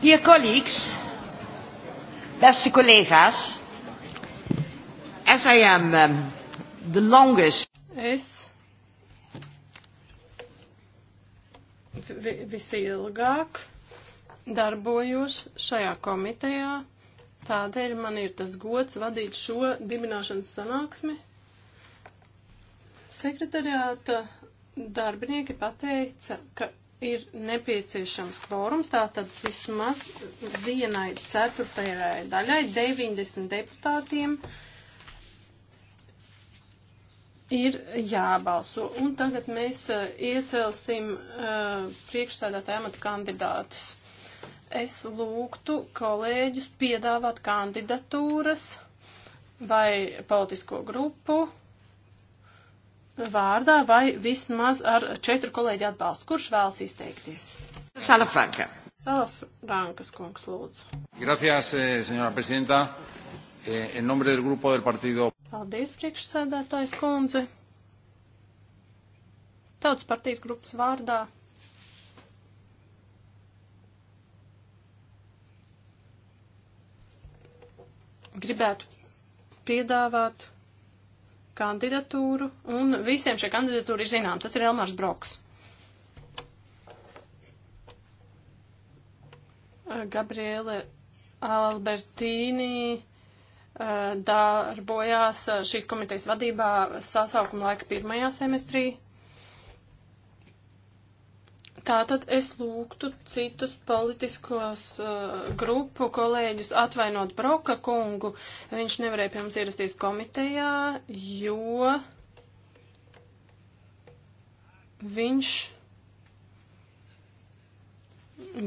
Dear colleagues, beste collega's, as I am um, the longest. Es visilgāk darbojos šajā komitejā, tādēļ man ir tas gods vadīt šo dibināšanas sanāksmi. Sekretariāta darbinieki pateica, ka ir nepieciešams kvorums, tātad vismaz vienai ceturtajai daļai 90 deputātiem ir jābalso. Un tagad mēs eh, iecelsim uh, eh, priekšsēdētāju amata kandidātus. Es lūgtu kolēģus piedāvāt kandidatūras vai politisko grupu vārdā vai vismaz ar četru kolēģi atbalstu. Kurš vēlas izteikties? Sala Franka. Sala Frankas kungs, lūdzu. Gracias, eh, senora prezidenta. Eh, en nombre del grupo del partido. Paldies, priekšsēdētājs kundze. Tautas partijas grupas vārdā. Gribētu piedāvāt kandidatūru, un visiem šie kandidatūri ir zinām. Tas ir Elmars Broks. Gabriele Albertīni darbojās šīs komitejas vadībā sasaukuma laika pirmajā semestrī, Tātad es lūgtu citus politiskos uh, grupu kolēģus atvainot Broka kungu. Viņš nevarēja pie mums ierasties komitejā, jo viņš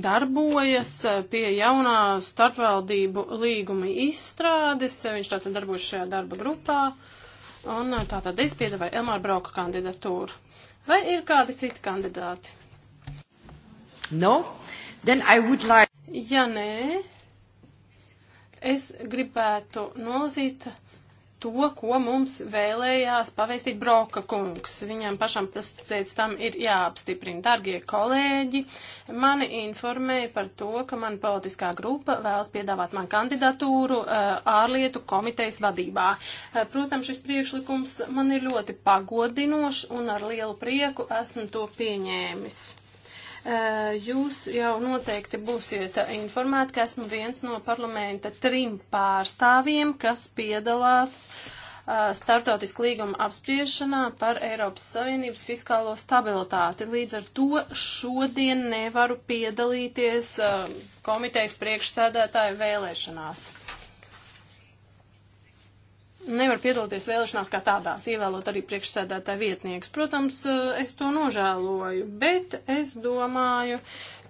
darbojas eh, pie jaunā starpvaldību līguma izstrādes. Viņš tātad darbojas šajā darba grupā. Un eh, tātad es piedāvāju Elmāra Brauka kandidatūru. Vai ir kādi citi kandidāti? No? Then I would like. Ja nē, es gribētu nozīt to, ko mums vēlējās pavēstīt Broka kungs. Viņam pašam tas pēc tam ir jāapstiprina. Dargie kolēģi, mani informēja par to, ka man politiskā grupa vēlas piedāvāt man kandidatūru eh, ārlietu komitejas vadībā. Eh, protams, šis priekšlikums man ir ļoti pagodinošs un ar lielu prieku esmu to pieņēmis. Eh, jūs jau noteikti būsiet informēti, ka esmu viens no parlamenta trim pārstāvjiem, kas piedalās eh, startautisku līgumu apspriešanā par Eiropas Savienības fiskālo stabilitāti. Līdz ar to šodien nevaru piedalīties eh, komitejas priekšsēdētāju vēlēšanās nevar piedalīties vēlēšanās kā tādās, ievēlot arī priekšsēdētāju vietniekus. Protams, eh, es to nožēloju, bet es domāju,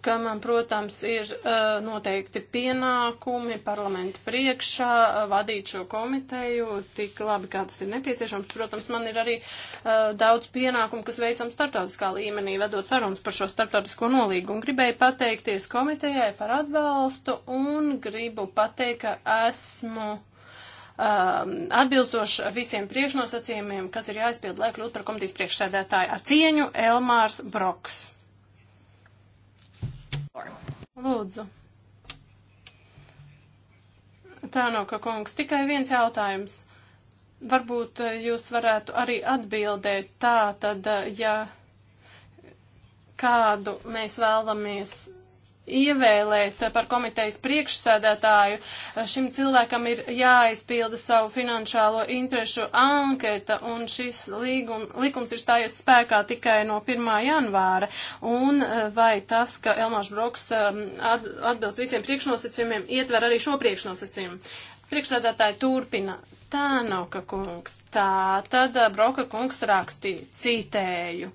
ka man, protams, ir eh, noteikti pienākumi parlamenta priekšā eh, vadīt šo komiteju tik labi, kā tas ir nepieciešams. Protams, man ir arī daudz pienākumu, kas veicam starptautiskā līmenī, vedot sarunas par šo starptautisko nolīgumu. Gribēju pateikties komitejai par atbalstu un gribu pateikt, ka esmu Um, atbilstoši visiem priekšnosacījumiem, kas ir jāizpild, lai kļūtu par komitejas priekšsēdētāju. Ar cieņu Elmārs Broks. Lūdzu. Tā nav, ka kungs, tikai viens jautājums. Varbūt eh, jūs varētu arī atbildēt tā, tad, eh, ja kādu mēs vēlamies ievēlēt par komitejas priekšsēdētāju, šim cilvēkam ir jāizpilda savu finanšālo interešu anketa, un šis līgum, likums ir stājies spēkā tikai no 1. janvāra. Un eh, vai tas, ka Elmārs Broks ehm, atbilst visiem priekšnosacījumiem, ietver arī šo priekšnosacījumu? Priekšsēdētāji turpina. Tā nav ka kungs. Tā tad eh, Broka kungs rakstīja, citēju.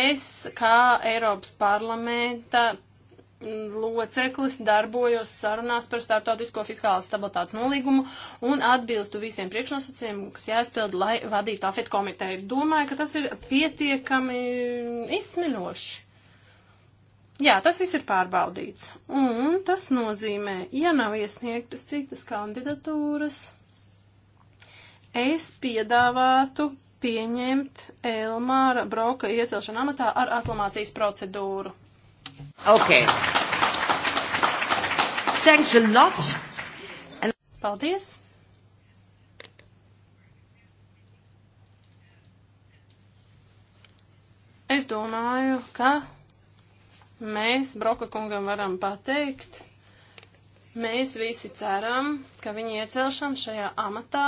Es kā Eiropas parlamenta loceklis darbojos sarunās par starptautisko fiskālas stabilitātes nolīgumu un atbilstu visiem priekšnosacījumiem, kas jāizpild, lai vadītu afet komiteju. Domāju, ka tas ir pietiekami izsmiļoši. Jā, tas viss ir pārbaudīts. Un tas nozīmē, ja nav iesniegtas citas kandidatūras, es piedāvātu pieņemt Elmāra Broka iecelšanu amatā ar aklamācijas procedūru. Ok. Thanks a lot. And... Paldies. Es domāju, ka mēs Broka kungam varam pateikt, mēs visi ceram, ka viņa iecelšana šajā amatā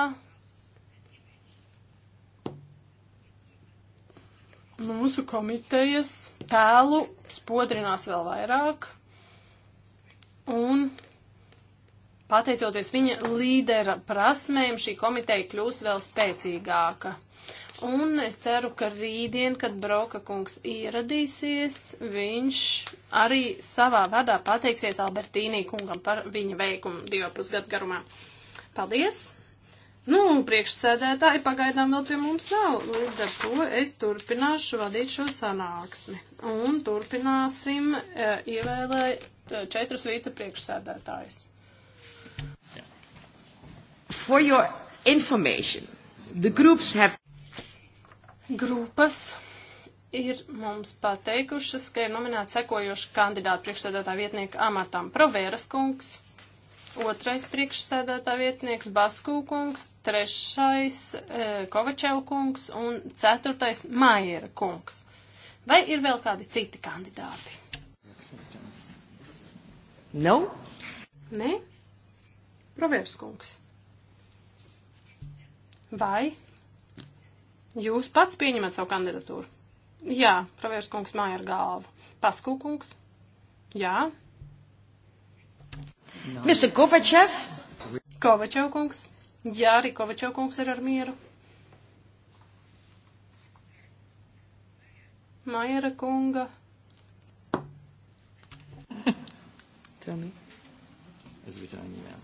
mūsu komitejas tēlu spodrinās vēl vairāk. Un pateicoties viņa līdera prasmēm, šī komiteja kļūs vēl spēcīgāka. Un es ceru, ka rītdien, kad Broka kungs ieradīsies, viņš arī savā vārdā pateiksies Albertīnī kungam par viņa veikumu divu pusgadu garumā. Paldies! Nu, un priekšsēdētāji pagaidām vēl pie mums nav, līdz ar to es turpināšu vadīt šo sanāksmi. Un turpināsim e, ievēlēt e, četrus vicepriekšsēdētājus. For your information, the groups have. Grupas ir mums pateikušas, ka ir nominēti sekojoši kandidāti priekšsēdētāja vietnieka amatam. Provēras kungs, otrais priekšsēdētāja vietnieks Baskū kungs, trešais e, Kovačev kungs un ceturtais Maiera kungs. Vai ir vēl kādi citi kandidāti? Nav? No? Nē? Provērs kungs. Vai jūs pats pieņemat savu kandidatūru? Jā, provērs kungs māja ar galvu. Pasku kungs? Jā. No. Mr. Kovačev? Kovačev kungs? Jā, arī Kovačevkungs ir ar mieru. Maiera kunga. Tell me. Has written an email.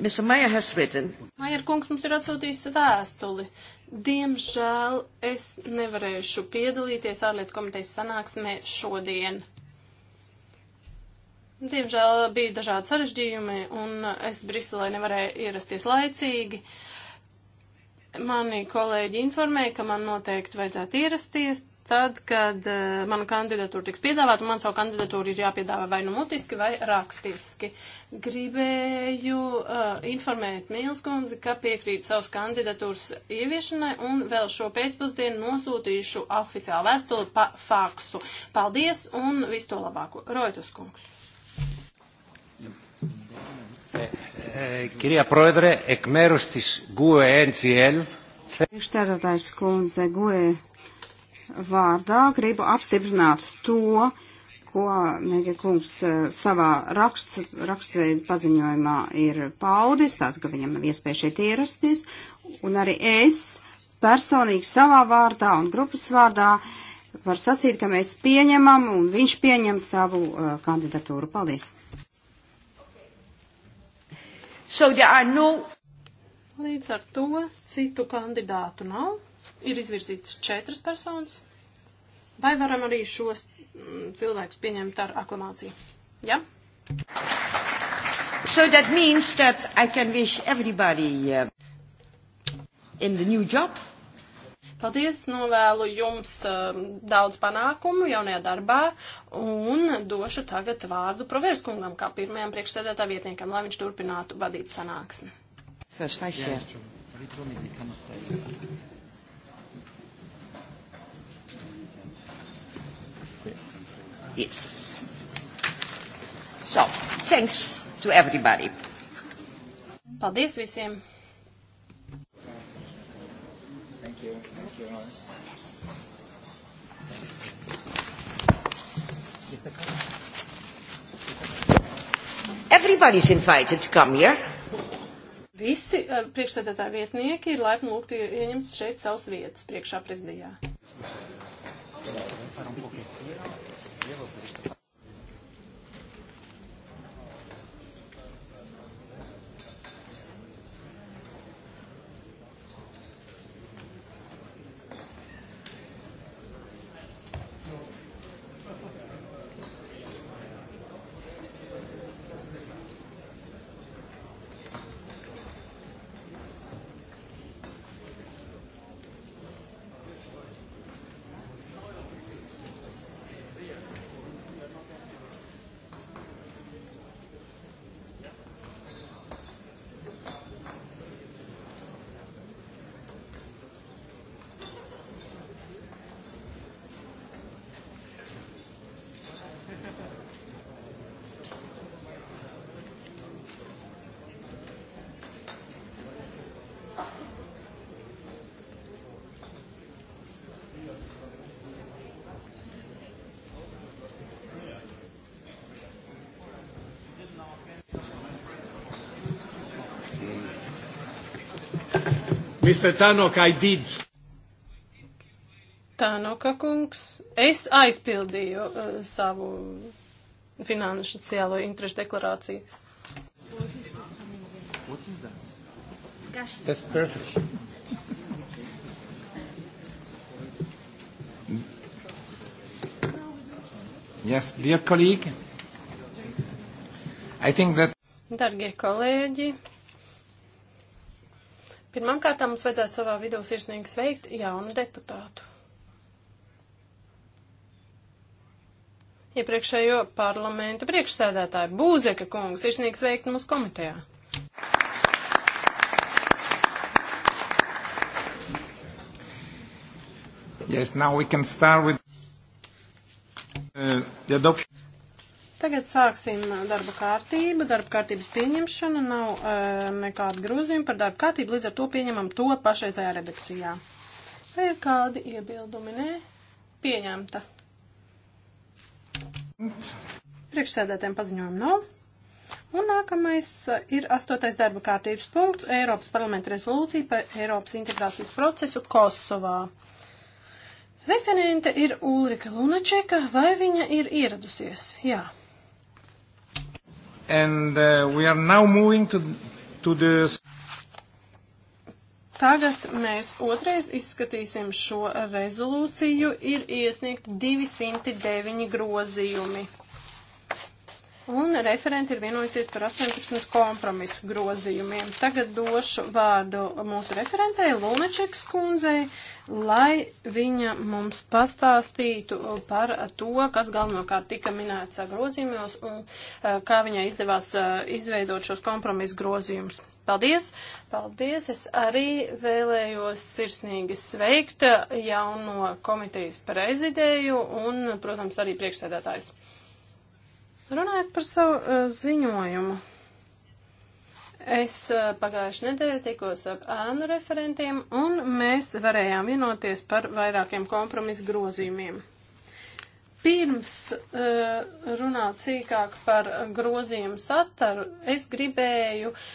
Mr. Maija has written. Maier kungs mums ir atsūtījis vēstuli. Diemžēl es nevarēšu piedalīties ārlietu komitejas sanāksmē šodien. Diemžēl bija dažādi sarežģījumi, un es Briselē nevarēju ierasties laicīgi. Mani kolēģi informēja, ka man noteikti vajadzētu ierasties tad, kad uh, mana kandidatūra tiks piedāvāta, man savu kandidatūru ir jāpiedāvā vai nu mutiski, vai rakstiski. Gribēju uh, informēt Mīlskundzi, ka piekrīt savas kandidatūras ieviešanai un vēl šo pēcpusdienu nosūtīšu oficiālu vēstuli pa faksu. Paldies un visu to labāko. Roitus kungs. Κυρία Πρόεδρε, εκ μέρους της GUE NGL... Priekšstādātājs kundze GUE vārdā gribu apstiprināt to, ko Mēģa kungs e, savā rakst, rakstveidu paziņojumā ir paudis, tātad, ka viņam nav iespēja šeit ierasties, un arī es personīgi savā vārdā un grupas vārdā var sacīt, ka mēs pieņemam un viņš pieņem savu uh, kandidatūru. Paldies! So there are no. Līdz ar to citu kandidātu nav. Ir izvirzīts četras personas. Vai varam arī šos mm, cilvēkus pieņemt ar aklamāciju? Ja? So that means that I can wish everybody uh, in the new job. Paldies, novēlu jums um, daudz panākumu jaunajā darbā un došu tagad vārdu Proverskungam kā pirmajam priekšsēdētā vietniekam, lai viņš turpinātu vadīt sanāksmi. First, right here. Yes. So, thanks to everybody. Paldies visiem! Thank you. Thanks very much. Thanks. Everybody's invited to come here. Visi uh, priekšsēdētāji vietnieki ir laipni lūgti ieņemt šeit savus vietas priekšā prezidijā. Mr. Tanok, I did. Tanoka kungs, es aizpildīju uh, savu finansiālo interešu deklarāciju. That? That's perfect. yes, dear colleague, I think that. Dargie kolēģi, Pirmkārt, mums vajadzētu savā vidū sirsnīgi sveikt jaunu deputātu. Iepriekšējo parlamentu priekšsēdētāju Būzeka kungs sirsnīgi sveikt mūsu komitejā. Yes, now we can start with uh, the adoption. Tagad sāksim darba kārtību. Darba kārtības pieņemšana nav uh, nekāda grozījuma par darba kārtību, līdz ar to pieņemam to pašreizējā redakcijā. Vai ir kādi iebildumi? Nē, pieņemta. Priekšsēdētēm paziņojumu nav. Un nākamais e, ir astotais darba kārtības punkts - Eiropas parlamenta rezolūcija par Eiropas integrācijas procesu Kosovā. Referente ir Ulrika Lunačeka, vai viņa ir ieradusies? Jā and uh, we are now moving to, to the... Tagad mēs otrais izskatīsim šo rezolūciju. Ir iesniegti 209 grozījumi. Un referenti ir vienojusies par 18 kompromisu grozījumiem. Tagad došu vārdu mūsu referentei Lunačeks kundzei, lai viņa mums pastāstītu par to, kas galvenokārt tika minēts grozījumos un eh, kā viņai izdevās eh, izveidot šos kompromisu grozījumus. Paldies! Paldies! Es arī vēlējos sirsnīgi sveikt jauno komitejas prezidēju un, protams, arī priekšsēdētājs. Runājot par savu uh, ziņojumu, es uh, eh, pagājuši nedēļu tikos ar ēnu referentiem un mēs varējām vienoties par vairākiem kompromisu grozījumiem. Pirms uh, runāt sīkāk par grozījumu saturu, es gribēju uh,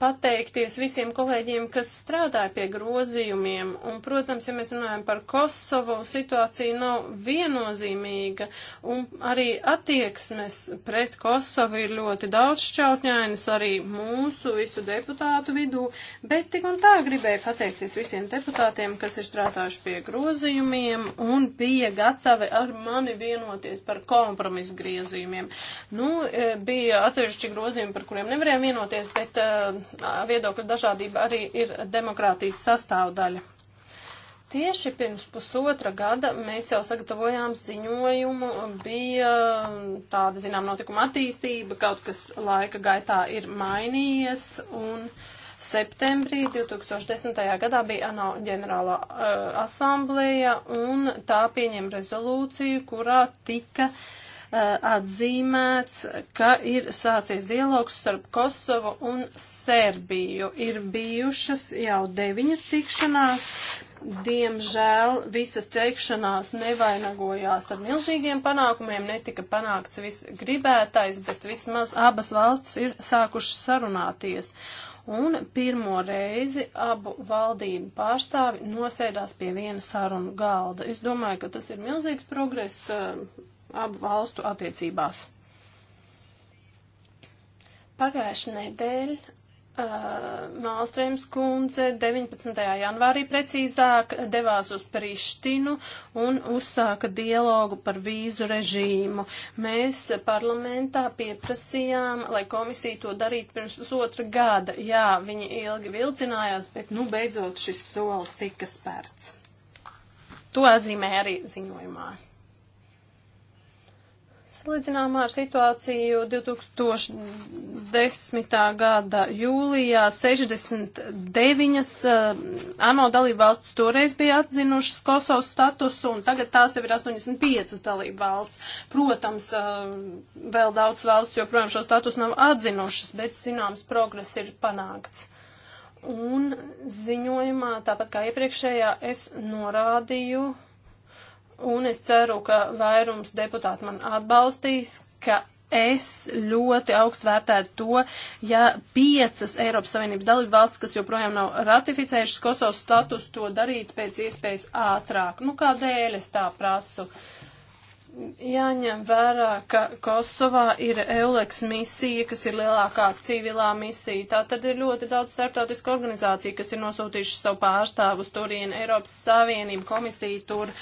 pateikties visiem kolēģiem, kas strādāja pie grozījumiem. Un, protams, ja mēs runājam par Kosovo, situācija nav viennozīmīga, un arī attieksmes pret Kosovu ir ļoti daudz šķautņainas arī mūsu visu deputātu vidū, bet tik un tā gribēju pateikties visiem deputātiem, kas ir strādājuši pie grozījumiem un bija gatavi ar mani vienoties par kompromisu grozījumiem. Nu, e, bija atsevišķi grozījumi, par kuriem nevarējām vienoties, bet bet viedokļu dažādība arī ir demokrātijas sastāvdaļa. Tieši pirms pusotra gada mēs jau sagatavojām ziņojumu, bija tāda, zinām, notikuma attīstība, kaut kas laika gaitā ir mainījies, un septembrī 2010. gadā bija ANO ģenerālā uh, asambleja, un tā pieņem rezolūciju, kurā tika uh, Uh, atzīmēts, ka ir sācies dialogs starp Kosovu un Serbiju. Ir bijušas jau deviņas tikšanās. Diemžēl visas teikšanās nevainagojās ar milzīgiem panākumiem, netika panākts viss gribētais, bet vismaz abas valstis ir sākušas sarunāties un pirmo reizi abu valdību pārstāvi nosēdās pie viena sarunu galda. Es domāju, ka tas ir milzīgs progress uh, abu valstu attiecībās. Pagājuši nedēļ uh, Mālstrēms kundze 19. janvārī precīzāk devās uz Prištinu un uzsāka dialogu par vīzu režīmu. Mēs parlamentā pieprasījām, lai komisija to darītu pirms pusotra gada. Jā, viņi ilgi vilcinājās, bet nu beidzot šis solis tika spērts. To atzīmēja arī ziņojumā salīdzināmā ar situāciju 2010. gada jūlijā 69 uh, eh, ANO dalību valsts toreiz bija atzinušas Kosovas statusu, un tagad tās jau ir 85 dalību valsts. Protams, uh, vēl daudz valsts joprojām šo statusu nav atzinušas, bet zināms progress ir panākts. Un ziņojumā, tāpat kā iepriekšējā, es norādīju Un es ceru, ka vairums deputāti man atbalstīs, ka es ļoti augstu vērtētu to, ja piecas Eiropas Savienības dalību valsts, kas joprojām nav ratificējušas Kosovas status, to darītu pēc iespējas ātrāk. Nu, kādēļ es tā prasu? Uh, jāņem vērā, ka Kosovā ir Euleks misija, kas ir lielākā civilā misija. Tā tad ir ļoti daudz starptautisku organizāciju, kas ir nosūtījuši savu pārstāvu uz turienu. Eiropas Savienība komisija tur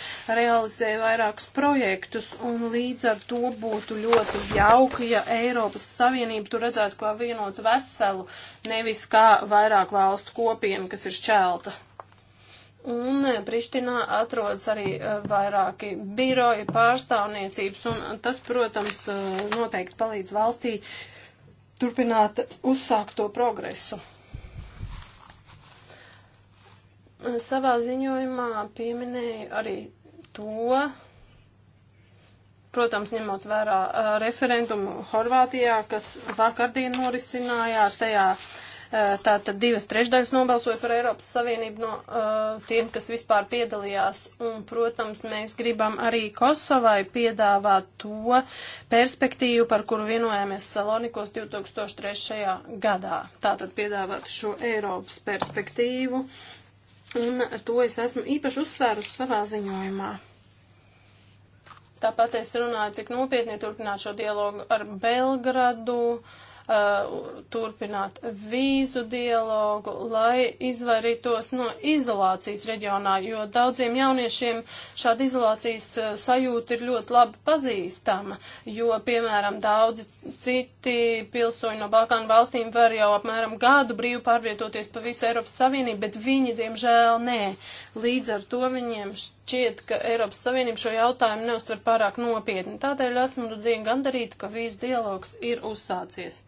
realizē vairākus projektus, un līdz ar to būtu ļoti jauki, ja Eiropas Savienība tur redzētu kā vienotu veselu, nevis kā vairāk valstu kopienu, kas ir šķelta. Un eh, Prištinā atrodas arī eh, vairāki biroji, pārstāvniecības, un tas, protams, eh, noteikti palīdz valstī turpināt uzsākto progresu. Savā ziņojumā pieminēju arī to, protams, ņemot vērā referendumu Horvātijā, kas vakardien norisinājās tajā. Uh, Tātad divas trešdaļas nobalsoja par Eiropas Savienību no uh, tiem, kas vispār piedalījās. Un, protams, mēs gribam arī Kosovai piedāvāt to perspektīvu, par kuru vienojāmies Salonikos 2003. gadā. Tātad piedāvāt šo Eiropas perspektīvu. Un to es esmu īpaši uzsvērusi savā ziņojumā. Tāpat es runāju, cik nopietni ir turpināt šo dialogu ar Belgradu. Uh, uh, turpināt vīzu dialogu, lai izvairītos no izolācijas reģionā, jo daudziem jauniešiem šāda izolācijas uh, sajūta ir ļoti labi pazīstama, jo, piemēram, daudzi citi pilsoņi no Balkānu valstīm var jau apmēram gadu brīvi pārvietoties pa visu Eiropas Savienību, bet viņi, diemžēl, nē. Līdz ar to viņiem šķiet, ka Eiropas Savienība šo jautājumu neuztver pārāk nopietni. Tādēļ esmu nu dienu gandarīta, ka vīzu dialogs ir uzsācies.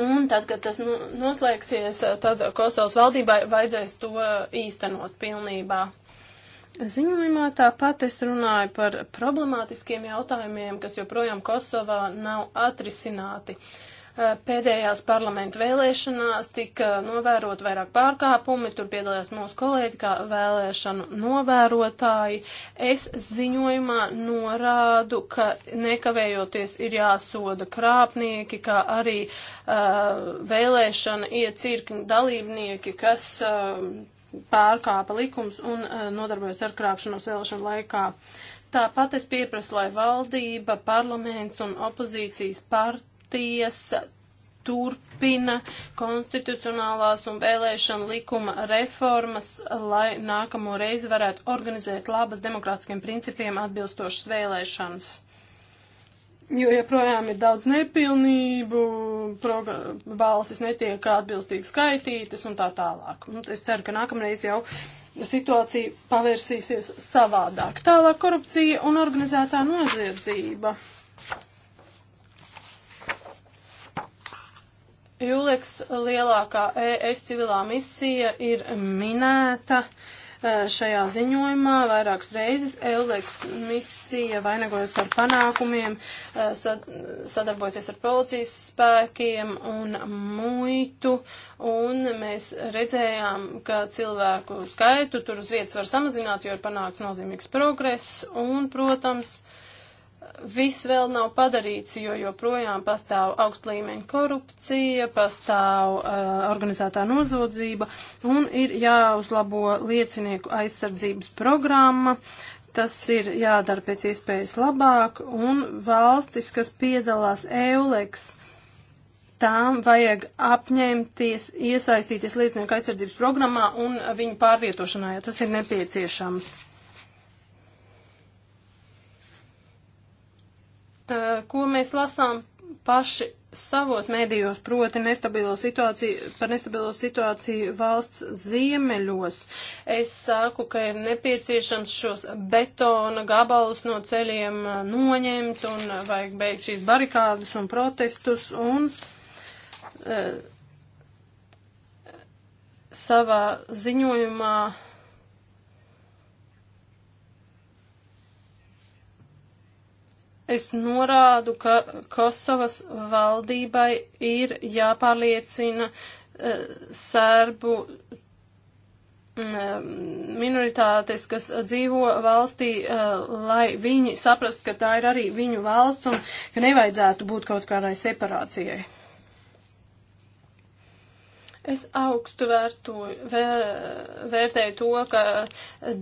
Un tad, kad tas noslēgsies, eh, tad Kosovas valdībai vajadzēs to eh, īstenot pilnībā. Ziņojumā tāpat es runāju par problemātiskiem jautājumiem, kas joprojām Kosovā nav atrisināti. Uh, Eh, pēdējās parlamentu vēlēšanās tika novērot vairāk pārkāpumi, tur piedalījās mūsu kolēģi kā vēlēšanu novērotāji. Es ziņojumā norādu, ka nekavējoties ir jāsoda krāpnieki, kā arī uh, vēlēšana iecirkņu dalībnieki, kas uh, pārkāpa likums un uh, nodarbojas ar krāpšanos vēlēšanu laikā. Tāpat es pieprasu, lai valdība, parlaments un opozīcijas partija tiesa turpina konstitucionālās un vēlēšana likuma reformas, lai nākamo reizi varētu organizēt labas demokrātiskiem principiem atbilstošas vēlēšanas. Jo joprojām ir daudz nepilnību, balsis netiek atbilstīgi skaitītas un tā tālāk. Un nu, es ceru, ka nākamreiz jau situācija pavērsīsies savādāk. Tālāk korupcija un organizētā noziedzība. Juleks lielākā ES civilā misija ir minēta e, šajā ziņojumā vairākas reizes. Euleks misija vainagojas ar panākumiem, e, sadarbojoties ar policijas spēkiem un muitu, un mēs redzējām, ka cilvēku skaitu tur uz vietas var samazināt, jo ir panākt nozīmīgs progress, un, protams, uh, viss vēl nav padarīts, jo joprojām pastāv augst līmeņa korupcija, pastāv uh, organizētā nozodzība un ir jāuzlabo liecinieku aizsardzības programma. Tas ir jādara pēc iespējas labāk un valstis, kas piedalās EULEX, tām vajag apņemties iesaistīties liecinieku aizsardzības programmā un viņu pārvietošanā, ja tas ir nepieciešams. Eh, ko mēs lasām paši savos medijos, proti nestabilo situāciju, par nestabilo situāciju valsts ziemeļos. Es saku, ka ir nepieciešams šos betona gabalus no ceļiem eh, noņemt un vajag beigt šīs barikādas un protestus un e, savā ziņojumā es norādu, ka Kosovas valdībai ir jāpārliecina uh, eh, serbu mm, eh, minoritātes, kas dzīvo valstī, eh, lai viņi saprast, ka tā ir arī viņu valsts un ka nevajadzētu būt kaut kādai separācijai. Es augstu vērtoju, vēr, vērtēju to, ka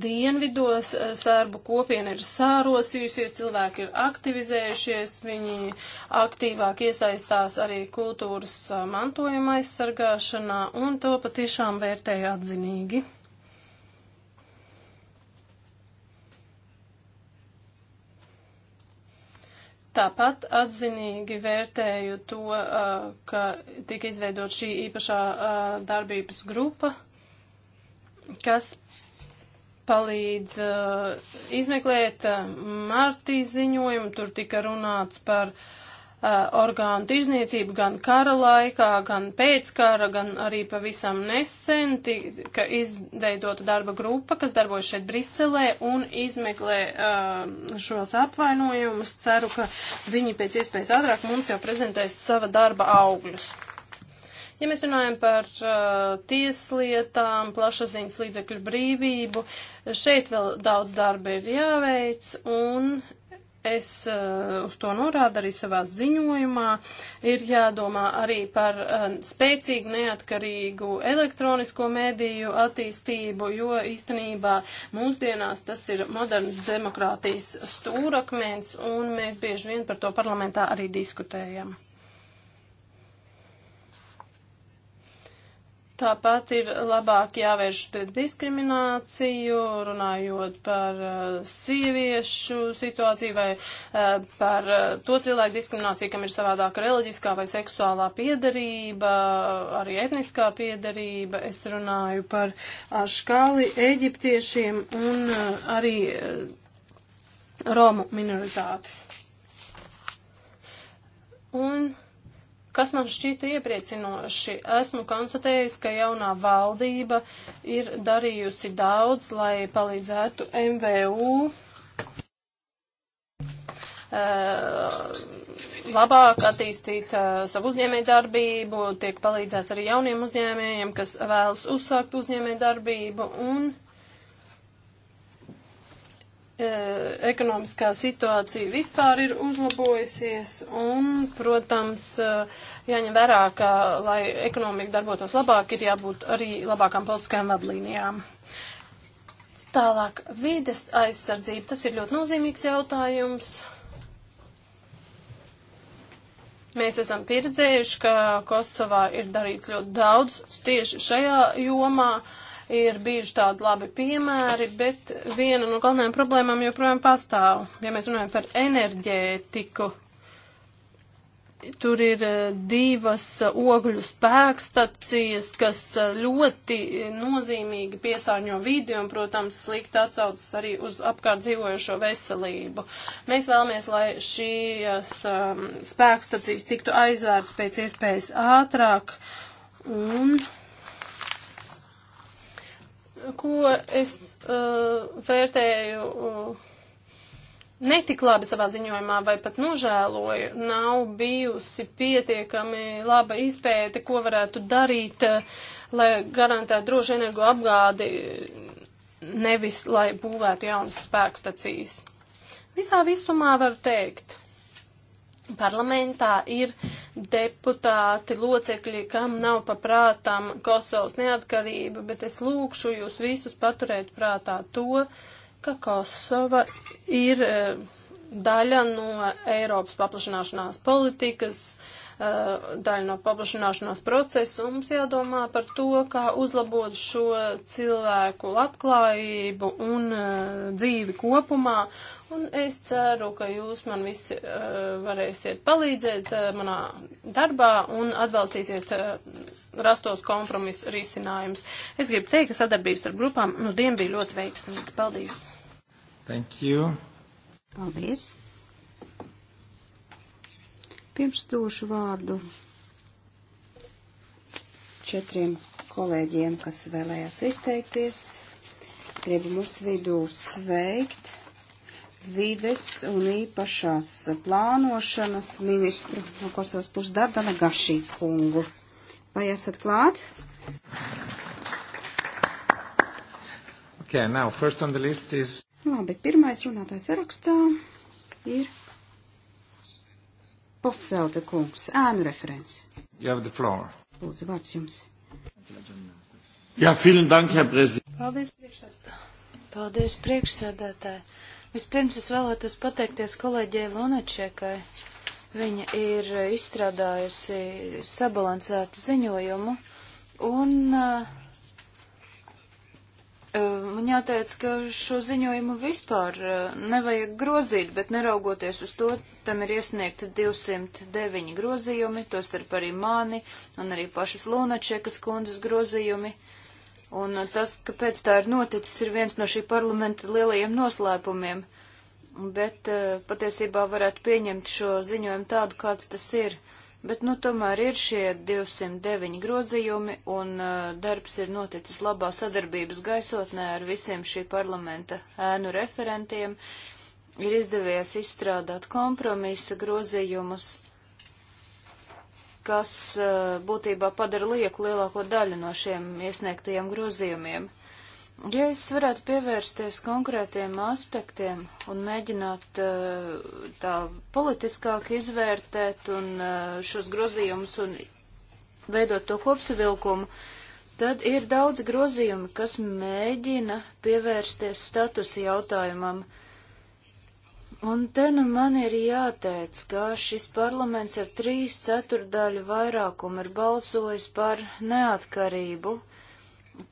dienvidos eh, sērbu kopiena ir sārosījusies, cilvēki ir aktivizējušies, viņi aktīvāk iesaistās arī kultūras eh, mantojuma aizsargāšanā, un to patiešām vērtēju atzinīgi. Tāpat atzinīgi vērtēju to, ka tika izveidot šī īpašā darbības grupa, kas palīdz izmeklēt Martī ziņojumu. Tur tika runāts par uh, Uh, orgānu tirzniecību gan kara laikā, gan pēckara, gan arī pavisam nesen tika izveidota darba grupa, kas darbojas šeit Briselē un izmeklē uh, šos apvainojumus. Ceru, ka viņi pēc iespējas ātrāk mums jau prezentēs sava darba augļus. Ja mēs runājam par uh, tieslietām, plašsaziņas līdzekļu brīvību, šeit vēl daudz darba ir jāveic, un Es uh, uz to norādu arī savā ziņojumā. Ir jādomā arī par uh, spēcīgu, neatkarīgu elektronisko mēdīju attīstību, jo īstenībā mūsdienās tas ir modernas demokrātijas stūrakmens, un mēs bieži vien par to parlamentā arī diskutējam. Tāpat ir labāk jāvērš pret diskrimināciju, runājot par uh, sieviešu situāciju vai uh, par uh, to cilvēku diskrimināciju, kam ir savādāka reliģiskā vai seksuālā piedarība, arī etniskā piedarība. Es runāju par aškāli eģiptiešiem un uh, arī uh, romu minoritāti. Un kas man šķita iepriecinoši. Esmu konstatējis, ka jaunā valdība ir darījusi daudz, lai palīdzētu MVU eh, labāk attīstīt eh, savu uzņēmēju darbību, tiek palīdzēts arī jauniem uzņēmējiem, kas vēlas uzsākt uzņēmēju darbību un uh, E, ekonomiskā situācija vispār ir uzlabojusies un, protams, e, jāņem vērā, ka, lai ekonomika darbotos labāk, ir jābūt arī labākām politiskajām vadlīnijām. Tālāk, vides aizsardzība, tas ir ļoti nozīmīgs jautājums. Mēs esam pieredzējuši, ka Kosovā ir darīts ļoti daudz tieši šajā jomā. Uh, ir bijuši tādi labi piemēri, bet viena no galvenajām problēmām joprojām pastāv. Ja mēs runājam par enerģētiku, tur ir eh, divas eh, ogļu spēkstacijas, kas eh, ļoti nozīmīgi piesārņo vidi un, protams, slikti atsaucas arī uz apkārt dzīvojošo veselību. Mēs vēlamies, lai šīs um, spēkstacijas tiktu aizvērts pēc iespējas ātrāk un ko es uh, vērtēju uh, netik labi savā ziņojumā, vai pat nožēloju, nav bijusi pietiekami laba izpēte, ko varētu darīt, uh, lai garantētu drošu energo apgādi, nevis lai būvētu jaunas spēkstacijas. Visā visumā var teikt, Parlamentā ir deputāti, locekļi, kam nav paprātām Kosovas neatkarība, bet es lūkšu jūs visus paturēt prātā to, ka Kosova ir eh, daļa no Eiropas paplašanāšanās politikas, eh, daļa no paplašanāšanās procesa, un mums jādomā par to, kā uzlabot šo cilvēku labklājību un eh, dzīvi kopumā, Un es ceru, ka jūs man visi uh, varēsiet palīdzēt uh, manā darbā un atbalstīsiet uh, rastos kompromisu risinājumus. Es gribu teikt, ka sadarbības ar grupām nu dien bija ļoti veiksmīga. Paldies! Thank you! Paldies! Pirms došu vārdu četriem kolēģiem, kas vēlējās izteikties. Gribu mūsu vidū sveikt vides un īpašās plānošanas ministru no Kosovas puses Dardana Gašī kungu. Vai esat klāt? Okay, now, first on the list is... Labi, pirmais runātājs sarakstā ir Poselta kungs, ēnu referents. You have the floor. Lūdzu, vārds jums. Jā, ja, vielen dank, Herr Prezident. Paldies, priekšsēdētāji. Paldies, priekšsēdētāji. Vispirms es vēlētos pateikties kolēģei Lunačekai. Viņa ir izstrādājusi sabalansētu ziņojumu, un uh, man jāteic, ka šo ziņojumu vispār uh, nevajag grozīt, bet neraugoties uz to, tam ir iesniegti 209 grozījumi, tostarp arī mani un arī pašas Lunačekas kundzes grozījumi. Uh, Un tas, kāpēc tā ir noticis, ir viens no šī parlamenta lielajiem noslēpumiem. Bet eh, patiesībā varētu pieņemt šo ziņojumu tādu, kāds tas ir. Bet, nu, tomēr ir šie 209 grozījumi, un eh, darbs ir noticis labā sadarbības gaisotnē ar visiem šī parlamenta ēnu referentiem. Ir izdevies izstrādāt kompromisa grozījumus kas eh, būtībā padara lieku lielāko daļu no šiem iesniegtajiem grozījumiem. Ja es varētu pievērsties konkrētiem aspektiem un mēģināt eh, tā politiskāk izvērtēt un eh, šos grozījumus un veidot to kopsavilkumu, tad ir daudz grozījumi, kas mēģina pievērsties statusa jautājumam. Uh, Un te nu man ir jāteic, ka šis parlaments ar trīs ceturdaļu vairākumu ir balsojis par neatkarību.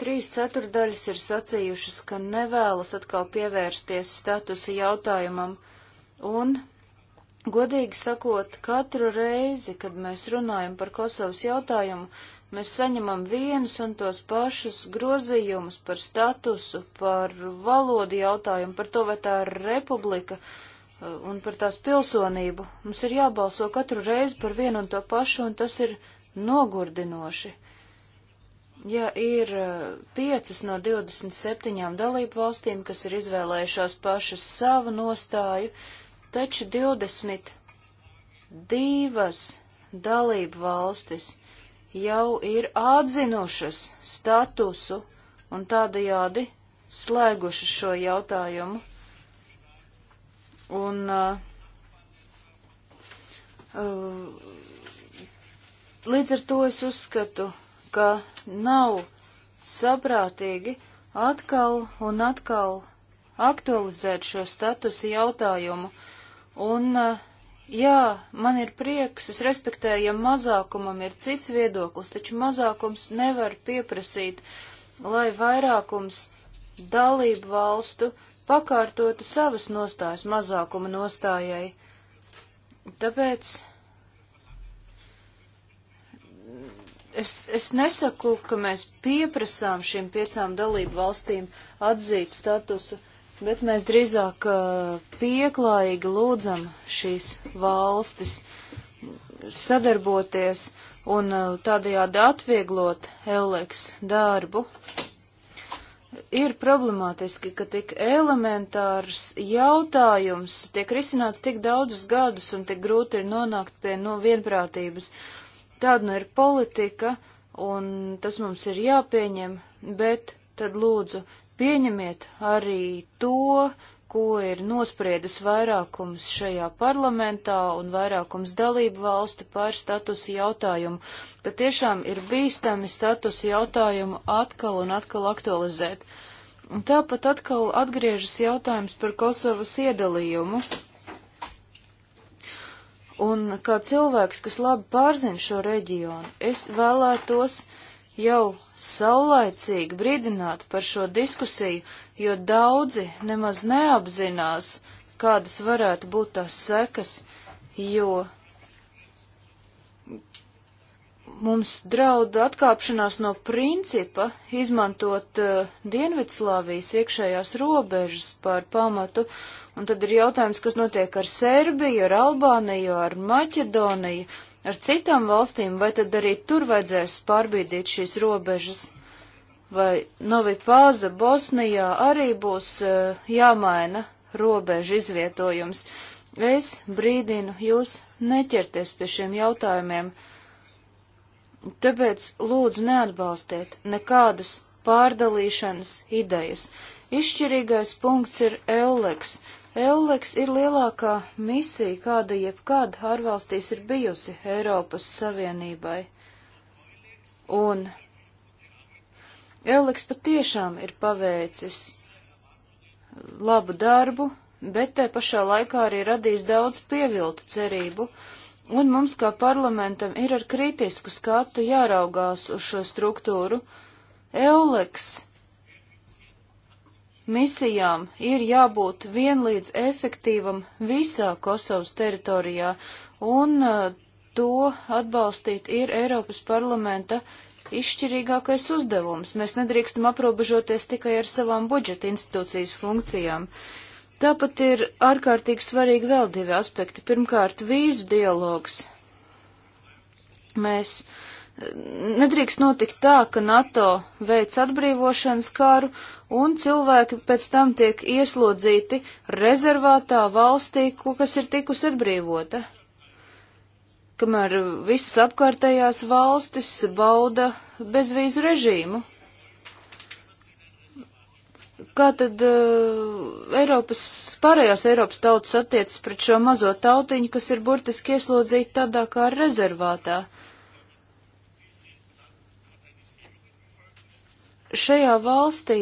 Trīs ceturdaļas ir sacījušas, ka nevēlas atkal pievērsties statusa jautājumam, un, godīgi sakot, katru reizi, kad mēs runājam par Kosovas jautājumu, mēs saņemam vienus un tos pašus grozījumus par statusu, par valodu jautājumu, par to, vai tā ir republika, un par tās pilsonību. Mums ir jābalso katru reizi par vienu un to pašu, un tas ir nogurdinoši. Ja ir uh, piecas no 27 dalību valstīm, kas ir izvēlējušās pašas savu nostāju, taču 22 dalību valstis jau ir atzinušas statusu un tādajādi slēgušas šo jautājumu. Un uh, uh, līdz ar to es uzskatu, ka nav saprātīgi atkal un atkal aktualizēt šo statusu jautājumu. Un, uh, jā, man ir prieks, es respektēju, ja mazākumam ir cits viedoklis, taču mazākums nevar pieprasīt, lai vairākums dalību valstu uh, pakārtotu savas nostājas mazākuma nostājai. Tāpēc es, es nesaku, ka mēs pieprasām šīm piecām dalību valstīm atzīt statusu, bet mēs drīzāk uh, pieklājīgi lūdzam šīs valstis sadarboties un uh, tādējādi atvieglot Eleks darbu ir problemātiski, ka tik elementārs jautājums tiek risināts tik daudzus gadus un tik grūti ir nonākt pie no nu, vienprātības. Tāda nu ir politika, un tas mums ir jāpieņem, bet tad lūdzu pieņemiet arī to, ko ir nospriedis vairākums šajā parlamentā un vairākums dalību valstu par statusu jautājumu. Pat tiešām ir bīstami statusu jautājumu atkal un atkal aktualizēt. Un tāpat atkal atgriežas jautājums par Kosovas iedalījumu. Un kā cilvēks, kas labi pārzina šo reģionu, es vēlētos jau saulaicīgi brīdināt par šo diskusiju, jo daudzi nemaz neapzinās, kādas varētu būt tās sekas, jo mums draud atkāpšanās no principa izmantot uh, Dienvidslāvijas iekšējās robežas par pamatu, un tad ir jautājums, kas notiek ar Serbiju, ar Albāniju, ar Maķedoniju, ar citām valstīm, vai tad arī tur vajadzēs pārbīdīt šīs robežas vai Novi Pāza Bosnijā arī būs uh, jāmaina robežu izvietojums. Es brīdinu jūs neķerties pie šiem jautājumiem, tāpēc lūdzu neatbalstiet nekādas pārdalīšanas idejas. Izšķirīgais punkts ir Euleks. Euleks ir lielākā misija, kāda jebkad ārvalstīs ir bijusi Eiropas Savienībai. Un Eliks patiešām ir paveicis labu darbu, bet te pašā laikā arī radīs daudz pieviltu cerību, un mums kā parlamentam ir ar kritisku skatu jāraugās uz šo struktūru. Euleks misijām ir jābūt vienlīdz efektīvam visā Kosovas teritorijā, un uh, to atbalstīt ir Eiropas parlamenta izšķirīgākais uzdevums. Mēs nedrīkstam aprobežoties tikai ar savām budžeta institūcijas funkcijām. Tāpat ir ārkārtīgi svarīgi vēl divi aspekti. Pirmkārt, vīzu dialogs. Mēs eh, nedrīkst notikt tā, ka NATO veic atbrīvošanas karu un cilvēki pēc tam tiek ieslodzīti rezervātā valstī, kas ir tikusi atbrīvota kamēr visas apkārtējās valstis bauda bezvīzu režīmu. Kā tad uh, Eiropas, pārējās Eiropas tautas attiecas pret šo mazo tautiņu, kas ir burtiski ieslodzīta tādā kā rezervātā? Šajā valstī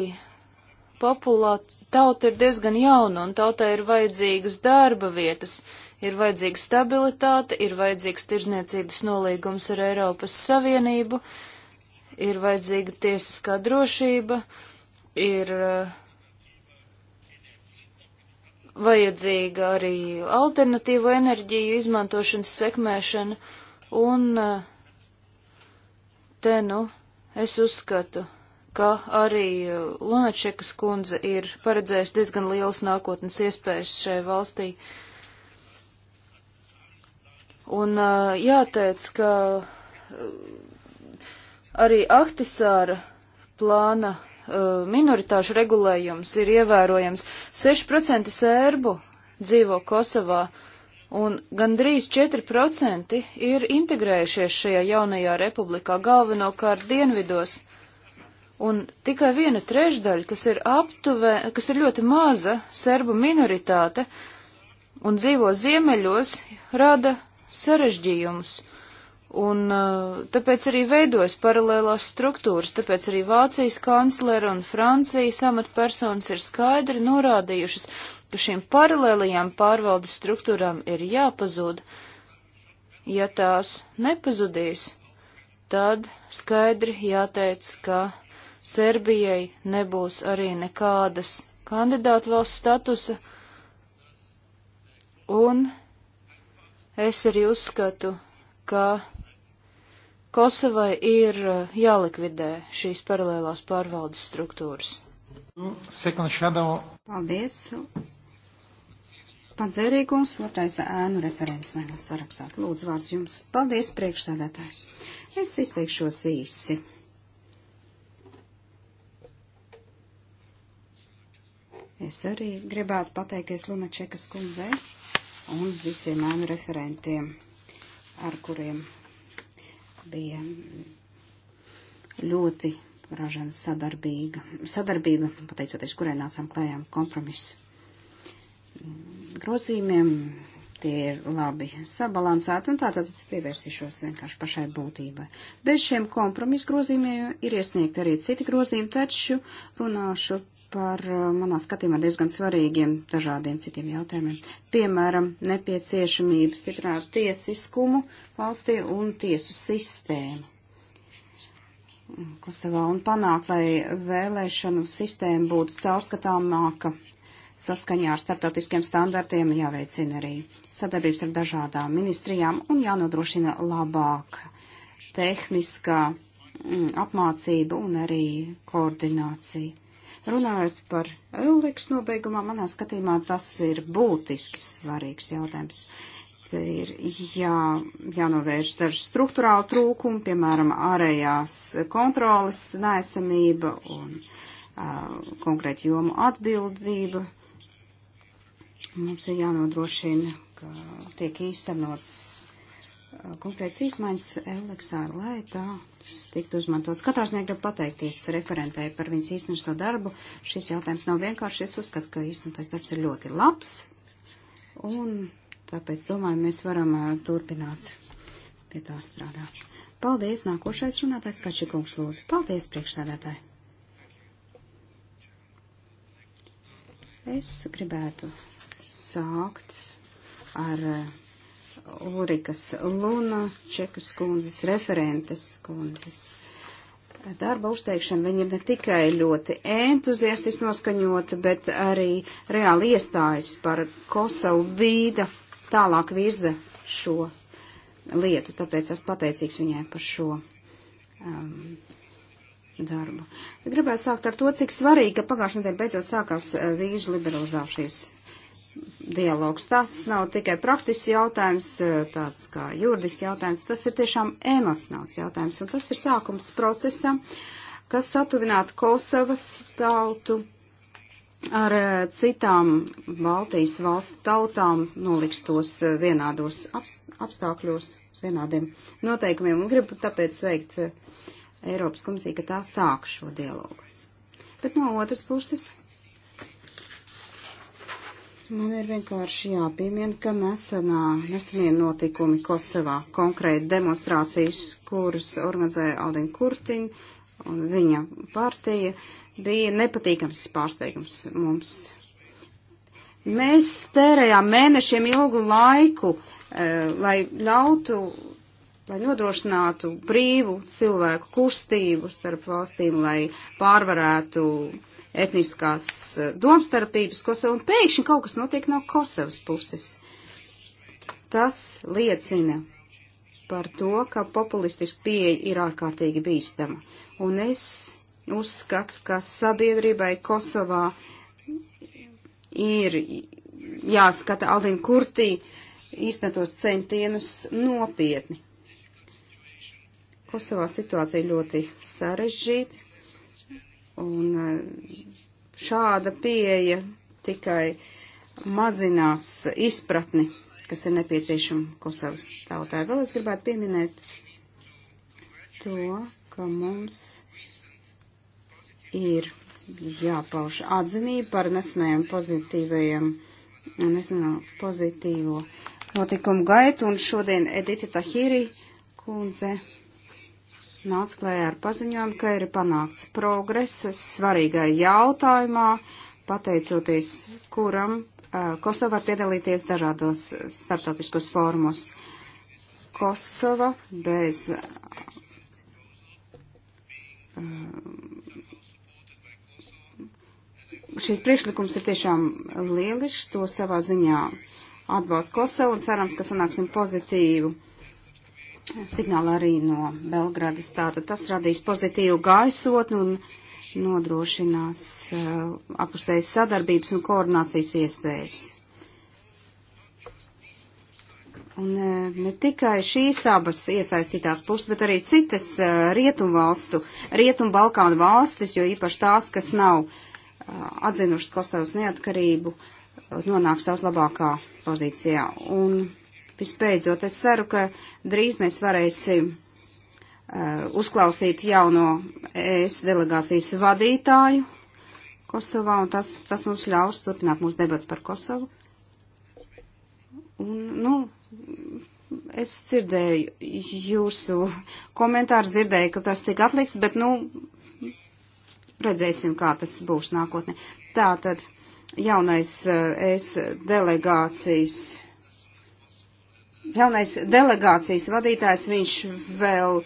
populāta tauta ir diezgan jauna un tautai ir vajadzīgas darba vietas. Uh, Ir vajadzīga stabilitāte, ir vajadzīgs tirzniecības nolīgums ar Eiropas Savienību, ir vajadzīga tiesiskā drošība, ir eh, vajadzīga arī alternatīvo enerģiju izmantošanas sekmēšana, un eh, te nu es uzskatu, ka arī eh, Lunačekas kundze ir paredzējusi diezgan lielas nākotnes iespējas šai valstī. Uh, Un jāteic, ka arī Ahtisāra plāna minoritāšu regulējums ir ievērojams. 6% sērbu dzīvo Kosovā, un gandrīz 4% ir integrējušies šajā jaunajā republikā, galvenokārt dienvidos. Un tikai viena trešdaļa, kas ir aptuvē, kas ir ļoti maza serbu minoritāte un dzīvo ziemeļos, rada sarežģījumus. Un uh, tāpēc arī veidojas paralēlās struktūras, tāpēc arī Vācijas kanclere un Francijas amatpersonas ir skaidri norādījušas, ka šīm paralēlajām pārvaldes struktūrām ir jāpazūd. Ja tās nepazudīs, tad skaidri jāteic, ka Serbijai nebūs arī nekādas kandidātu valsts statusa un Es arī uzskatu, ka Kosovai ir uh, jālikvidē šīs paralēlās pārvaldes struktūras. Paldies. Padzērīgums, otrais ēnu referents manā sarakstā. Lūdzu, vārds jums. Paldies, priekšsēdētāji. Es izteikšos īsi. Es arī gribētu pateikties Lunačekas kundzei un visiem ēnu referentiem, ar kuriem bija ļoti ražana sadarbīga, sadarbība, pateicoties kurai nācām klējām kompromisu grozījumiem. Tie ir labi sabalansēti, un tātad pievērsīšos vienkārši pašai būtībai. Bez šiem kompromisu grozījumiem ir iesniegti arī citi grozījumi, taču runāšu par, uh, manā skatījumā, diezgan svarīgiem dažādiem citiem jautājumiem. Piemēram, nepieciešamība stiprināt tiesiskumu valstī un tiesu sistēmu. Kosovā un panākt, lai vēlēšanu sistēma būtu caurskatāmāka saskaņā ar starptautiskiem standartiem, jāveicina arī sadarbības ar dažādām ministrijām un jānodrošina labāk tehniskā mm, apmācība un arī koordinācija Runājot par Euliks nobeigumā, manā skatījumā tas ir būtiski svarīgs jautājums. Te ir jā, jānovērš daži struktūrāli trūkumi, piemēram, ārējās kontrolas nesamība un uh, konkrēti jomu atbildība. Mums ir jānodrošina, ka tiek īstenots Uh, konkrēts izmaiņas Eliksā, lai tās tiktu uzmantotas. Katrā ziņā gribu pateikties referentēji par viņas īstenošo darbu. Šis jautājums nav vienkārši. Es uzskatu, ka īstenotais darbs ir ļoti labs. Un tāpēc, domāju, mēs varam uh, turpināt pie tā strādāt. Paldies, nākošais runātājs Kačikungs lūdzu. Paldies, priekšsēdētāji. Es gribētu sākt ar uh, Ulrikas Luna, Čekas kundzes, referentes kundzes darba uzteikšana, viņi ir ne tikai ļoti entuziastiski noskaņoti, bet arī reāli iestājas par Kosovu vīda, tālāk virza šo lietu. Tāpēc es pateicīgs viņai par šo um, darbu. Gribētu sākt ar to, cik svarīgi, ka pagājušajā nedēļā beidzot sākās uh, vīžu liberalizācijas dialogs. Tas nav tikai praktisks jautājums, eh, tāds kā juridisks jautājums, tas ir tiešām emocionāls jautājums, un tas ir sākums procesam, kas satuvinātu Kosovas tautu ar eh, citām Baltijas valstu tautām, noliks tos eh, vienādos apstākļos, vienādiem noteikumiem, un gribu tāpēc sveikt Eiropas komisiju, ka tā sāk šo dialogu. Bet no otras puses Man ir vienkārši jāpiemina, ka nesenā, nesenie notikumi Kosovā, konkrēti demonstrācijas, kuras organizēja Aldina Kurtiņa un viņa partija, bija nepatīkams pārsteigums mums. Mēs tērējām mēnešiem ilgu laiku, eh, lai ļautu, lai nodrošinātu brīvu cilvēku kustību starp valstīm, lai pārvarētu eh, etniskās eh, domstarpības Kosovā, un pēkšņi kaut kas notiek no Kosovas puses. Tas liecina par to, ka populistiska pieeja ir ārkārtīgi bīstama. Un es uzskatu, ka sabiedrībai Kosovā ir jāskata Aldina Kurtī īstenotos centienus nopietni. Kosovā situācija ļoti sarežģīta, un eh, šāda pieeja tikai mazinās izpratni, kas ir nepieciešama Kosovas tautai. Vēl es gribētu pieminēt to, ka mums ir jāpauž atzinība par nesenajiem pozitīvajiem, nesenā pozitīvo notikumu gaitu, un šodien Edita Tahiri kundze nāca klējā ar paziņojumu, ka ir panākts progress svarīgai jautājumā, pateicoties kuram Kosova var piedalīties dažādos starptautiskos fórumos. Kosova bez šis priekšlikums ir tiešām lielisks, to savā ziņā atbalsta Kosovu un cerams, ka sanāksim pozitīvu signāli arī no Belgradas. Tātad tas radīs pozitīvu gaisotni un nodrošinās uh, apustējas sadarbības un koordinācijas iespējas. Un uh, ne tikai šīs abas iesaistītās puses, bet arī citas uh, rietumvalstu, rietumbalkānu valstis, jo īpaši tās, kas nav uh, atzinušas Kosovas neatkarību, uh, nonāks tās labākā pozīcijā. Un Vispēdzot, es ceru, ka drīz mēs varēsim uh, uzklausīt jauno ES delegācijas vadītāju Kosovā, un tas, tas mums ļaus turpināt mūsu debats par Kosovu. Un, nu, es dzirdēju jūsu komentārus, dzirdēju, ka tas tika atliks, bet, nu, redzēsim, kā tas būs nākotnē. Tātad jaunais uh, es delegācijas jaunais delegācijas vadītājs, viņš vēl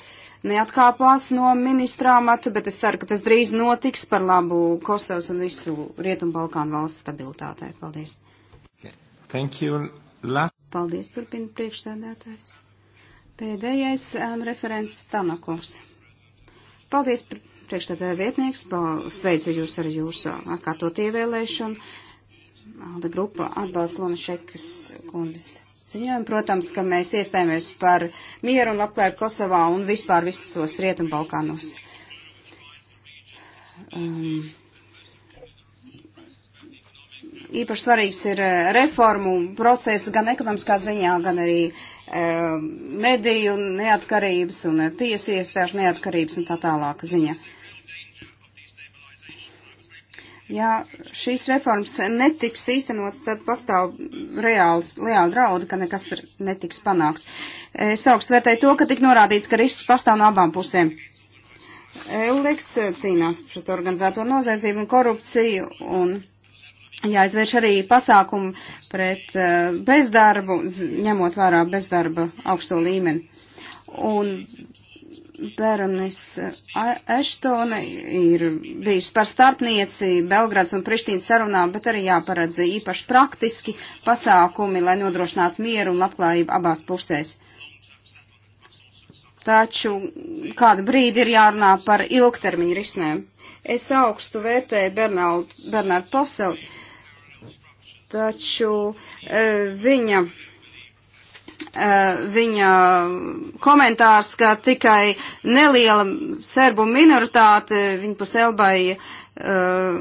neatkāpās no ministrā matu, bet es ceru, ka tas drīz notiks par labu Kosovas un visu Rietumbalkānu valsts stabilitātei. Paldies. Thank you. Last... Paldies, turpina priekšstādātājs. Pēdējais um, referents Tanakovs. Paldies, priekšstādātāja vietnieks, pal sveicu jūs ar jūsu atkārtot ievēlēšanu. Alda grupa atbalsta Lona Šekas kundzes ziņojumu. Protams, ka mēs iestājāmies par mieru un labklājību Kosovā un vispār visos Rietumbalkānos. Um, īpaši svarīgs ir eh, reformu process gan ekonomiskā ziņā, gan arī um, mediju neatkarības un eh, tiesiestāšu neatkarības un tā tālāk ziņā. Uh, Ja šīs reformas netiks īstenotas, tad pastāv reāls, reāli draudi, ka nekas netiks panāks. Es augstu vērtēju to, ka tik norādīts, ka risks pastāv no abām pusēm. Euleks cīnās pret organizēto noziedzību un korupciju un jāizvērš arī pasākumi pret eh, bezdarbu, ņemot vērā bezdarba augsto līmeni. Un Beronis Eštone ir bijusi par starpnieci Belgrads un Prištīnas sarunām, bet arī jāparedz īpaši praktiski pasākumi, lai nodrošinātu mieru un labklājību abās pusēs. Taču kādu brīdi ir jārunā par ilgtermiņu risnēm. Es augstu vērtēju Bernārdu Poseli, taču e, viņa Eh, viņa komentārs, ka tikai neliela serbu minoritāte viņa pus Elbai uh, eh,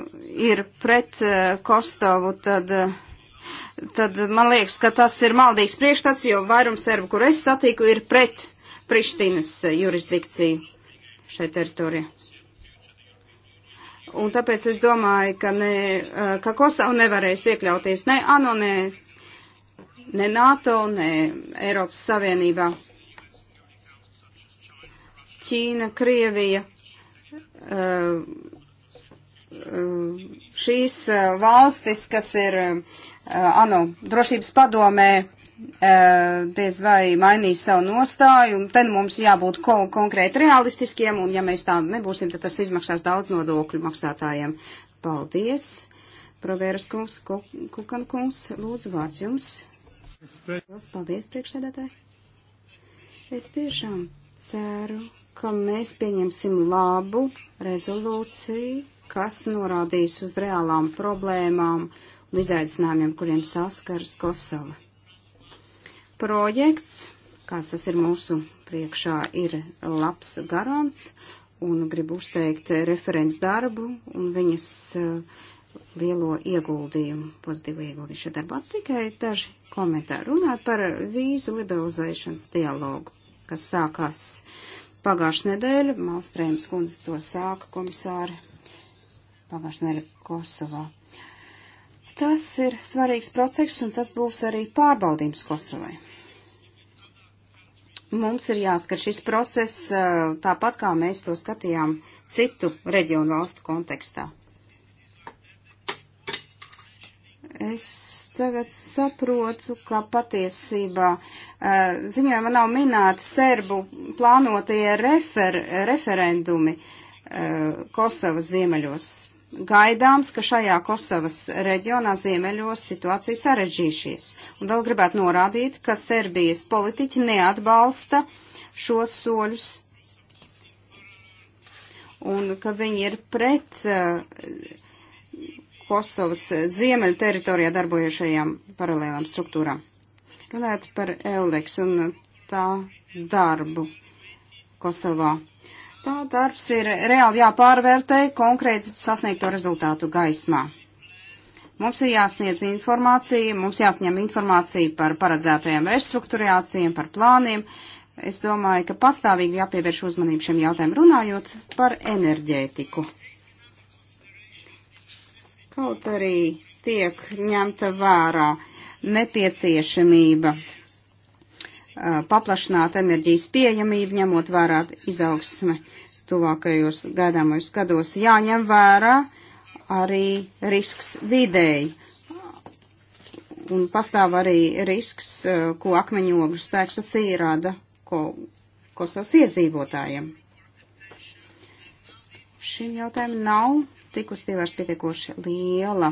ir pret uh, Kostovu, tad, tad man liekas, ka tas ir maldīgs priekšstats, jo vairums serbu, kur es satīku, ir pret Prištinas jurisdikciju šai teritorijai. Un tāpēc es domāju, ka, ne, ka Kosovu nevarēs iekļauties ne ANO, ne ne NATO, ne Eiropas Savienībā. Ķīna, Krievija, šīs eh, valstis, kas ir eh, ANO drošības padomē, eh, diez vai mainīs savu nostāju, un te mums jābūt ko konkrēti realistiskiem, un ja mēs tā nebūsim, tad tas izmaksās daudz nodokļu maksātājiem. Paldies! Provēras kungs, Kukan kungs, lūdzu vārds jums. Lielas paldies, priekšsēdētāji! Es tiešām ceru, ka mēs pieņemsim labu rezolūciju, kas norādīs uz reālām problēmām un izaicinājumiem, kuriem saskars Kosova. Projekts, kāds tas ir mūsu priekšā, ir labs garants un gribu uzteikt referents darbu un viņas eh, lielo ieguldījumu, pozitīvu ieguldījumu šajā darbā. Tikai daži komentāru. Runāt par vīzu liberalizēšanas dialogu, kas sākās pagājušā nedēļa. Malstrēmas kundze to sāka komisāri pagājušā nedēļa Kosovā. Tas ir svarīgs process un tas būs arī pārbaudījums Kosovai. Mums ir jāskat šis process tāpat, kā mēs to skatījām citu reģionu valstu kontekstā. Es tagad saprotu, ka patiesībā eh, ziņojumā nav minēti serbu plānotie refer, referendumi eh, Kosovas ziemeļos. Gaidāms, ka šajā Kosovas reģionā ziemeļos situācija sarežģīšies. Un vēl gribētu norādīt, ka Serbijas politiķi neatbalsta šos soļus un ka viņi ir pret uh, Kosovas eh, ziemeļu teritorijā darbojušajām paralēlām struktūrām. Runājot par Euleks un eh, tā darbu Kosovā. Tā darbs ir reāli jāpārvērtē konkrēti sasniegto rezultātu gaismā. Mums ir jāsniedz informācija, mums jāsņem informācija par paredzētajām restruktūrācijām, par plāniem. Es domāju, ka pastāvīgi jāpievērš uzmanību šiem jautājumiem runājot par enerģētiku kaut arī tiek ņemta vērā nepieciešamība paplašināt enerģijas pieejamību, ņemot vērā izaugsme tuvākajos gaidāmajos gados, jāņem vērā arī risks vidēji. Un pastāv arī risks, ko akmeņogļu spēks acīja rada ko, Kosovas iedzīvotājiem. Šim jautājumam nav tikus pievērst pietiekoši liela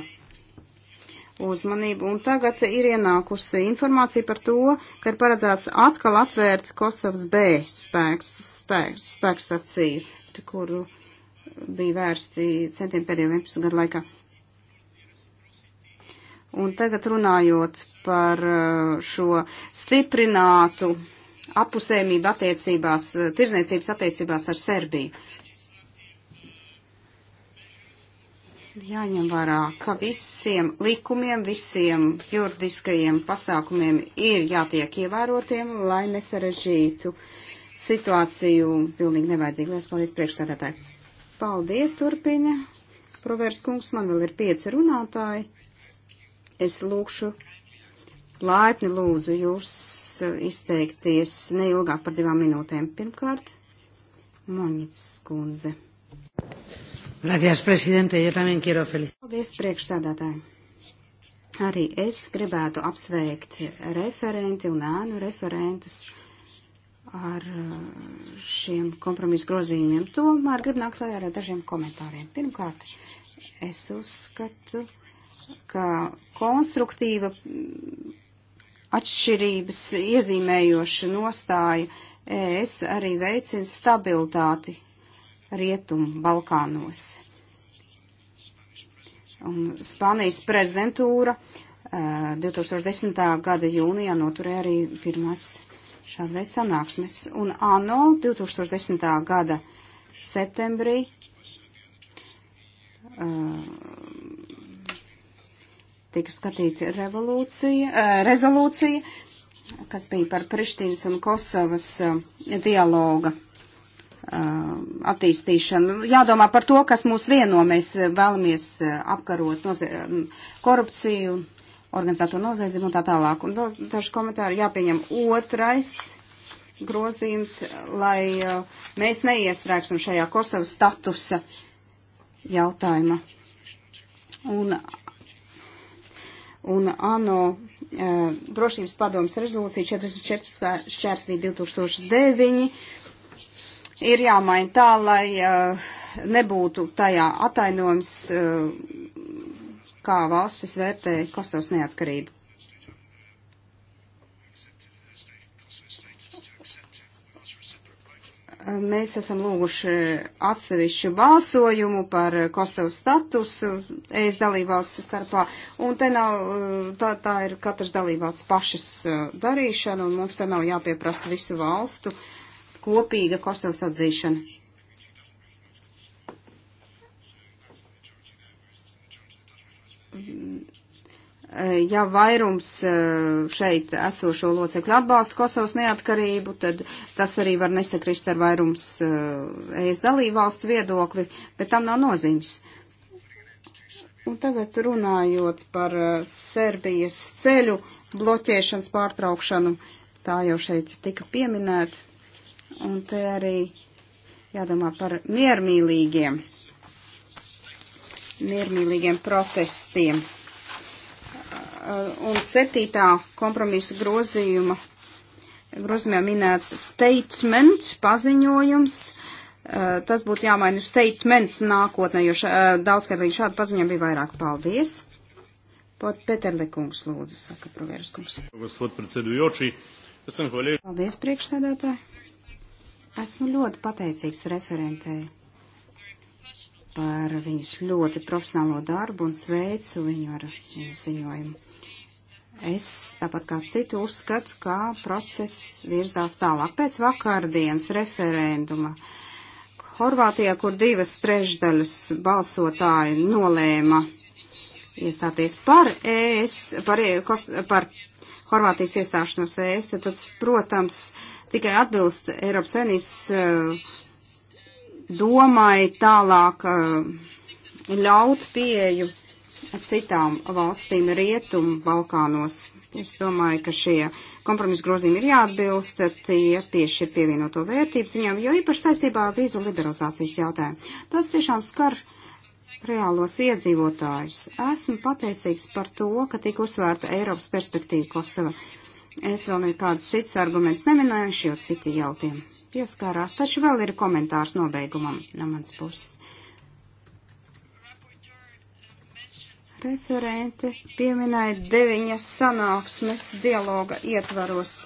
uzmanību. Un tagad ir ienākusi informācija par to, ka ir paredzēts atkal atvērt Kosovas B spēks, spēks, spēkstaciju, kuru bija vērsti centieni pēdējo 11 gadu laikā. Un tagad runājot par uh, šo stiprinātu apusējumību attiecībās, uh, tirzniecības attiecībās ar Serbiju. jāņem vērā, ka visiem likumiem, visiem juridiskajiem pasākumiem ir jātiek ievērotiem, lai nesarežītu situāciju pilnīgi nevajadzīgi. Lielas paldies priekšsēdētāji. Paldies, turpina. Provērs kungs, man vēl ir pieci runātāji. Es lūkšu, laipni lūdzu jūs uh, izteikties neilgāk par divām minūtēm. Pirmkārt, Moņits kundze. Paldies, prezidente, ja tamien quiero felicitāti. Paldies, priekšstādātāji. Arī es gribētu apsveikt referenti un ēnu referentus ar uh, šiem kompromisu grozījumiem. Tomēr gribu nākt klājā ar dažiem komentāriem. Pirmkārt, es uzskatu, ka konstruktīva mm, atšķirības iezīmējoša nostāja es arī veicina stabilitāti Rietumu Balkānos. Un Spānijas prezidentūra uh, 2010. gada jūnijā noturēja arī pirmās šāda veida sanāksmes. Un ANO 2010. gada septembrī uh, tika skatīta revolūcija, uh, rezolūcija, kas bija par Prištīnas un Kosovas dialoga Uh, attīstīšanu. Jādomā par to, kas mūs vieno. Mēs uh, vēlamies uh, apkarot mm, korupciju, organizēto noziedzību un tā tālāk. Un vēl daži komentāri jāpieņem otrais grozījums, lai mēs neiestrēgstam šajā Kosovas statusa jautājuma. Un, un ANO drošības padomas rezolūcija 44 šķērslī 2009 ir jāmaina tā, lai uh, nebūtu tajā atainojums, uh, kā valstis vērtē Kosovas neatkarību. Mēs esam lūguši atsevišķu balsojumu par Kosovas statusu ES dalībvalstu starpā, un te nav, eh, tā, tā ir katras dalībvalsts pašas darīšana, un mums te nav jāpieprasa visu valstu uh, kopīga Kosovas atzīšana. Ja vairums eh, šeit esošo locekļu atbalsta Kosovas neatkarību, tad tas arī var nesakrist ar vairums eh, ES dalībvalstu viedokli, bet tam nav nozīmes. Un tagad runājot par eh, Serbijas ceļu bloķēšanas pārtraukšanu, tā jau šeit tika pieminēta. Un te arī jādomā par miermīlīgiem, miermīlīgiem protestiem. Un septītā kompromisa grozījuma, grozījumā minēts statement, paziņojums. Tas būtu jāmaina statements nākotnē, jo daudzkārt līdz šādu paziņojumu bija vairāk. Paldies! Pat Peterlekungs lūdzu, saka Provērskungs. Paldies, priekšsēdētāji! Esmu ļoti pateicīgs referentei par viņas ļoti profesionālo darbu un sveicu viņu ar viņas ziņojumu. Es, tāpat kā citu, uzskatu, ka process virzās tālāk pēc vakardienas referenduma. Horvātijā, kur divas trešdaļas balsotāji nolēma iestāties par ES, par, e, par Horvātijas iestāšanos ES, tad tas, protams, tikai atbilst Eiropas Savienības eh, domai tālāk eh, ļaut pieeju citām valstīm rietumu Balkānos. Es domāju, ka šie kompromisu grozījumi ir jāatbilst, tie piešķir pievienoto vērtību ziņām, jo īpaši saistībā ar vīzu liberalizācijas jautājumu. Tas tiešām skar uh, reālos iedzīvotājus. Esmu pateicīgs par to, ka tika uzsvērta Eiropas perspektīva Kosova. Es vēl nekādas citas arguments neminējuši, jo citi jau tiem pieskārās, taču vēl ir komentārs nobeigumam no manas puses. Referente pieminēja deviņas sanāksmes dialoga ietvaros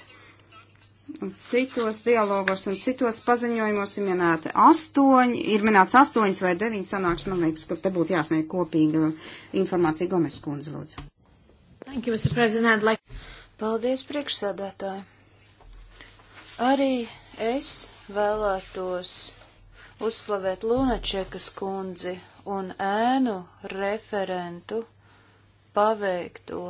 citos dialogos un citos paziņojumos ir minēti astoņi, ir minēts astoņas vai deviņas sanāks, man liekas, kur te būtu jāsniegt kopīga informācija Gomes kundze, lūdzu. Thank you, Mr. President. Like... Paldies, priekšsādātāji. Arī es vēlētos uzslavēt Lunačekas kundzi un ēnu referentu paveikto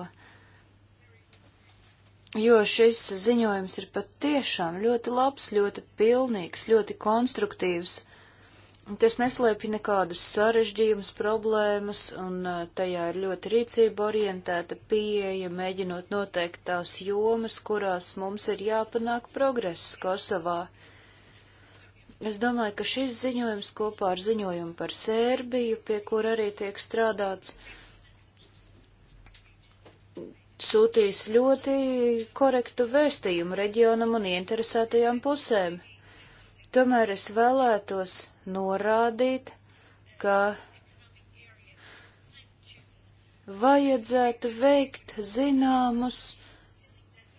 jo šis ziņojums ir patiešām ļoti labs, ļoti pilnīgs, ļoti konstruktīvs. Tas neslēpj nekādus sarežģījumus, problēmas, un uh, tajā ir ļoti rīcība orientēta pieeja, mēģinot noteikt tās jomas, kurās mums ir jāpanāk progress Kosovā. Es domāju, ka šis ziņojums kopā ar ziņojumu par Sērbiju, pie kur arī tiek strādāts, uh, sūtīs ļoti korektu vēstījumu reģionam un ieinteresētajām pusēm. Tomēr es vēlētos norādīt, ka vajadzētu veikt zināmus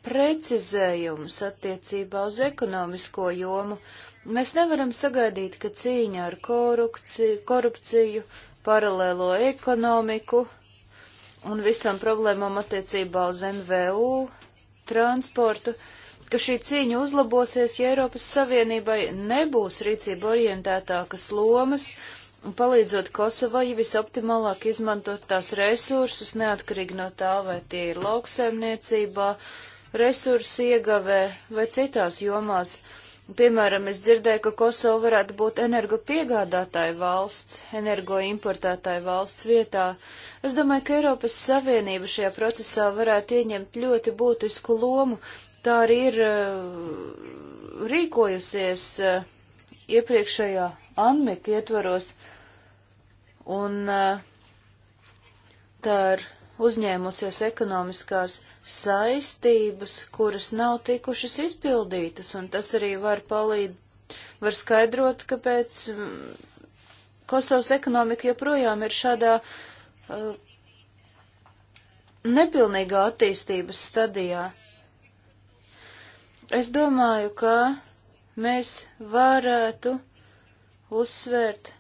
precizējumus attiecībā uz ekonomisko jomu. Mēs nevaram sagaidīt, ka cīņa ar korupciju, korupciju paralēlo ekonomiku un visām problēmām attiecībā uz MVU, transportu, ka šī cīņa uzlabosies, ja Eiropas Savienībai nebūs rīcība orientētākas lomas un palīdzot Kosovai visoptimālāk izmantot tās resursus, neatkarīgi no tā, vai tie ir lauksaimniecībā, resursu iegavē vai citās jomās. Piemēram, es dzirdēju, ka Kosova varētu būt energopiegādātāja valsts, energoimportētāja valsts vietā, Es domāju, ka Eiropas Savienība šajā procesā varētu ieņemt ļoti būtisku lomu. Tā arī ir uh, rīkojusies uh, iepriekšējā Anmika ietvaros, un uh, tā ir uzņēmusies ekonomiskās saistības, kuras nav tikušas izpildītas, un tas arī var palīd, var skaidrot, kāpēc mm, Kosovas ekonomika joprojām ir šādā uh, Eh, nepilnīgā attīstības stadijā. Es domāju, ka mēs varētu uzsvērt,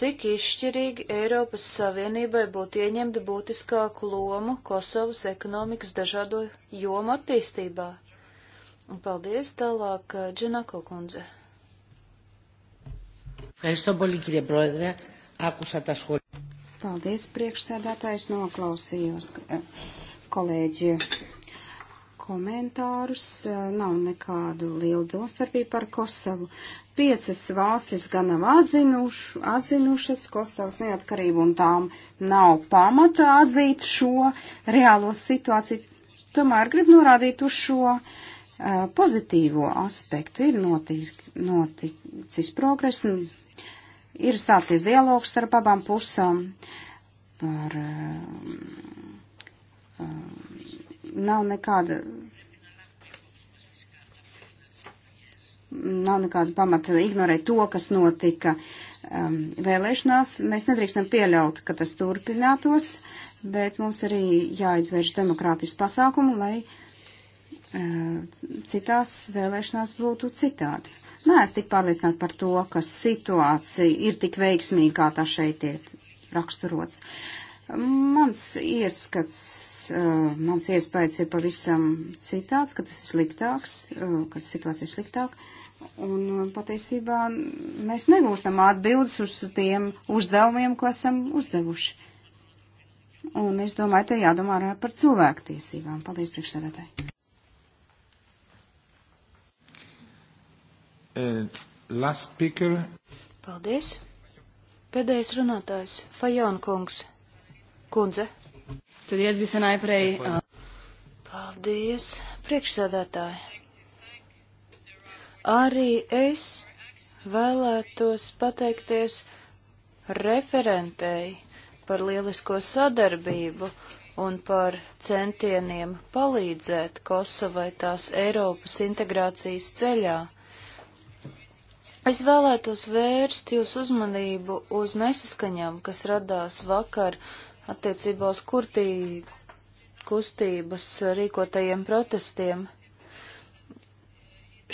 cik izšķirīgi Eiropas Savienībai būtu ieņemta būtiskāku lomu Kosovas ekonomikas dažādo jomu attīstībā. Un paldies tālāk eh, Dženako kundze. Ευχαριστώ πολύ κύριε Πρόεδρε. Άκουσα τα σχόλια. Paldies, priekšsēdētājs, noklausījos kolēģi komentārus. Nav nekādu lielu domstarpību par Kosovu. Piecas valstis gan nav atzinuš, atzinušas Kosovas neatkarību un tām nav pamata atzīt šo reālo situāciju. Tomēr grib norādīt uz šo uh, pozitīvo aspektu. Ir noticis progress, Ir sācies dialogs starp abām pusām par. Um, nav nekāda. Nav nekāda pamata ignorēt to, kas notika um, vēlēšanās. Mēs nedrīkstam pieļaut, ka tas turpinātos, bet mums arī jāizvērš demokrātisks pasākumu, lai uh, citās vēlēšanās būtu citādi. Nē, es tik pārliecināta par to, ka situācija ir tik veiksmīga, kā tā šeit ir raksturots. Mans ieskats, uh, mans iespējas ir pavisam citāds, ka tas ir sliktāks, uh, ka situācija ir sliktāka. Un uh, patiesībā mēs negūstam atbildes uz tiem uzdevumiem, ko esam uzdevuši. Un es domāju, te jādomā par cilvēku tiesībām. Paldies, priekšsēdētāji! Uh, last speaker. Paldies. Pēdējais runātājs - Fajona kungs. Kundze. Tad iesvisa naiprei. Uh... Paldies, priekšsādātāji. Arī es vēlētos pateikties referentei par lielisko sadarbību un par centieniem palīdzēt Kosovai tās Eiropas integrācijas ceļā. Es vēlētos vērst jūs uzmanību uz nesaskaņām, kas radās vakar attiecībā uz kurtī kustības rīkotajiem protestiem.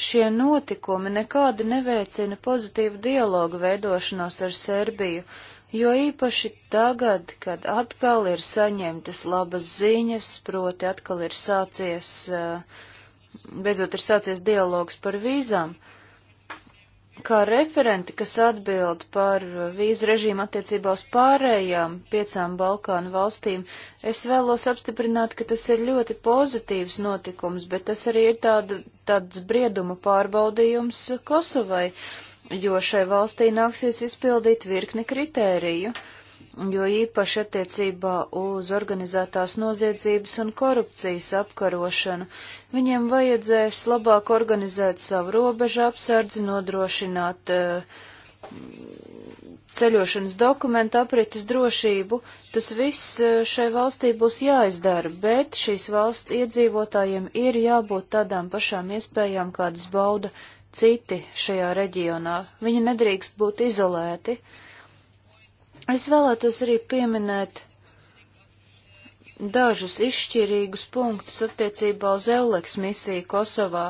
Šie notikumi nekādi neveicina pozitīvu dialogu veidošanos ar Serbiju, jo īpaši tagad, kad atkal ir saņemtas labas ziņas, proti atkal ir sācies, eh, beidzot ir sācies dialogs par vīzām. Uh, kā referenti, kas atbild par vīzu režīmu attiecībā uz pārējām piecām Balkānu valstīm, es vēlos apstiprināt, ka tas ir ļoti pozitīvs notikums, bet tas arī ir tāda, tāds brieduma pārbaudījums Kosovai, jo šai valstī nāksies izpildīt virkni kritēriju. Uh, jo īpaši attiecībā uz organizētās noziedzības un korupcijas apkarošanu. Viņiem vajadzēs labāk organizēt savu robežu apsardzi, nodrošināt uh, ceļošanas dokumentu aprites drošību. Tas viss eh, šai valstī būs jāizdara, bet šīs valsts iedzīvotājiem ir jābūt tādām pašām iespējām, kādas bauda citi šajā reģionā. Viņi nedrīkst būt izolēti. Uh, Es vēlētos arī pieminēt dažus izšķirīgus punktus attiecībā uz Euleks misiju Kosovā.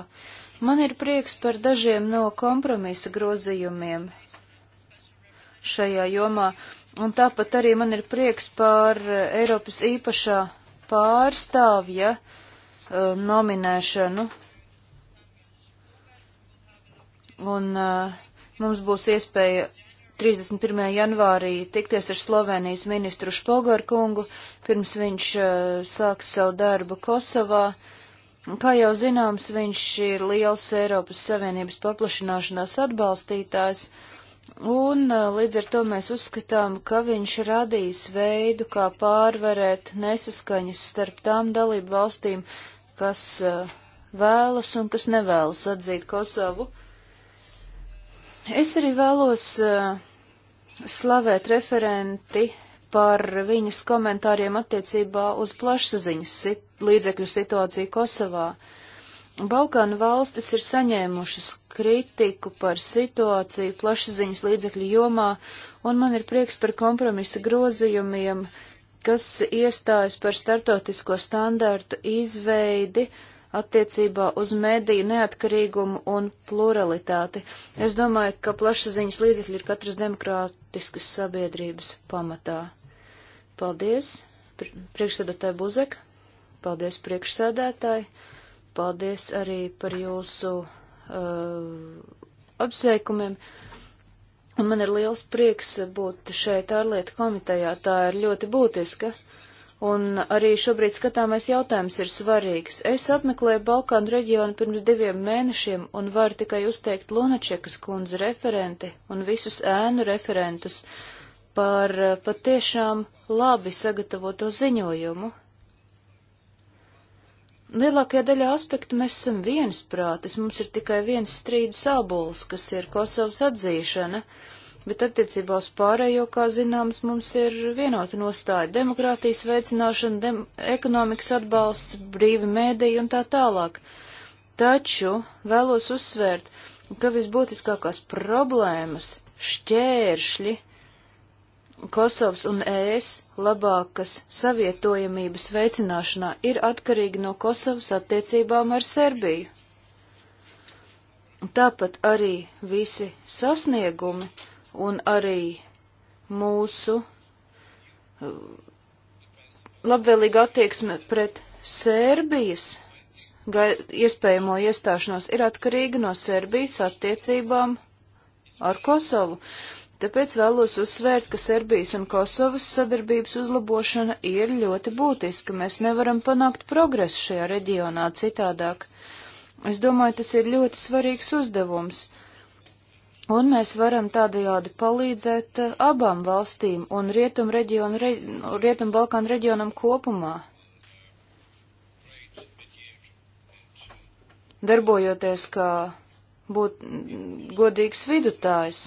Man ir prieks par dažiem no kompromisa grozījumiem šajā jomā, un tāpat arī man ir prieks par eh, Eiropas īpašā pārstāvja uh, nominēšanu. Un uh, mums būs iespēja 31. janvārī tikties ar Slovenijas ministru Špogarkungu, pirms viņš uh, sāks savu darbu Kosovā. Kā jau zināms, viņš ir liels Eiropas Savienības paplašināšanās atbalstītājs, un uh, līdz ar to mēs uzskatām, ka viņš radīs veidu, kā pārvarēt nesaskaņas starp tām dalību valstīm, kas uh, vēlas un kas nevēlas atzīt Kosovu. Uh, Es arī vēlos uh, slavēt referenti par viņas komentāriem attiecībā uz plašsaziņas sit līdzekļu situāciju Kosovā. Balkānu valstis ir saņēmušas kritiku par situāciju plašsaziņas līdzekļu jomā, un man ir prieks par kompromisa grozījumiem, kas iestājas par startotisko standārtu izveidi, uh, attiecībā uz mediju neatkarīgumu un pluralitāti. Es domāju, ka plašsaziņas līdzekļi ir katras demokrātiskas sabiedrības pamatā. Paldies, priekšsēdētāji Buzek, paldies priekšsēdētāji, paldies arī par jūsu uh, apsveikumiem. Un man ir liels prieks būt šeit ārlietu komitejā, tā ir ļoti būtiska Un arī šobrīd skatāmais jautājums ir svarīgs. Es apmeklēju Balkānu reģionu pirms diviem mēnešiem un varu tikai uzteikt Lunačekas kundzi referenti un visus ēnu referentus par eh, patiešām labi sagatavoto ziņojumu. Lielākajā daļā aspektu mēs esam viensprātis, mums ir tikai viens strīdu sābols, kas ir Kosovas atzīšana. Uh, bet attiecībā uz pārējo, kā zināms, mums ir vienota nostāja - demokrātijas veicināšana, dem ekonomikas atbalsts, brīvi mēdīji un tā tālāk. Taču vēlos uzsvērt, ka visbūtiskākās problēmas, šķēršļi Kosovas un ES labākas savietojamības veicināšanā ir atkarīgi no Kosovas attiecībām ar Serbiju. Tāpat arī visi sasniegumi, un arī mūsu uh, labvēlīga attieksme pret Sērbijas iespējamo iestāšanos ir atkarīga no Serbijas attiecībām ar Kosovu. Tāpēc vēlos uzsvērt, ka Serbijas un Kosovas sadarbības uzlabošana ir ļoti būtiska. Mēs nevaram panākt progresu šajā reģionā citādāk. Es domāju, tas ir ļoti svarīgs uzdevums. Un mēs varam tādējādi palīdzēt eh, abām valstīm un Rietum, reģionu, re, Rietum Balkānu reģionam kopumā. Darbojoties kā būt godīgs vidutājs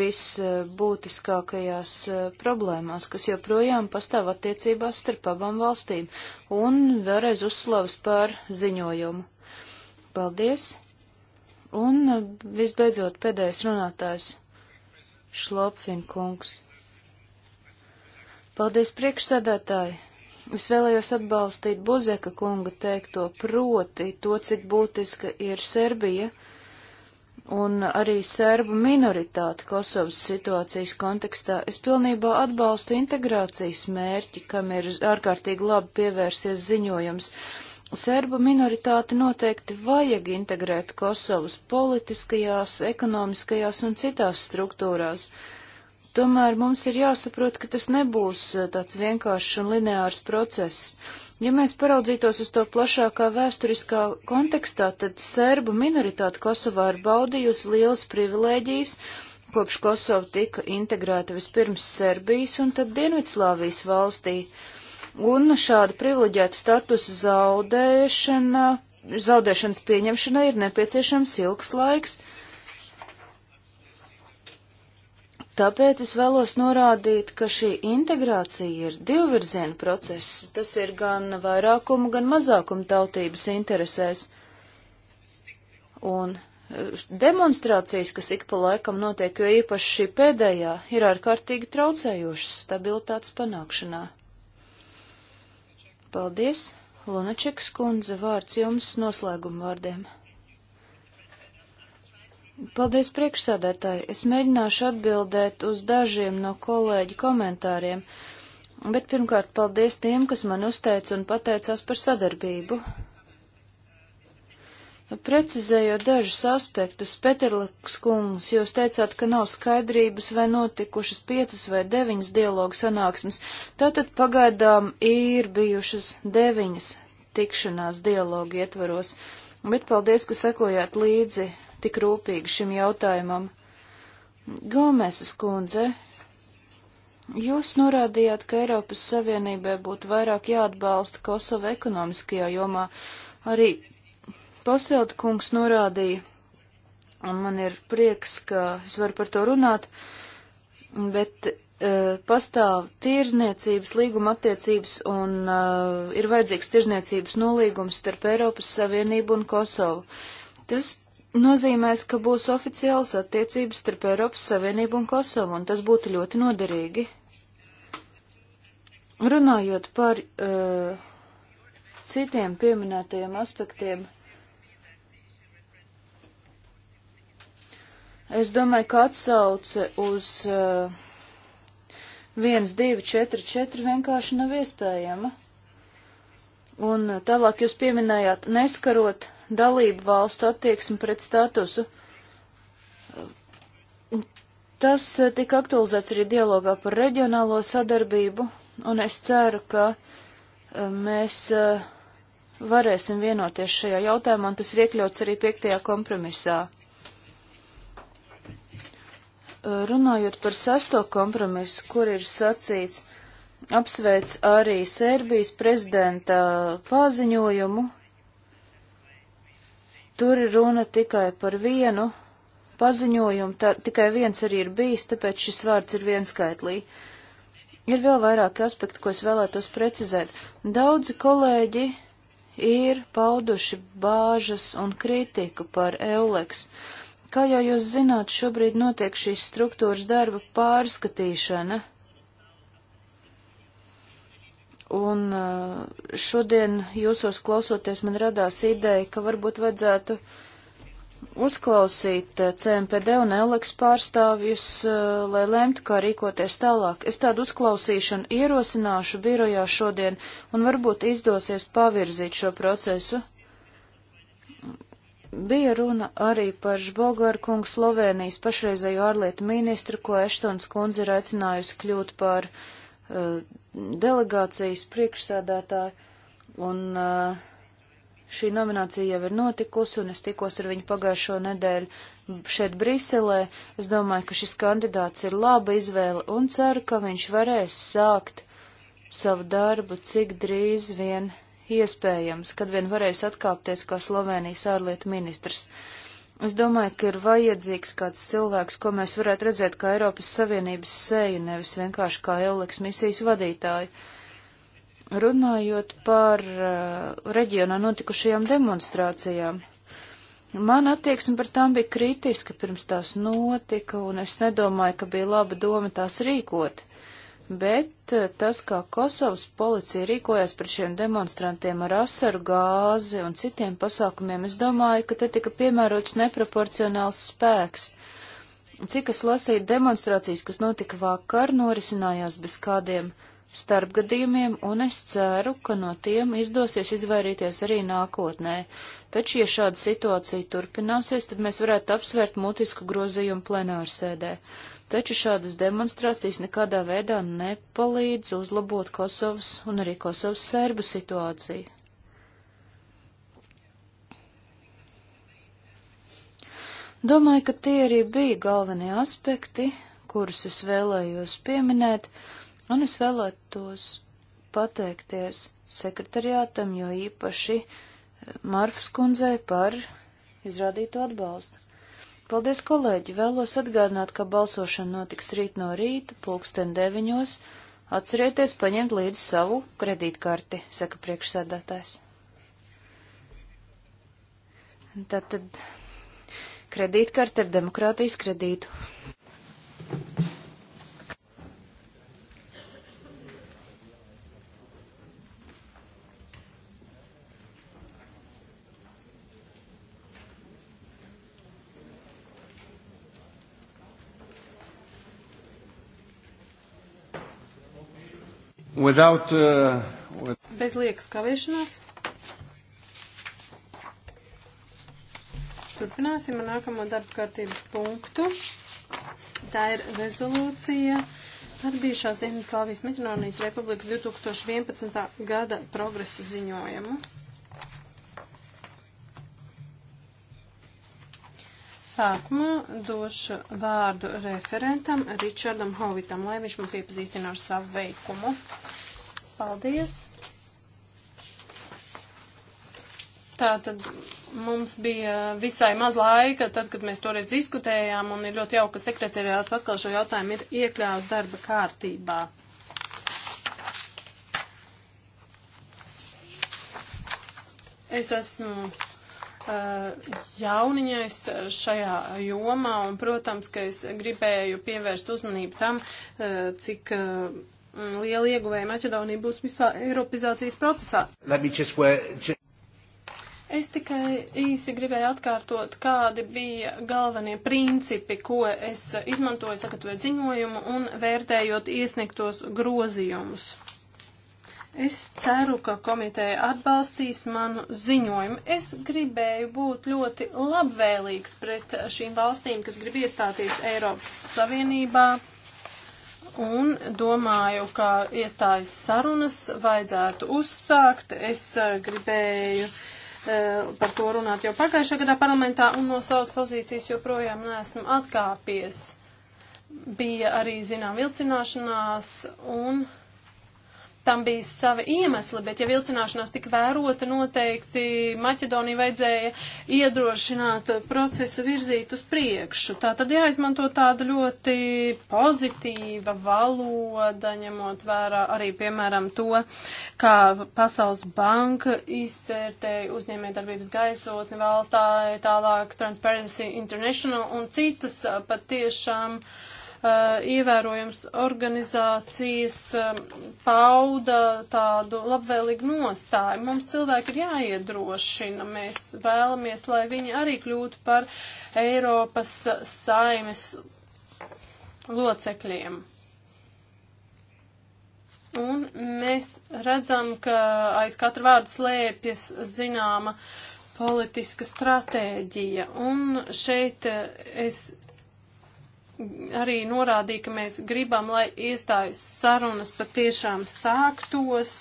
visbūtiskākajās eh, problēmās, kas joprojām pastāv attiecībās starp abām valstīm, un vēlreiz uzslavas pār ziņojumu. Paldies! Un eh, visbeidzot pēdējais runātājs Šlopfin kungs. Paldies priekšsēdētāji! Es vēlējos atbalstīt Buzeka kunga teikto proti to, cik būtiska ir Serbija un arī serbu minoritāte Kosovas situācijas kontekstā. Es pilnībā atbalstu integrācijas mērķi, kam ir ārkārtīgi labi pievērsies ziņojums. Uh, Serbu minoritāti noteikti vajag integrēt Kosovas politiskajās, ekonomiskajās un citās struktūrās. Tomēr mums ir jāsaprot, ka tas nebūs eh, tāds vienkāršs un lineārs process. Ja mēs paraudzītos uz to plašākā vēsturiskā kontekstā, tad serbu minoritāte Kosovā ir baudījusi lielas privilēģijas, kopš Kosova tika integrēta vispirms Serbijas un tad Dienvidslāvijas valstī. Uh, un šāda privileģēta statusa zaudēšana, zaudēšanas pieņemšana ir nepieciešams ilgs laiks. Tāpēc es vēlos norādīt, ka šī integrācija ir divvirziena process. Tas ir gan vairākuma, gan mazākuma tautības interesēs. Un eh, demonstrācijas, kas ik pa laikam notiek, jo īpaši šī pēdējā, ir ārkārtīgi traucējošas stabilitātes panākšanā. Paldies! Lunačeks kundze, vārds jums noslēguma vārdiem. Paldies priekšsādētāji. Es mēģināšu atbildēt uz dažiem no kolēģi komentāriem, bet pirmkārt paldies tiem, kas man uzteica un pateicās par sadarbību. Precizējot dažus aspektus, Peterlaks kungs, jūs teicāt, ka nav skaidrības vai notikušas piecas vai deviņas dialogu sanāksmes, tātad pagaidām ir bijušas deviņas tikšanās dialogu ietvaros, bet paldies, ka sekojāt līdzi tik rūpīgi šim jautājumam. Gomesas kundze, Jūs norādījāt, ka Eiropas Savienībai būtu vairāk jāatbalsta Kosova ekonomiskajā jomā. Arī Paselta kungs norādīja, un man ir prieks, ka es varu par to runāt, bet uh, pastāv tirzniecības līguma attiecības un uh, ir vajadzīgs tirzniecības nolīgums starp Eiropas Savienību un Kosovu. Tas nozīmēs, ka būs oficiāls attiecības starp Eiropas Savienību un Kosovu, un tas būtu ļoti noderīgi. Runājot par uh, citiem pieminētajiem aspektiem, uh, Es domāju, ka atsauce uz uh, 1, 2, 4, 4 vienkārši nav iespējama. Un eh, tālāk jūs pieminējāt, neskarot dalību valstu attieksmi pret statusu. Tas eh, tika aktualizēts arī dialogā par reģionālo sadarbību, un es ceru, ka eh, mēs varēsim vienoties šajā jautājumā, un tas ir iekļauts arī piektajā kompromisā. Runājot par sesto kompromisu, kur ir sacīts, apsveic arī Sērbijas prezidenta paziņojumu, tur ir runa tikai par vienu paziņojumu, tā, tikai viens arī ir bijis, tāpēc šis vārds ir vienskaitlī. Ir vēl vairāki aspekti, ko es vēlētos precizēt. Daudzi kolēģi ir pauduši bāžas un kritiku par Euleks. Uh, Kā jau jūs zināt, šobrīd notiek šīs struktūras darba pārskatīšana. Un uh, šodien jūsos klausoties man radās ideja, ka varbūt vajadzētu uzklausīt uh, CMPD un Eleks pārstāvjus, uh, lai lemtu, kā rīkoties tālāk. Es tādu uzklausīšanu ierosināšu birojā šodien, un varbūt izdosies pavirzīt šo procesu. Bija runa arī par Žbogaru kungu Slovenijas pašreizējo ārlietu ministru, ko Eštons kundze ir aicinājusi kļūt par uh, delegācijas priekšsēdētāju, un uh, šī nominācija jau ir notikusi, un es tikos ar viņu pagājušo nedēļu šeit Briselē. Es domāju, ka šis kandidāts ir laba izvēle un ceru, ka viņš varēs sākt savu darbu cik drīz vien iespējams, kad vien varēs atkāpties kā Slovenijas ārlietu ministrs. Es domāju, ka ir vajadzīgs kāds cilvēks, ko mēs varētu redzēt kā Eiropas Savienības seju, nevis vienkārši kā Euleks misijas vadītāju. Runājot par uh, reģionā notikušajām demonstrācijām, mana attieksme par tām bija kritiska pirms tās notika, un es nedomāju, ka bija laba doma tās rīkot bet eh, tas, kā Kosovas policija rīkojās pret šiem demonstrantiem ar asaru gāzi un citiem pasākumiem, es domāju, ka te tika piemērots neproporcionāls spēks. Cik es lasīju demonstrācijas, kas notika vakar, norisinājās bez kādiem starpgadījumiem, un es ceru, ka no tiem izdosies izvairīties arī nākotnē. Taču, ja šāda situācija turpināsies, tad mēs varētu apsvērt mutisku grozījumu plenārsēdē. sēdē taču šādas demonstrācijas nekādā veidā nepalīdz uzlabot Kosovas un arī Kosovas sērbu situāciju. Domāju, ka tie arī bija galvenie aspekti, kurus es vēlējos pieminēt, un es vēlētos pateikties sekretariātam, jo īpaši Marfas kundzei par izrādītu atbalstu. Paldies, kolēģi! Vēlos atgādināt, ka balsošana notiks rīt no rīta, pulksten deviņos. Atcerieties paņemt līdzi savu kredītkarti, saka priekšsēdētājs. Tātad kredītkarte ir demokrātijas kredītu. Without, uh, with... Bez liekas kavēšanās. Turpināsim ar nākamo darba kārtības punktu. Tā ir rezolūcija par bijušās Dienvidslāvijas Mitronijas Republikas 2011. gada progresa ziņojumu. Sākumā došu vārdu referentam Ričardam Hovitam, lai viņš mums iepazīstina ar savu veikumu. Paldies! Tātad mums bija visai maz laika, tad, kad mēs toreiz diskutējām, un ir ļoti jauka, ka sekretariāts atkal šo jautājumu ir iekļāvis darba kārtībā. Es esmu Eh, jauniņais eh, šajā jomā, un, protams, ka es gribēju pievērst uzmanību tam, eh, cik liela ieguvēja Maķedonija būs visā Eiropizācijas procesā. Es tikai īsi gribēju atkārtot, kādi bija galvenie principi, ko es izmantoju sagatavot ziņojumu un vērtējot iesniegtos grozījumus. Es ceru, ka komiteja atbalstīs manu ziņojumu. Es gribēju būt ļoti labvēlīgs pret šīm valstīm, kas grib iestāties Eiropas Savienībā. Un domāju, ka iestājas sarunas vajadzētu uzsākt. Es eh, gribēju uh, par to runāt jau pagājušajā gadā parlamentā un no savas pozīcijas joprojām neesmu atkāpies. Bija arī zinām vilcināšanās un. Uh, tam bija savi iemesli, bet ja vilcināšanās tika vērota, noteikti Maķedonija vajadzēja iedrošināt procesu virzīt uz priekšu. Tā tad jāizmanto tāda ļoti pozitīva valoda, ņemot vērā arī, piemēram, to, kā Pasaules banka izpērtēja uzņēmējdarbības gaisotni valstā, tālāk Transparency International un citas uh, patiešām. Uh, Eh, ievērojams organizācijas eh, pauda tādu labvēlīgu nostāju. Mums cilvēki ir jāiedrošina. Mēs vēlamies, lai viņi arī kļūtu par Eiropas saimes locekļiem. Un mēs redzam, ka aiz katra vārda slēpjas zināma politiska stratēģija. Un šeit eh, es arī norādīja, ka mēs gribam, lai iestājas sarunas patiešām sāktos.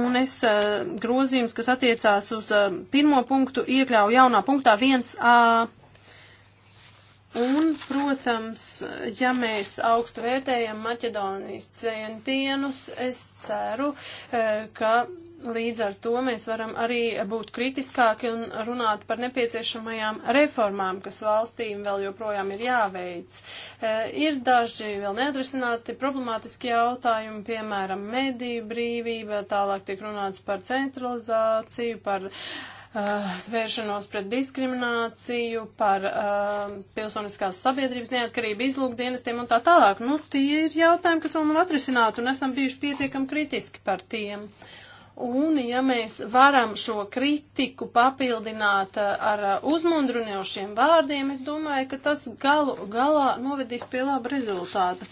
Un es uh, grozījums, kas attiecās uz uh, pirmo punktu, iekļauju jaunā punktā 1A. Un, protams, ja mēs augstu vērtējam Maķedonijas centienus, es ceru, uh, ka Līdz ar to mēs varam arī būt kritiskāki un runāt par nepieciešamajām reformām, kas valstīm vēl joprojām ir jāveic. E, ir daži vēl neatrisināti problemātiski jautājumi, piemēram, mediju brīvība, tālāk tiek runāts par centralizāciju, par uh, vēršanos pret diskrimināciju, par uh, pilsoniskās sabiedrības neatkarību izlūkdienestiem un tā tālāk. Nu, tie ir jautājumi, kas vēl nav atrisināti un esam bijuši pietiekam kritiski par tiem. Uh, Un, ja mēs varam šo kritiku papildināt eh, ar eh, uzmundrinošiem vārdiem, es domāju, ka tas galu galā novedīs pie laba rezultāta.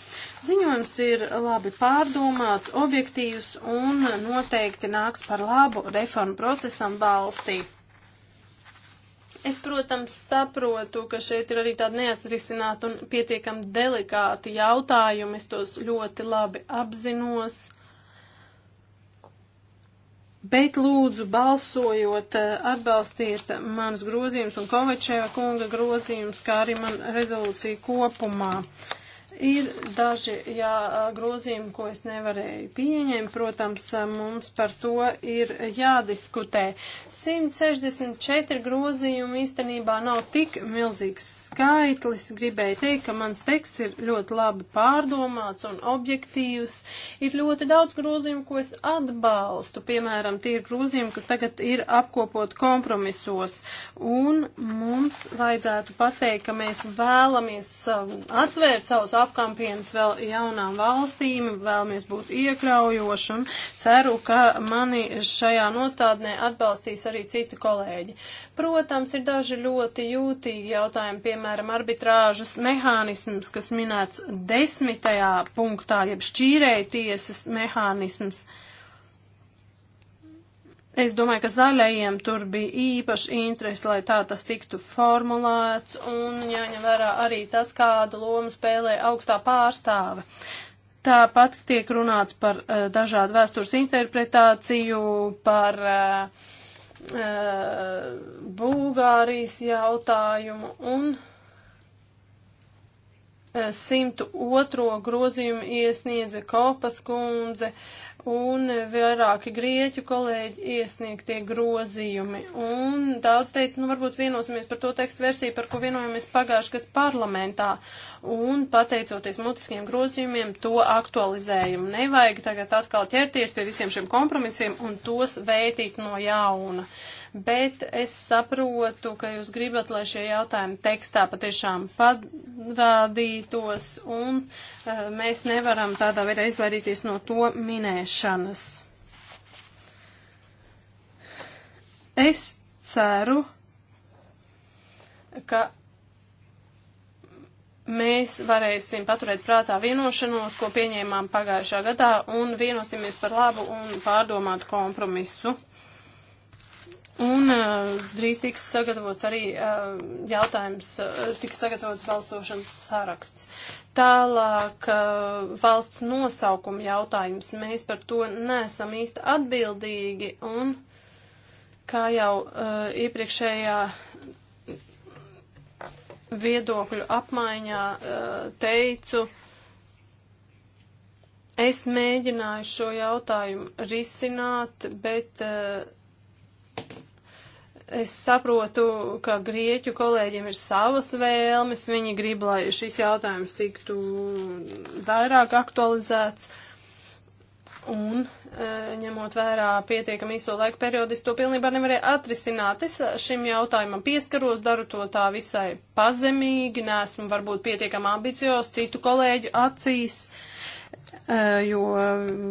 Ziņojums ir labi pārdomāts, objektīvs un noteikti nāks par labu reformu procesam valstī. Es, protams, saprotu, ka šeit ir arī tādi neatrisināti un pietiekami delikāti jautājumi. Es tos ļoti labi apzinos. Bet lūdzu, balsojot, eh, atbalstiet manas grozījumus un Kovečeva kunga grozījumus, kā arī man rezolūciju kopumā. Uh, Ir daži jā, grozījumi, ko es nevarēju pieņemt. Protams, mums par to ir jādiskutē. 164 grozījumi īstenībā nav tik milzīgs skaitlis. Gribēju teikt, ka mans teksts ir ļoti labi pārdomāts un objektīvs. Ir ļoti daudz grozījumu, ko es atbalstu. Piemēram, tie ir grozījumi, kas tagad ir apkopot kompromisos. Un mums vajadzētu pateikt, ka mēs vēlamies um, atvērt savus apkampienas vēl jaunām valstīm, vēlamies būt iekļaujoši un ceru, ka mani šajā nostādnē atbalstīs arī citi kolēģi. Protams, ir daži ļoti jūtīgi jautājumi, piemēram, arbitrāžas mehānisms, kas minēts desmitajā punktā, jeb šķīrēja tiesas mehānisms. Es domāju, ka zaļajiem tur bija īpaši interesi, lai tā tas tiktu formulēts un jāņem vērā arī tas, kādu lomu spēlē augstā pārstāve. Tāpat tiek runāts par uh, dažādu vēstures interpretāciju, par uh, uh, Bulgārijas jautājumu un uh, 102. grozījumu iesniedza Kopas kundze. Uh, un vairāki grieķu kolēģi iesniegtie grozījumi. Un daudz teica, nu varbūt vienosimies par to tekstu versiju, par ko vienojamies pagājuši gadu parlamentā. Un pateicoties mutiskiem grozījumiem, to aktualizējumu nevajag tagad atkal ķerties pie visiem šiem kompromisiem un tos veitīt no jauna. Uh, bet es saprotu, ka jūs gribat, lai šie jautājumi tekstā patiešām parādītos, un uh, mēs nevaram tādā veidā izvairīties no to minēšanas. Es ceru, ka mēs varēsim paturēt prātā vienošanos, ko pieņēmām pagājušā gadā, un vienosimies par labu un pārdomātu kompromisu. Un uh, drīz tiks sagatavots arī uh, jautājums, uh, tiks sagatavots balsošanas saraksts. Tālāk uh, valsts nosaukuma jautājums. Mēs par to nesam īsti atbildīgi un, kā jau uh, iepriekšējā viedokļu apmaiņā uh, teicu, es mēģināju šo jautājumu risināt, bet. Uh, Es saprotu, ka grieķu kolēģiem ir savas vēlmes, viņi grib, lai šis jautājums tiktu vairāk aktualizēts. Un, e, ņemot vērā pietiekami īso laiku periodu, es to pilnībā nevarēju atrisināt. Es šim jautājumam pieskaros, daru to tā visai pazemīgi, nesmu varbūt pietiekami ambiciozs citu kolēģu acīs. Eh, jo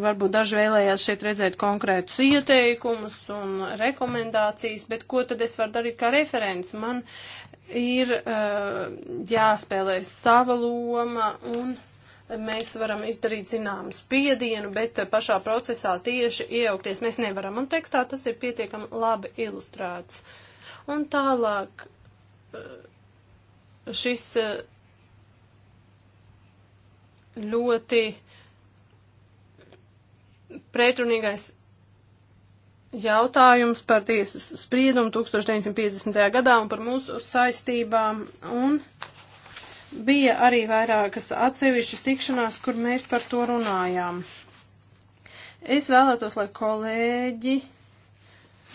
varbūt daži vēlējās šeit redzēt konkrētus ieteikumus un rekomendācijas, bet ko tad es varu darīt kā referents? Man ir eh, jāspēlē sava loma un mēs varam izdarīt zināmu spiedienu, bet pašā procesā tieši iejaukties mēs nevaram. Un tekstā tas ir pietiekami labi ilustrēts. Un tālāk eh, šis ļoti pretrunīgais jautājums par tiesas spriedumu 1950. gadā un par mūsu saistībām. Un bija arī vairākas atsevišķas tikšanās, kur mēs par to runājām. Es vēlētos, lai kolēģi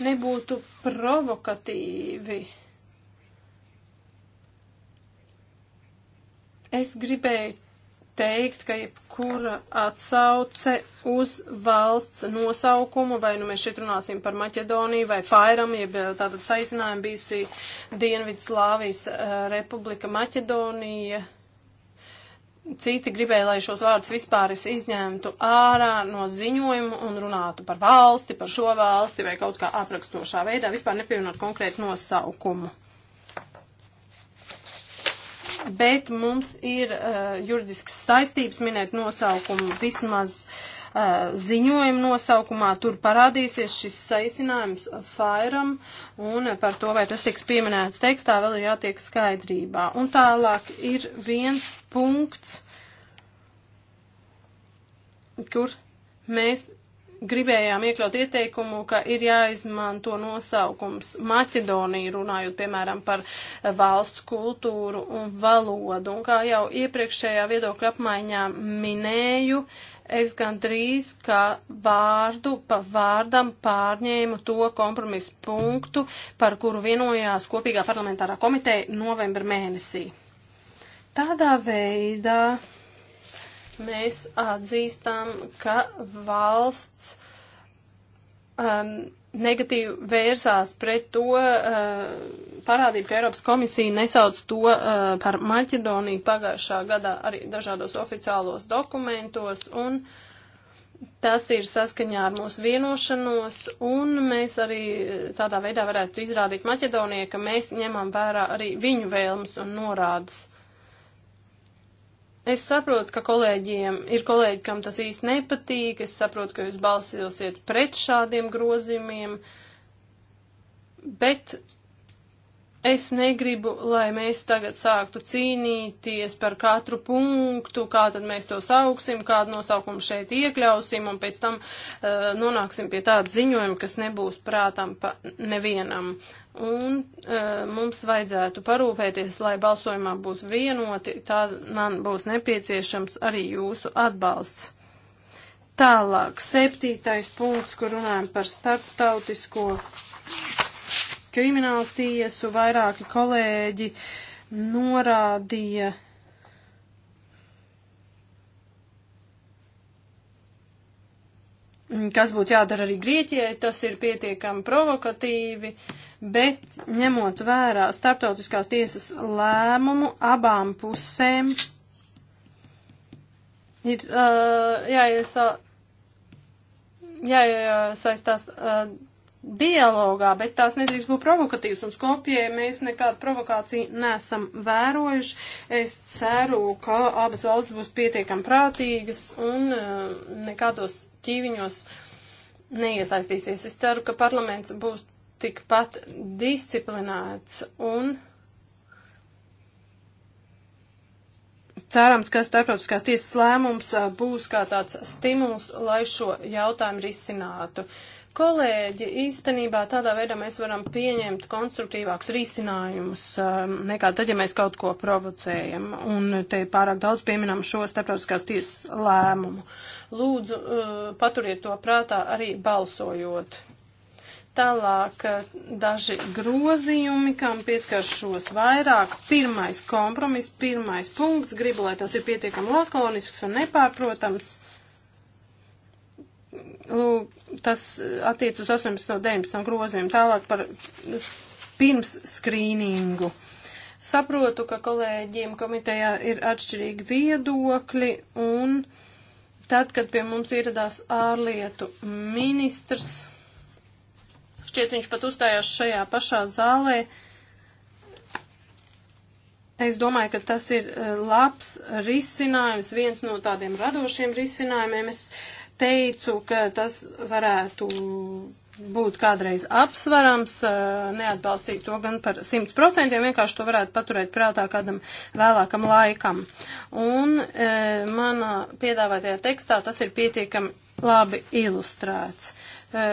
nebūtu provokatīvi. Es gribēju teikt, ka jebkura atsauce uz valsts nosaukumu, vai nu mēs šeit runāsim par Maķedoniju vai Fairam, jeb eh, tātad saizinājumu bijusi Dienvidslāvijas eh, republika Maķedonija. Citi gribēja, lai šos vārdus vispār es izņemtu ārā no ziņojumu un runātu par valsti, par šo valsti vai kaut kā aprakstošā veidā, vispār nepievienot konkrētu nosaukumu bet mums ir uh, juridiskas saistības minēt nosaukumu vismaz uh, ziņojuma nosaukumā. Tur parādīsies šis saisinājums fairam, un par to, vai tas tiks pieminēts tekstā, vēl ir jātiek skaidrībā. Un tālāk ir viens punkts, kur mēs gribējām iekļaut ieteikumu, ka ir jāizmanto nosaukums Maķedonija, runājot, piemēram, par eh, valsts kultūru un valodu. Un kā jau iepriekšējā viedokļa apmaiņā minēju, es gandrīz kā vārdu pa vārdam pārņēmu to kompromisu punktu, par kuru vienojās kopīgā parlamentārā komiteja novembra mēnesī. Tādā veidā Mēs atzīstam, ka valsts um, negatīvi vērsās pret to uh, parādību, ka Eiropas komisija nesauc to uh, par Maķedoniju pagājušā gadā arī dažādos oficiālos dokumentos un uh, Tas ir saskaņā ar mūsu vienošanos, un mēs arī tādā veidā varētu izrādīt Maķedonijai, ka mēs ņemam vērā arī viņu vēlmes un norādes. Es saprotu, ka kolēģiem ir kolēģi, kam tas īsti nepatīk, es saprotu, ka jūs balsosiet pret šādiem grozījumiem, bet es negribu, lai mēs tagad sāktu cīnīties par katru punktu, kā tad mēs to sauksim, kādu nosaukumu šeit iekļausim, un pēc tam uh, nonāksim pie tāda ziņojuma, kas nebūs prātam pa nevienam un e, mums vajadzētu parūpēties, lai balsojumā būs vienoti, tā man būs nepieciešams arī jūsu atbalsts. Tālāk, septītais punkts, kur runājam par starptautisko kriminālu tiesu, vairāki kolēģi norādīja Mm, kas būtu jādara arī Grieķijai, tas ir pietiekami provokatīvi, bet ņemot vērā starptautiskās tiesas lēmumu abām pusēm ir uh, jāiesa, jāiesaistās uh, dialogā, bet tās nedrīkst būt provokatīvas, un Skopijai mēs nekādu provokāciju nesam vērojuši. Es ceru, ka abas valsts būs pietiekam prātīgas un uh, nekādos ķīviņos neiesaistīsies. Es ceru, ka parlaments būs tikpat disciplinēts un cerams, ka starptautiskās tiesas lēmums būs kā tāds stimuls, lai šo jautājumu risinātu. Uh, kolēģi, īstenībā tādā veidā mēs varam pieņemt konstruktīvākus risinājumus um, nekā tad, ja mēs kaut ko provocējam. Un te pārāk daudz pieminam šo starptautiskās tiesas lēmumu. Lūdzu, uh, paturiet to prātā arī balsojot. Tālāk uh, daži grozījumi, kam pieskaršos vairāk. Pirmais kompromiss, pirmais punkts. Gribu, lai tas ir pietiekami lakonisks un nepārprotams nu, tas attiec uz 18 no 19 groziem, tālāk par pirms skrīningu. Saprotu, ka kolēģiem komitejā ir atšķirīgi viedokļi un tad, kad pie mums ieradās ārlietu ministrs, šķiet viņš pat uzstājās šajā pašā zālē, Es domāju, ka tas ir eh, labs risinājums, viens no tādiem radošiem risinājumiem. Es teicu, ka tas varētu būt kādreiz apsvarams, neatbalstīt to gan par 100%, vienkārši to varētu paturēt prātā kādam vēlākam laikam. Un e, manā piedāvātajā tekstā tas ir pietiekami labi ilustrēts. E,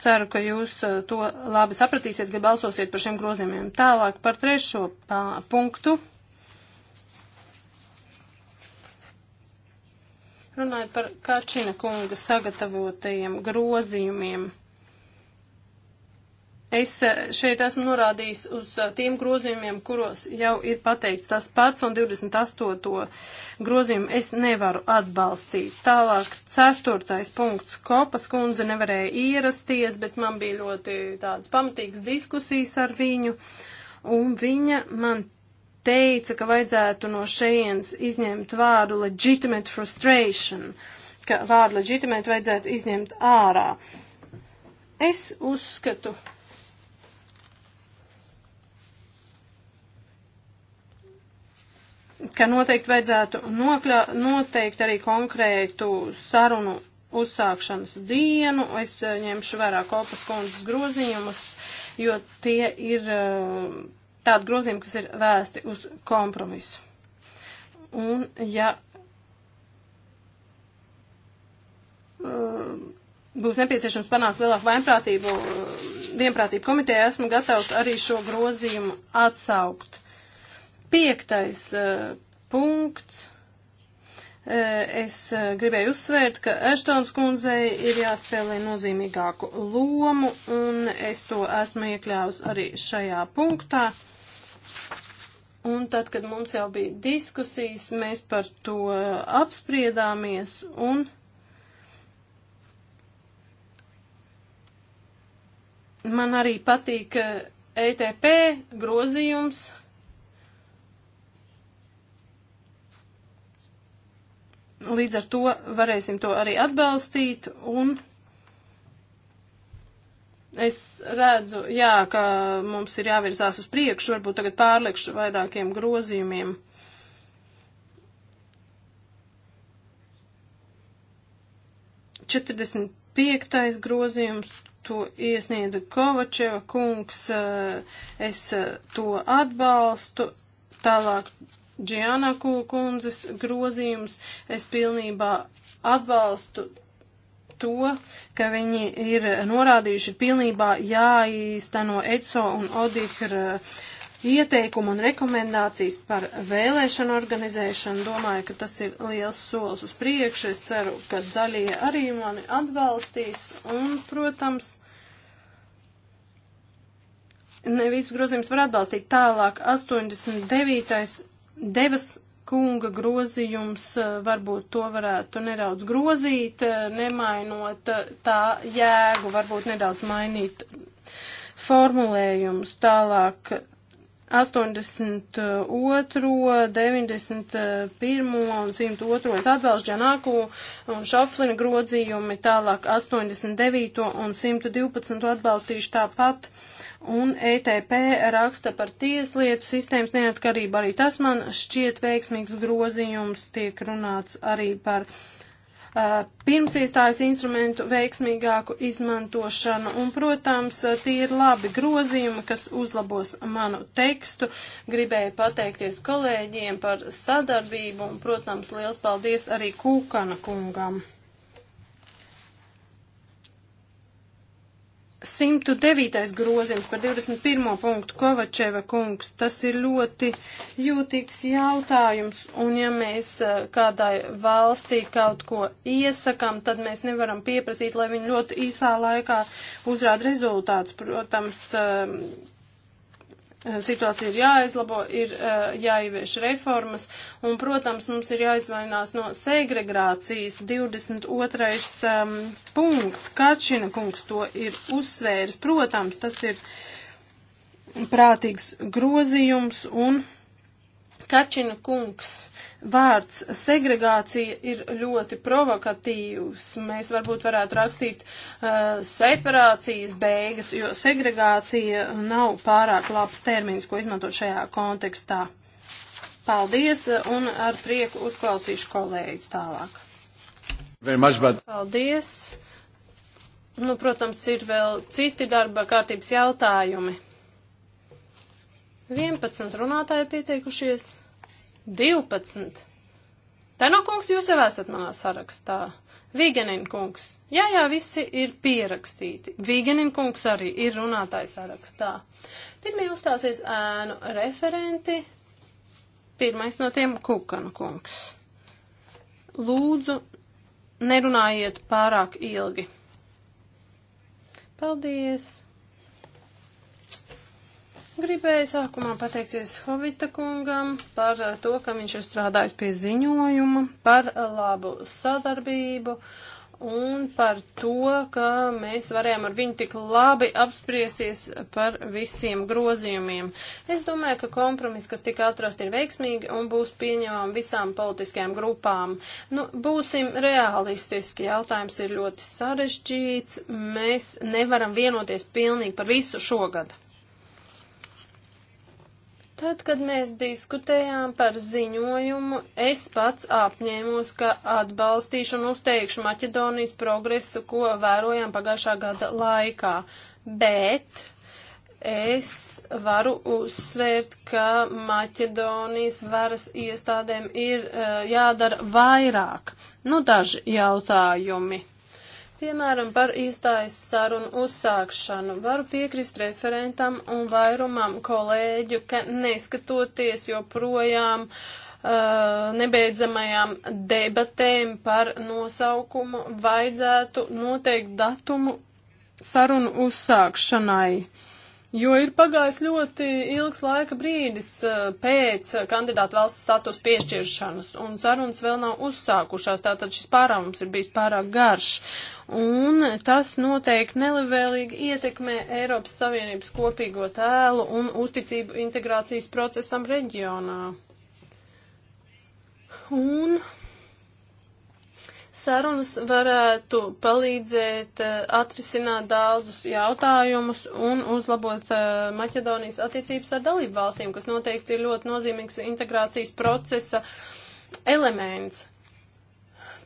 ceru, ka jūs to labi sapratīsiet, kad balsosiet par šiem grozījumiem. Tālāk par trešo pā, punktu. Runājot par Kačina kunga sagatavotajiem grozījumiem. Es eh, šeit esmu norādījis uz eh, tiem grozījumiem, kuros jau ir pateikts tas pats, un 28. grozījumu es nevaru atbalstīt. Tālāk, 4. punkts. Kopas kundze nevarēja ierasties, bet man bija ļoti tāds pamatīgs diskusijas ar viņu, un viņa man teica, ka vajadzētu no šejienes izņemt vārdu legitimate frustration, ka vārdu legitimate vajadzētu izņemt ārā. Es uzskatu, ka noteikti vajadzētu nokļa, noteikt arī konkrētu sarunu uzsākšanas dienu. Es ņemšu vērā kopas kundzes grozījumus, jo tie ir tādu grozījumu, kas ir vēsti uz kompromisu. Un ja uh, būs nepieciešams panākt lielāku vienprātību, uh, vienprātību komitejā, esmu gatavs arī šo grozījumu atsaukt. Piektais uh, punkts. Uh, es gribēju uzsvērt, ka Eštons kundzei ir jāspēlē nozīmīgāku lomu, un es to esmu iekļāvis arī šajā punktā. Uh, Un tad, kad mums jau bija diskusijas, mēs par to apspriedāmies un man arī patīk ETP eh, e grozījums. Līdz ar to varēsim to arī atbalstīt un Es redzu, jā, ka mums ir jāvirzās uz priekšu, varbūt tagad pārlikšu vairākiem grozījumiem. Četrdesmit piektais grozījums, to iesniedza Kovačeva kungs, eh, es eh, to atbalstu. Tālāk Džianaku kundzes grozījums, es pilnībā atbalstu to, ka viņi ir norādījuši pilnībā jāīsteno ECO un ODIHR ieteikumu un rekomendācijas par vēlēšanu organizēšanu. Domāju, ka tas ir liels solis uz priekšu. Es ceru, ka zaļie arī mani atbalstīs. Un, protams, ne visus grozījumus var atbalstīt tālāk. 89. devas kunga grozījums eh, varbūt to varētu nedaudz grozīt, eh, nemainot eh, tā jēgu, varbūt nedaudz mainīt formulējumus tālāk. 82, 91 un 102 atbalsts Džanāku un Šoflina grozījumi, tālāk 89 un 112 atbalstīšu tāpat. Uh, un ETP raksta par tieslietu sistēmas neatkarību. Arī tas man šķiet veiksmīgs grozījums, tiek runāts arī par uh, pirms iestājas instrumentu veiksmīgāku izmantošanu, un, protams, tie ir labi grozījumi, kas uzlabos manu tekstu. Gribēju pateikties kolēģiem par sadarbību, un, protams, liels paldies arī Kūkana kungam. 109. grozījums par 21. punktu Kovačeva kungs. Tas ir ļoti jūtīgs jautājums, un ja mēs eh, kādai valstī kaut ko iesakam, tad mēs nevaram pieprasīt, lai viņi ļoti īsā laikā uzrāda rezultātus. Protams, eh, Eh, situācija ir jāizlabo, ir eh, jāievieš reformas, un, protams, mums ir jāizvainās no segregācijas 22. Um, ehm, punkts. Kačina kungs to ir uzsvēris. Protams, tas ir prātīgs grozījums un. Kačina kungs, vārds segregācija ir ļoti provokatīvs. Mēs varbūt varētu rakstīt uh, separācijas beigas, jo segregācija nav pārāk labs termins, ko izmantot šajā kontekstā. Paldies uh, un ar prieku uzklausīšu kolēģus tālāk. Much, but... Paldies. Nu, protams, ir vēl citi darba kārtības jautājumi. 11 runātāji ir pieteikušies. 12. Teno kungs, jūs jau esat manā sarakstā. Vīganin kungs. Jā, jā, visi ir pierakstīti. Vīganin kungs arī ir runātājs sarakstā. Pirmie uzstāsies ēnu referenti. Pirmais no tiem Kukana kungs. Lūdzu, nerunājiet pārāk ilgi. Paldies! Gribēju sākumā pateikties Hovita kungam par eh, to, ka viņš ir strādājis pie ziņojuma, par eh, labu sadarbību un par to, ka mēs varējām ar viņu tik labi apspriesties par visiem grozījumiem. Es domāju, ka kompromis, kas tika atrast, ir veiksmīgi un būs pieņemam visām politiskajām grupām. Nu, būsim realistiski, jautājums ir ļoti sarežģīts, mēs nevaram vienoties pilnīgi par visu šogad. Tad, kad mēs diskutējām par ziņojumu, es pats apņēmos, ka atbalstīšu un uzteikšu Maķedonijas progresu, ko vērojām pagājušā gada laikā. Bet es varu uzsvērt, ka Maķedonijas varas iestādēm ir uh, jādara vairāk. Nu, daži jautājumi. Piemēram, par īstājas sarunu uzsākšanu varu piekrist referentam un vairumam kolēģu, ka neskatoties joprojām uh, nebeidzamajām debatēm par nosaukumu, vajadzētu noteikt datumu sarunu uzsākšanai. Jo ir pagājis ļoti ilgs laika brīdis eh, pēc kandidāta valsts status piešķiršanas, un sarunas vēl nav uzsākušās, tātad šis pārāvums ir bijis pārāk garš. Un tas noteikti nelabvēlīgi ietekmē Eiropas Savienības kopīgo tēlu un uzticību integrācijas procesam reģionā. Un Sarunas varētu palīdzēt eh, atrisināt daudzus jautājumus un uzlabot eh, Maķedonijas attiecības ar dalību valstīm, kas noteikti ir ļoti nozīmīgs integrācijas procesa elements.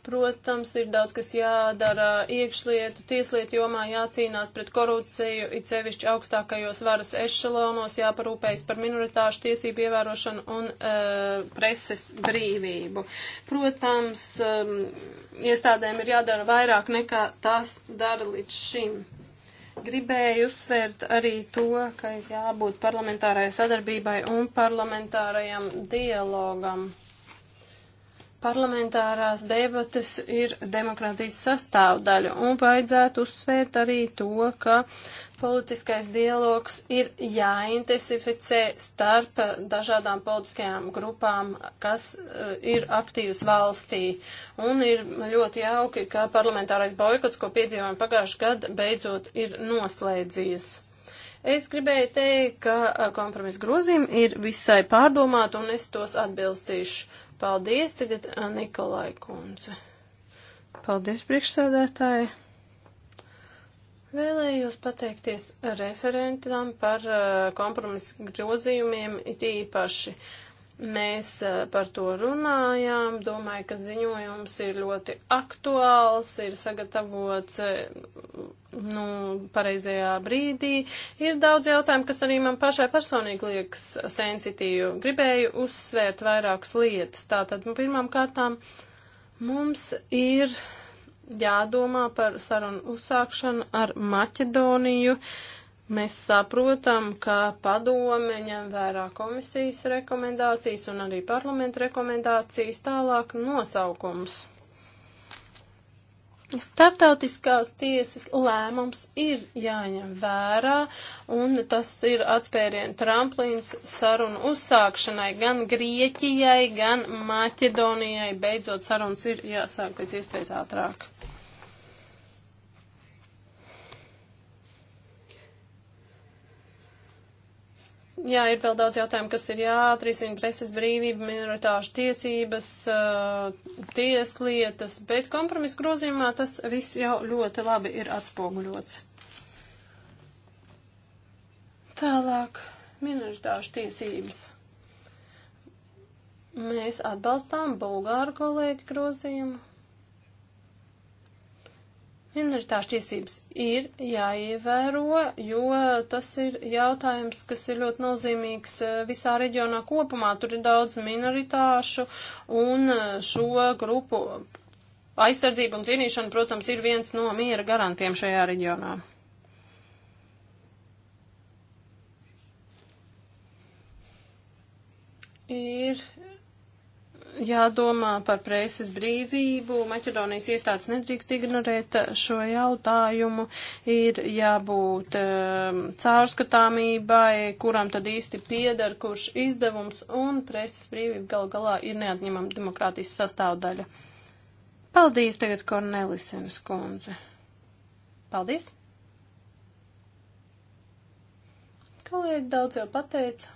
Protams, ir daudz, kas jādara iekšlietu, tieslietu jomā, jācīnās pret korupciju, it sevišķi augstākajos varas ešalonos, jāparūpējas par minoritāšu tiesību ievērošanu un uh, preses brīvību. Protams, um, iestādēm ir jādara vairāk nekā tas dara līdz šim. Gribēju uzsvērt arī to, ka jābūt parlamentārai sadarbībai un parlamentārajam dialogam parlamentārās debates ir demokrātijas sastāvdaļa un vajadzētu uzsvērt arī to, ka politiskais dialogs ir jāintensificē starp dažādām politiskajām grupām, kas eh, ir aktīvas valstī. Un ir ļoti jauki, ka parlamentārais boikots, ko piedzīvojam pagājuši gadu, beidzot ir noslēdzies. Es gribēju teikt, ka eh, kompromisa grozījumi ir visai pārdomāti un es tos atbilstīšu. Paldies tagad Nikolai Kunze. Paldies priekšsēdētāji. Vēlējos pateikties referentam par kompromisu grozījumiem, it īpaši uh, Mēs par to runājām, domāju, ka ziņojums ir ļoti aktuāls, ir sagatavots nu, pareizajā brīdī. Ir daudz jautājumu, kas arī man pašai personīgi liekas sensitīvi. Gribēju uzsvērt vairākas lietas. Tātad, nu, pirmām kārtām mums ir jādomā par sarunu uzsākšanu ar Maķedoniju. Uh, Mēs saprotam, ka padome ņem vērā komisijas rekomendācijas un arī parlamenta rekomendācijas tālāk nosaukums. Startautiskās tiesas lēmums ir jāņem vērā, un tas ir atspērienu tramplīns sarunu uzsākšanai gan Grieķijai, gan Maķedonijai. Beidzot, sarunas ir jāsāk pēc iespējas ātrāk. Jā, ir vēl daudz jautājumu, kas ir jāatrisina preses brīvība, minoritāšu tiesības, uh, tieslietas, bet kompromisu grozījumā tas viss jau ļoti labi ir atspoguļots. Tālāk, minoritāšu tiesības. Mēs atbalstām Bulgāru kolēģi grozījumu. Minoritāšu tiesības ir jāievēro, jo tas ir jautājums, kas ir ļoti nozīmīgs eh, visā reģionā kopumā. Tur ir daudz minoritāšu un eh, šo grupu aizsardzība un cīnīšana, protams, ir viens no miera garantiem šajā reģionā. Ir jādomā par preses brīvību. Maķedonijas iestādes nedrīkst ignorēt šo jautājumu. Ir jābūt um, caurskatāmībai, kuram tad īsti piedar, kurš izdevums un preses brīvība gal galā ir neatņemama demokrātijas sastāvdaļa. Paldies tagad Kornelisenes kundze. Paldies! Kolēģi daudz jau pateica.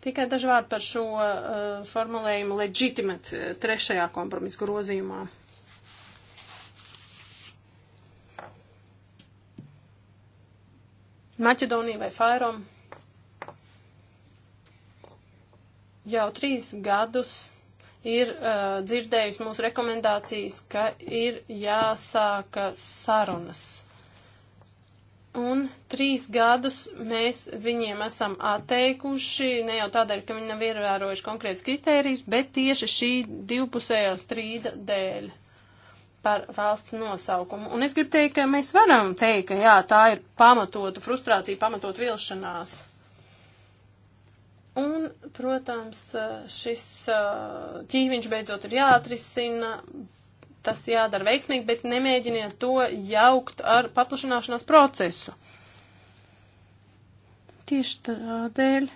Tikai daži vārdi par šo uh, formulējumu legitimate eh, trešajā kompromisu grozījumā. Maķedonija vai Fairom jau trīs gadus ir uh, dzirdējusi mūsu rekomendācijas, ka ir jāsāka sarunas Un trīs gadus mēs viņiem esam atteikuši, ne jau tādēļ, ka viņi nav ievērojuši konkrēts kritērijus, bet tieši šī divpusējā strīda dēļ par valsts nosaukumu. Un es gribu teikt, ka mēs varam teikt, ka jā, tā ir pamatota frustrācija, pamatot vilšanās. Un, protams, šis ķīviņš beidzot ir jāatrisina, tas jādara veiksmīgi, bet nemēģiniet to jaukt ar paplašanāšanās procesu. Tieši tādēļ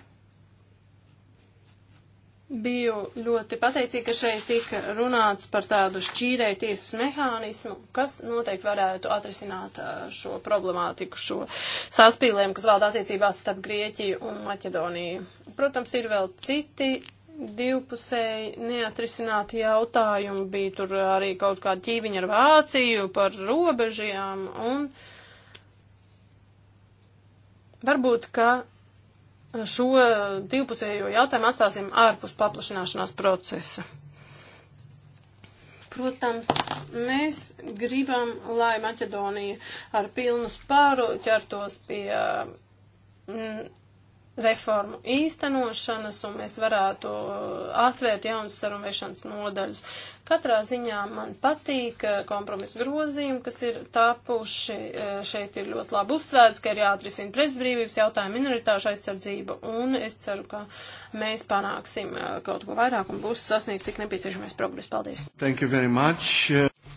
biju ļoti pateicīga, ka šeit tika runāts par tādu šķīrēju tiesas mehānismu, kas noteikti varētu atrisināt šo problemātiku, šo saspīlēm, kas valda attiecībās starp Grieķiju un Maķedoniju. Protams, ir vēl citi divpusēji neatrisināti jautājumi, bija tur arī kaut kāda ķīviņa ar Vāciju par robežiem, un varbūt, ka šo divpusējo jautājumu atstāsim ārpus paplašināšanās procesa. Protams, mēs gribam, lai Maķedonija ar pilnu spāru ķertos pie mm, reformu īstenošanas, un mēs varētu uh, atvērt jaunas sarunvešanas nodaļas. Katrā ziņā man patīk uh, kompromisa grozījumi, kas ir tapuši. Uh, šeit ir ļoti labi uzsvērts, ka ir jāatrisina presbrīvības jautājumi, minoritāšu aizsardzība, un es ceru, ka mēs panāksim kaut ko vairāk un būs sasniegts tik nepieciešamais progress. Paldies! Thank you very much!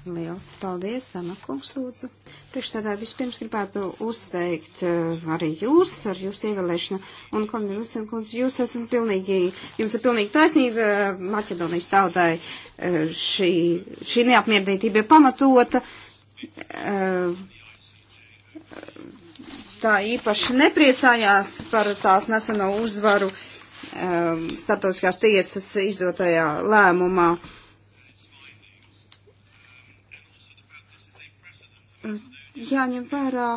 Liels paldies, Tamakungs, lūdzu. Priekšsēdā vispirms gribētu uzteikt eh, arī jūs ar jūsu ievēlēšanu. Un, Kornelis, jūs esat pilnīgi, jums ir pilnīgi taisnība eh, Maķedonijas tautai. Eh, šī, šī neapmierinātība ir pamatota. Tā īpaši nepriecājās par tās neseno uzvaru starptautiskās tiesas izdotajā lēmumā jāņem vērā,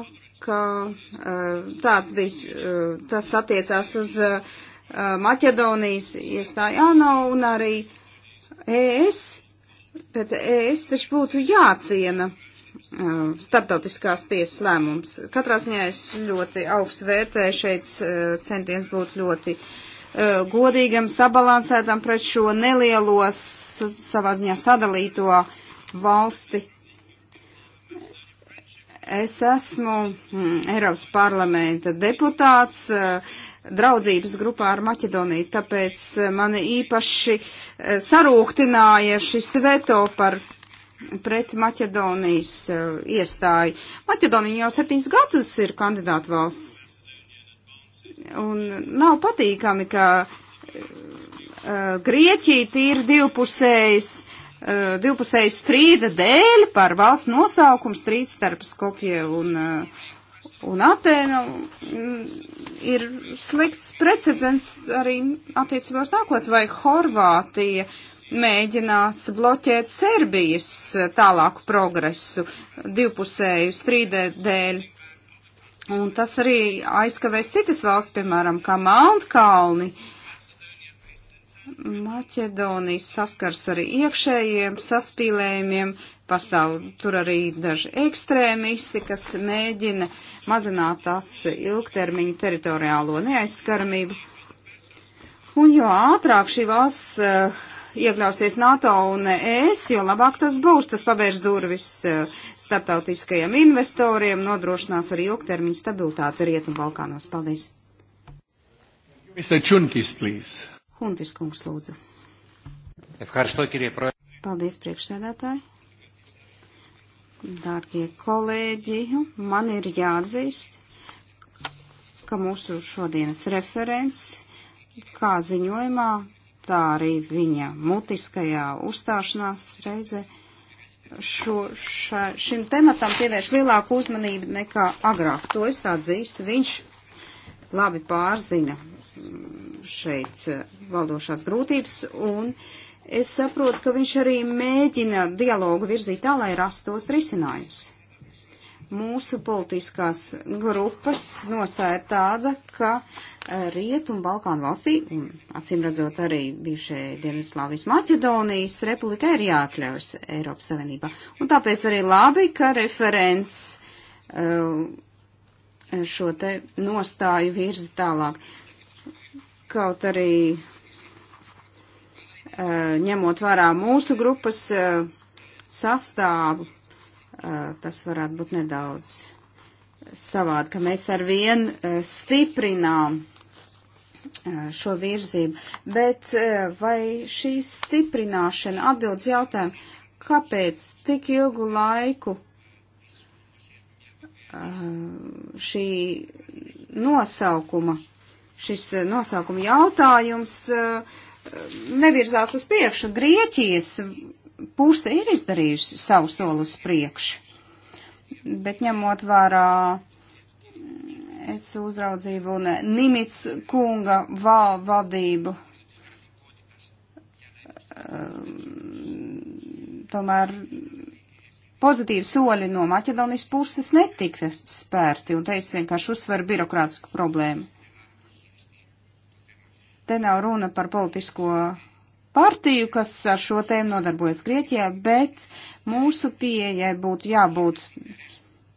ka eh, tāds bija, eh, tas attiecās uz eh, Maķedonijas iestāju ANO un arī ES, bet ES taču būtu jāciena starptautiskās tiesas lēmums. Katrā ziņā es ļoti augstu vērtēju šeit centies būt ļoti godīgam, sabalansētam pret šo nelielo savā ziņā sadalīto valsti Es esmu mm, Eiropas parlamenta deputāts eh, draudzības grupā ar Maķedoniju, tāpēc eh, mani īpaši eh, sarūktināja šis veto par pret Maķedonijas iestāju. Maķedonija jau septiņas gadus ir kandidāta valsts. Un nav patīkami, ka uh, Grieķija ir divpusējs uh, uh, eh, divpusēja strīda dēļ par valsts nosaukumu strīds starp Skopje un, uh, un Atēnu mm, ir slikts precedents arī attiecībās nākotnē, vai Horvātija mēģinās bloķēt Serbijas eh, tālāku progresu divpusēju strīdē dēļ. Un tas arī aizkavēs citas valsts, piemēram, kā Melnkalni. Uh, Maķedonijas saskars ar iekšējiem saspīlējumiem, pastāv tur arī daži ekstrēmisti, kas mēģina mazināt tās ilgtermiņa teritoriālo neaizskaramību. Un jo ātrāk šī valsts uh, iekļausies NATO un ES, jo labāk tas būs, tas pavērs durvis uh, starptautiskajiem investoriem, nodrošinās arī ilgtermiņa stabilitāti Rietu Balkānos. Paldies! Mr. Čunkis, please. Huntis kungs lūdzu. Paldies, priekšsēdētāji. Dārgie kolēģi, man ir jāatzīst, ka mūsu šodienas referents, kā ziņojumā, tā arī viņa mutiskajā uzstāšanās reize šo, ša, šim tematam pievērš lielāku uzmanību nekā agrāk. To es atzīstu. Viņš labi pārzina šeit eh, valdošās grūtības, un es saprotu, ka viņš arī mēģina dialogu virzīt tā, lai rastos risinājums. Mūsu politiskās grupas nostāja tāda, ka eh, Rietu un Balkānu valstī, un acīm redzot arī bijušajai Dienvidslāvijas Maķedonijas republika ir jākļaujas Eiropas Savienībā. Un tāpēc arī labi, ka referents uh, šo te nostāju virza tālāk. Kaut arī eh, ņemot vērā mūsu grupas eh, sastāvu, eh, tas varētu būt nedaudz savādi, ka mēs ar vien stiprinām šo virzību. Bet vai šī stiprināšana atbildes jautājumu, kāpēc tik ilgu laiku šī nosaukuma šis eh, nosaukuma jautājums eh, nevirzās uz priekšu. Grieķijas puse ir izdarījusi savu soli uz priekšu, bet ņemot vērā eh, es uzraudzību un Nimits kunga val, vadību. Tomēr pozitīvi soļi no Maķedonijas puses netika spērti, un te es vienkārši uzsveru birokrātisku problēmu. Te nav runa par politisko partiju, kas ar šo tēmu nodarbojas Grieķijā, bet mūsu pieejai būtu jābūt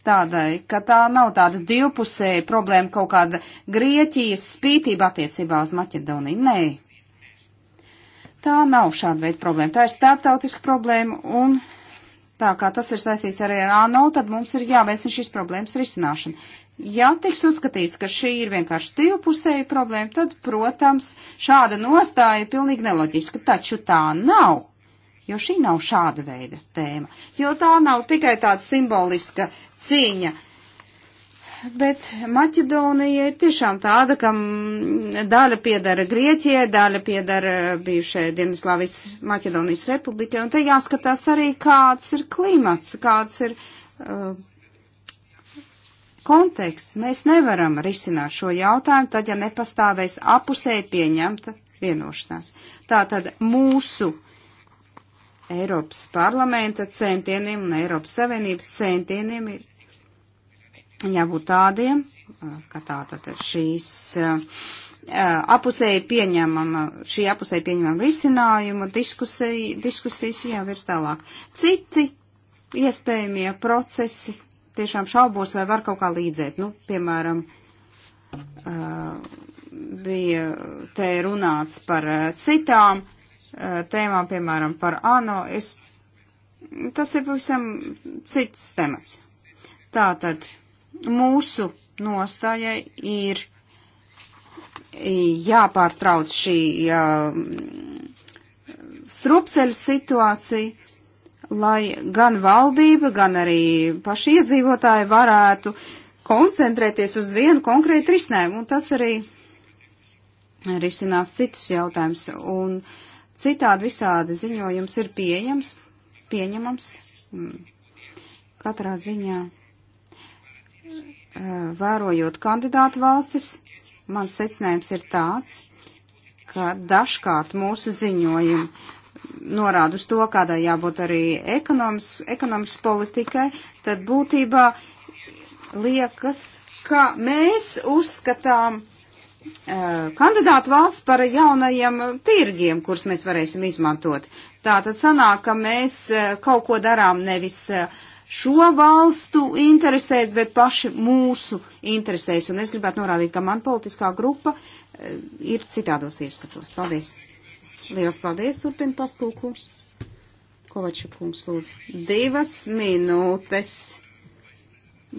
tādai, ka tā nav tāda divpusēja problēma kaut kāda Grieķijas spītība attiecībā uz Maķedoniju. Nē. Tā nav šāda veida problēma. Tā ir starptautiska problēma un tā kā tas ir saistīts arī ar ANO, tad mums ir jāveicina šīs problēmas risināšana. Ja tiks uzskatīts, ka šī ir vienkārši divpusēja problēma, tad, protams, šāda nostāja ir pilnīgi neloģiska, taču tā nav, jo šī nav šāda veida tēma, jo tā nav tikai tāda simboliska cīņa. Bet Maķedonija ir tiešām tāda, kam daļa piedara Grieķijai, daļa piedara bijušajai Dienaslāvijas Maķedonijas republikai, un te jāskatās arī, kāds ir klimats, kāds ir. Uh, konteksts. Mēs nevaram risināt šo jautājumu, tad, ja nepastāvēs apusēji pieņemta vienošanās. Tātad mūsu Eiropas parlamenta centieniem un Eiropas Savienības centieniem ir jābūt tādiem, ka tātad šīs apusēji pieņemama, šī apusēji pieņemama risinājuma diskusija, diskusijas jāvirs tālāk. Citi iespējamie procesi, tiešām šaubos, vai var kaut kā līdzēt. Nu, piemēram, bija te runāts par citām tēmām, piemēram, par ANO. Es, tas ir pavisam cits temats. Tātad mūsu nostāja ir jāpārtrauc šī jā, strupceļa situācija lai gan valdība, gan arī paši iedzīvotāji varētu koncentrēties uz vienu konkrētu risinājumu, un tas arī risinās citus jautājumus. Un citādi visādi ziņojums ir pieejams, pieņemams mm. katrā ziņā. Eh, vērojot kandidātu valstis, mans secinājums ir tāds, ka dažkārt mūsu ziņojumi norāda uz to, kādai jābūt arī ekonomis, ekonomis politikai, tad būtībā liekas, ka mēs uzskatām eh, kandidātu valsts par jaunajiem tirgiem, kurus mēs varēsim izmantot. Tā tad sanāk, ka mēs eh, kaut ko darām nevis eh, šo valstu interesēs, bet paši mūsu interesēs. Un es gribētu norādīt, ka man politiskā grupa ir citādos ieskatos. Paldies! Liels paldies, turpina paskūkums. Kovača kungs, lūdzu. Divas minūtes.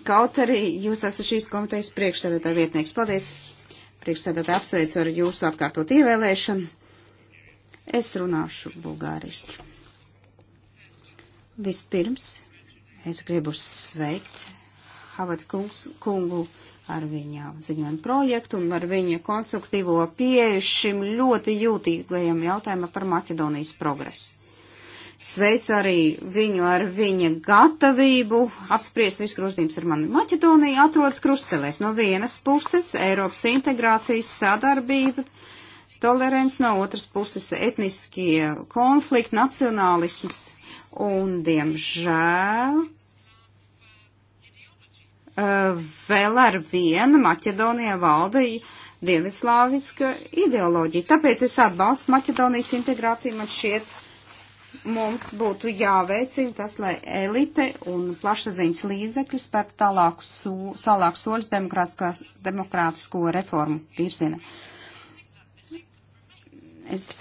Kaut arī jūs esat šīs komitejas priekšsēdētāja vietnieks. Paldies. Priekšsēdētāja apsveicu ar jūsu atkārtot ievēlēšanu. Es runāšu bulgāriski. Vispirms es gribu sveikt Havat kungs, kungu ar viņa ziņojumu projektu un ar viņa konstruktīvo pieeju šim ļoti jūtīgajam jautājumam par Maķedonijas progresu. Sveicu arī viņu ar viņa gatavību apspriest visu grūzījumus ar mani. Maķedonija atrodas krustcelēs no vienas puses Eiropas integrācijas sadarbība, tolerants, no otras puses etniskie konflikti, nacionālisms un, diemžēl, Eh, vēl ar vienu Maķedonijā valdīja Dienvidslāviska ideoloģija. Tāpēc es atbalstu Maķedonijas integrāciju. Man šķiet, mums būtu jāveicina tas, lai elite un plašsaziņas līdzekļi spērtu tālākus so, tālāk soļus demokrātisko reformu virzienā. Es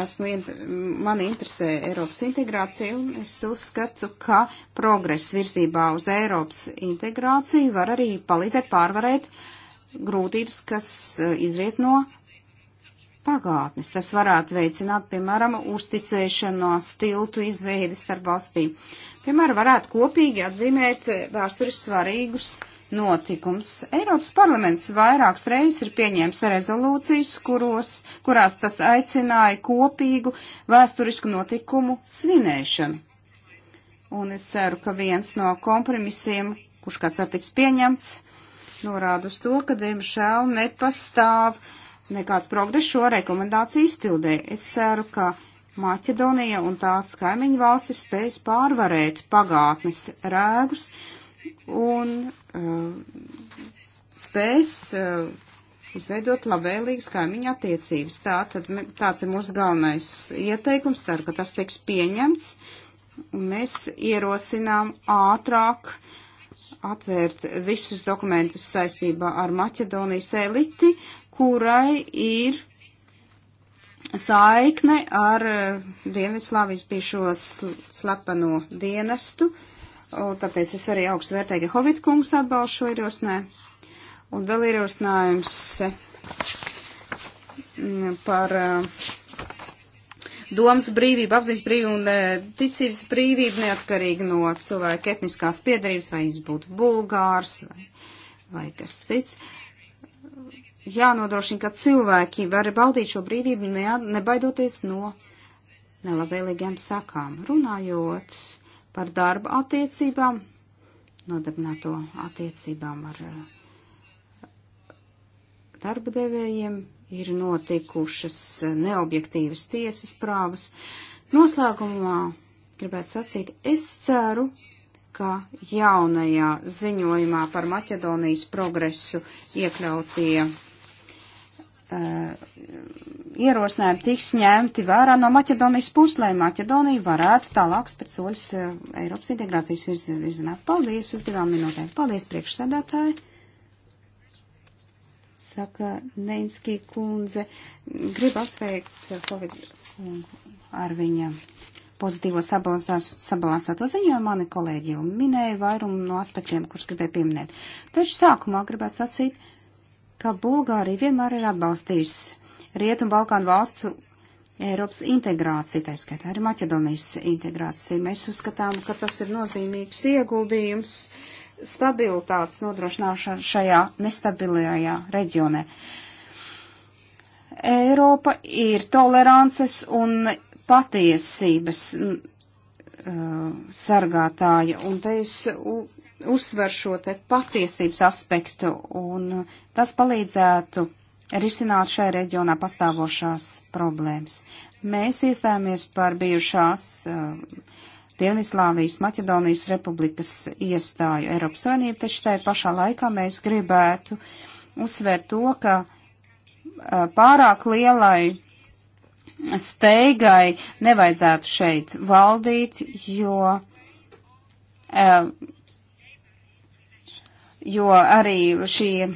esmu, mani interesē Eiropas integrācija, un es uzskatu, ka progress virzībā uz Eiropas integrāciju var arī palīdzēt pārvarēt grūtības, kas eh, izriet no pagātnes. Tas varētu veicināt, piemēram, uzticēšanās tiltu izveidi starp valstīm. Piemēram, varētu kopīgi atzīmēt vēstures svarīgus notikums. Eiropas parlaments vairākas reizes ir pieņēmis rezolūcijas, kuros, kurās tas aicināja kopīgu vēsturisku notikumu svinēšanu. Un es ceru, ka viens no kompromisiem, kurš kāds var tiks pieņemts, norāda uz to, ka, diemžēl, nepastāv nekāds progress šo rekomendāciju izpildē. Es ceru, ka Maķedonija un tās kaimiņu valstis spēs pārvarēt pagātnes rēgus un uh, spēs uh, izveidot labvēlīgas kaimiņa attiecības. Tā, tad, tāds ir mūsu galvenais ieteikums. Ceru, ka tas tiks pieņemts. Un mēs ierosinām ātrāk atvērt visus dokumentus saistībā ar Maķedonijas eliti, kurai ir saikne ar uh, Dienvidslāvijas bijušo slepeno dienestu, tāpēc es arī augstu vērtēju, ka Hovita kungs atbalst šo ierosinājumu. Un vēl ir ierosinājums mm, par domas brīvību, apziņas brīvību un ticības brīvību neatkarīgi no cilvēka etniskās piedarības, vai viņš būtu bulgārs vai, vai kas cits. Jānodrošina, ka cilvēki var baudīt šo brīvību, ne, nebaidoties no nelabvēlīgiem sakām. Runājot par darba attiecībām, nodarbināto attiecībām ar eh, darba devējiem, ir notikušas eh, neobjektīvas tiesas prāvas. Noslēgumā gribētu sacīt, es ceru, ka jaunajā ziņojumā par Maķedonijas progresu iekļautie uh, ierosinājumi tiks ņemti vērā no Maķedonijas puses, lai Maķedonija varētu tālāk spēc soļus eh, Eiropas integrācijas virzienā. Paldies uz divām minūtēm. Paldies priekšsēdētāji. Saka Neinskī kundze. Gribu apsveikt Covid ar viņa pozitīvo sabalansēto ziņojumu. Mani kolēģi jau minēja vairumu no aspektiem, kurus gribēju pieminēt. Taču sākumā gribētu sacīt, ka Bulgārija vienmēr ir atbalstījusi Rietumu Balkānu valstu Eiropas integrācija, tā skaitā arī Maķedonijas integrācija. Mēs uzskatām, ka tas ir nozīmīgs ieguldījums stabilitātes nodrošināšanā šajā nestabilajā reģionē. Eiropa ir tolerances un patiesības uh, sargātāja, un te es uzsver šo te patiesības aspektu, un tas palīdzētu risināt šajā reģionā pastāvošās problēmas. Mēs iestājāmies par bijušās uh, Dienvidslāvijas Maķedonijas republikas iestāju Eiropas Savienību, taču tajā pašā laikā mēs gribētu uzsvērt to, ka uh, pārāk lielai steigai nevajadzētu šeit valdīt, jo, uh, jo arī šie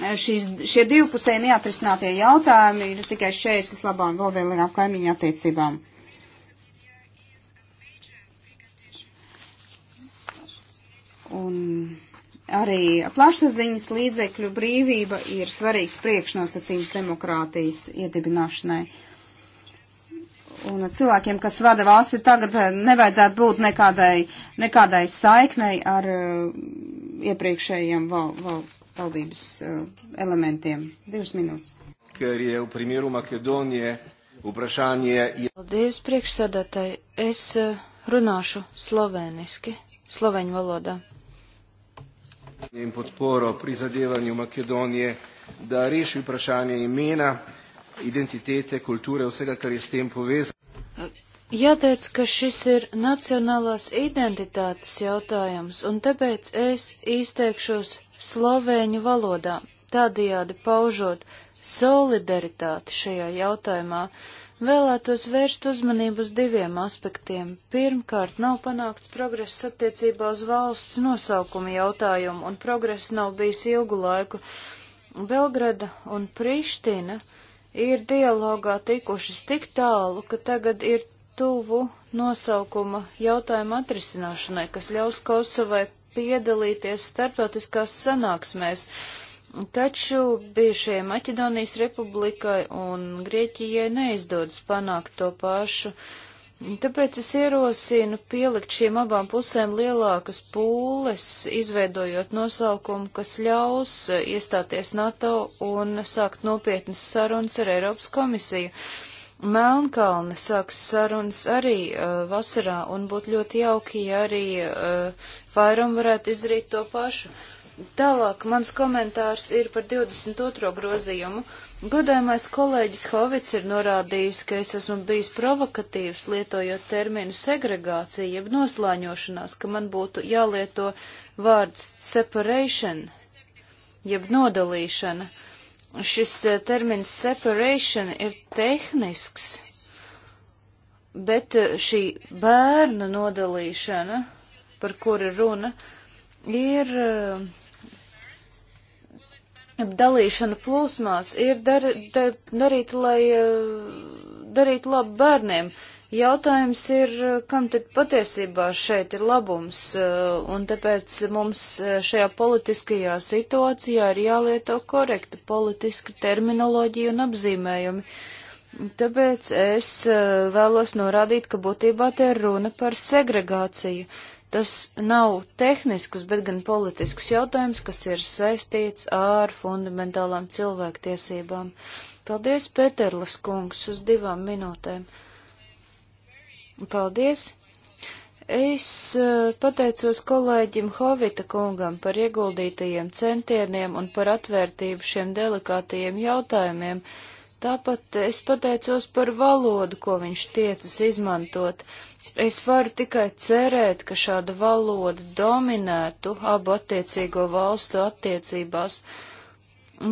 šīs, šie divpusēji neatrisinātie jautājumi ir tikai šķērslis labām vēl vēlīgām kaimiņu attiecībām. Un arī plašsaziņas līdzekļu brīvība ir svarīgs priekšnosacījums demokrātijas iedibināšanai. Un cilvēkiem, kas vada valsti tagad, eh, nevajadzētu būt nekādai, nekādai saiknei ar uh, iepriekšējiem val, val, valdības eh, elementiem. Divas minūtes. Paldies, priekšsēdētāji. Es eh, runāšu sloveniski, sloveņu valodā. In podporo prizadevanju Makedonije, da reši vprašanje imena, identitete, kulture, vsega, kar je s tem povezano. Eh, Jāteic, ka šis ir nacionālās identitātes jautājums, un tāpēc es izteikšos slovēņu valodā, tādajādi paužot solidaritāti šajā jautājumā. Vēlētos vērst uzmanību uz diviem aspektiem. Pirmkārt, nav panākts progress attiecībā uz valsts nosaukuma jautājumu, un progress nav bijis ilgu laiku. Belgrada un Priština ir dialogā tikušas tik tālu, ka tagad ir tuvu nosaukuma jautājuma atrisināšanai, kas ļaus Kosovai piedalīties starptautiskās sanāksmēs. Taču bijušajai Maķedonijas republikai un Grieķijai neizdodas panākt to pašu. Tāpēc es ierosinu pielikt šīm abām pusēm lielākas pūles, izveidojot nosaukumu, kas ļaus iestāties NATO un sākt nopietnas sarunas ar Eiropas komisiju. Melnkalne sāks sarunas arī uh, vasarā, un būtu ļoti jauki, ja arī uh, Fairam varētu izdarīt to pašu. Tālāk mans komentārs ir par 22. grozījumu. Godājumais kolēģis Hovits ir norādījis, ka es esmu bijis provokatīvs, lietojot terminu segregācija, jeb noslāņošanās, ka man būtu jālieto vārds separation, jeb nodalīšana. Uh, Šis eh, termins separation ir tehnisks, bet eh, šī bērna nodalīšana, par kuri runa, ir eh, dalīšana plūsmās, ir dar, dar, darīt, lai darītu labu bērniem, Jautājums ir, kam tad patiesībā šeit ir labums, eh, un tāpēc mums eh, šajā politiskajā situācijā ir jālieto korekta politiska terminoloģija un apzīmējumi. Tāpēc es eh, vēlos norādīt, ka būtībā te ir runa par segregāciju. Tas nav tehnisks, bet gan politisks jautājums, kas ir saistīts ar fundamentālām cilvēktiesībām. Paldies, Pēterlis kungs, uz divām minūtēm. Paldies! Es eh, pateicos kolēģim Hovita kungam par ieguldītajiem centieniem un par atvērtību šiem delikātajiem jautājumiem. Tāpat es pateicos par valodu, ko viņš tiecas izmantot. Es varu tikai cerēt, ka šāda valoda dominētu abu attiecīgo valstu attiecībās. Uh,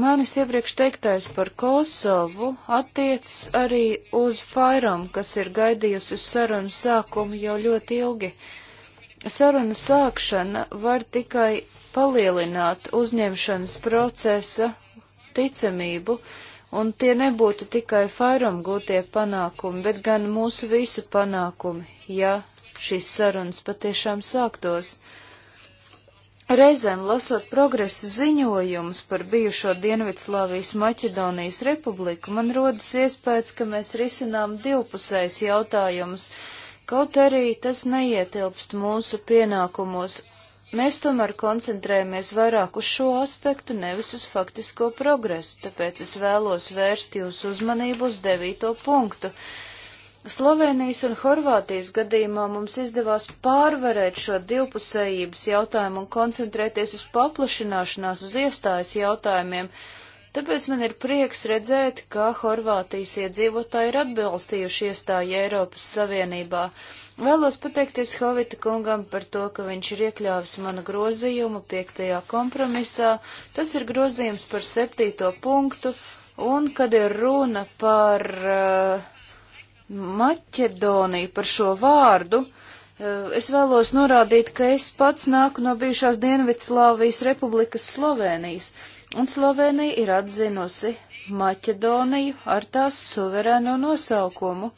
Manis iepriekš teiktais par Kosovu attiecas arī uz Fairam, kas ir gaidījusi uz sarunu sākumu jau ļoti ilgi. Sarunu sākšana var tikai palielināt uzņemšanas procesa ticamību, un tie nebūtu tikai Fairam gūtie panākumi, bet gan mūsu visu panākumi, ja šīs sarunas patiešām sāktos. Reizēm lasot progresa ziņojumus par bijušo Dienvidslāvijas Maķedonijas republiku, man rodas iespējas, ka mēs risinām divpusējs jautājumus, kaut arī tas neietilpst mūsu pienākumos. Mēs tomēr koncentrējamies vairāk uz šo aspektu, nevis uz faktisko progresu, tāpēc es vēlos vērst jūsu uzmanību uz devīto punktu. Slovenijas un Horvātijas gadījumā mums izdevās pārvarēt šo divpusējības jautājumu un koncentrēties uz paplašināšanās, uz iestājas jautājumiem. Tāpēc man ir prieks redzēt, kā Horvātijas iedzīvotāji ir atbilstījuši iestāju Eiropas Savienībā. Vēlos pateikties Hovita kungam par to, ka viņš ir iekļāvis mana grozījumu piektajā kompromisā. Tas ir grozījums par septīto punktu, un kad ir runa par uh, Maķedoniju par šo vārdu, eh, es vēlos norādīt, ka es pats nāku no bijušās Dienvidslāvijas republikas Slovenijas, un Slovenija ir atzinusi Maķedoniju ar tās suverēno nosaukumu.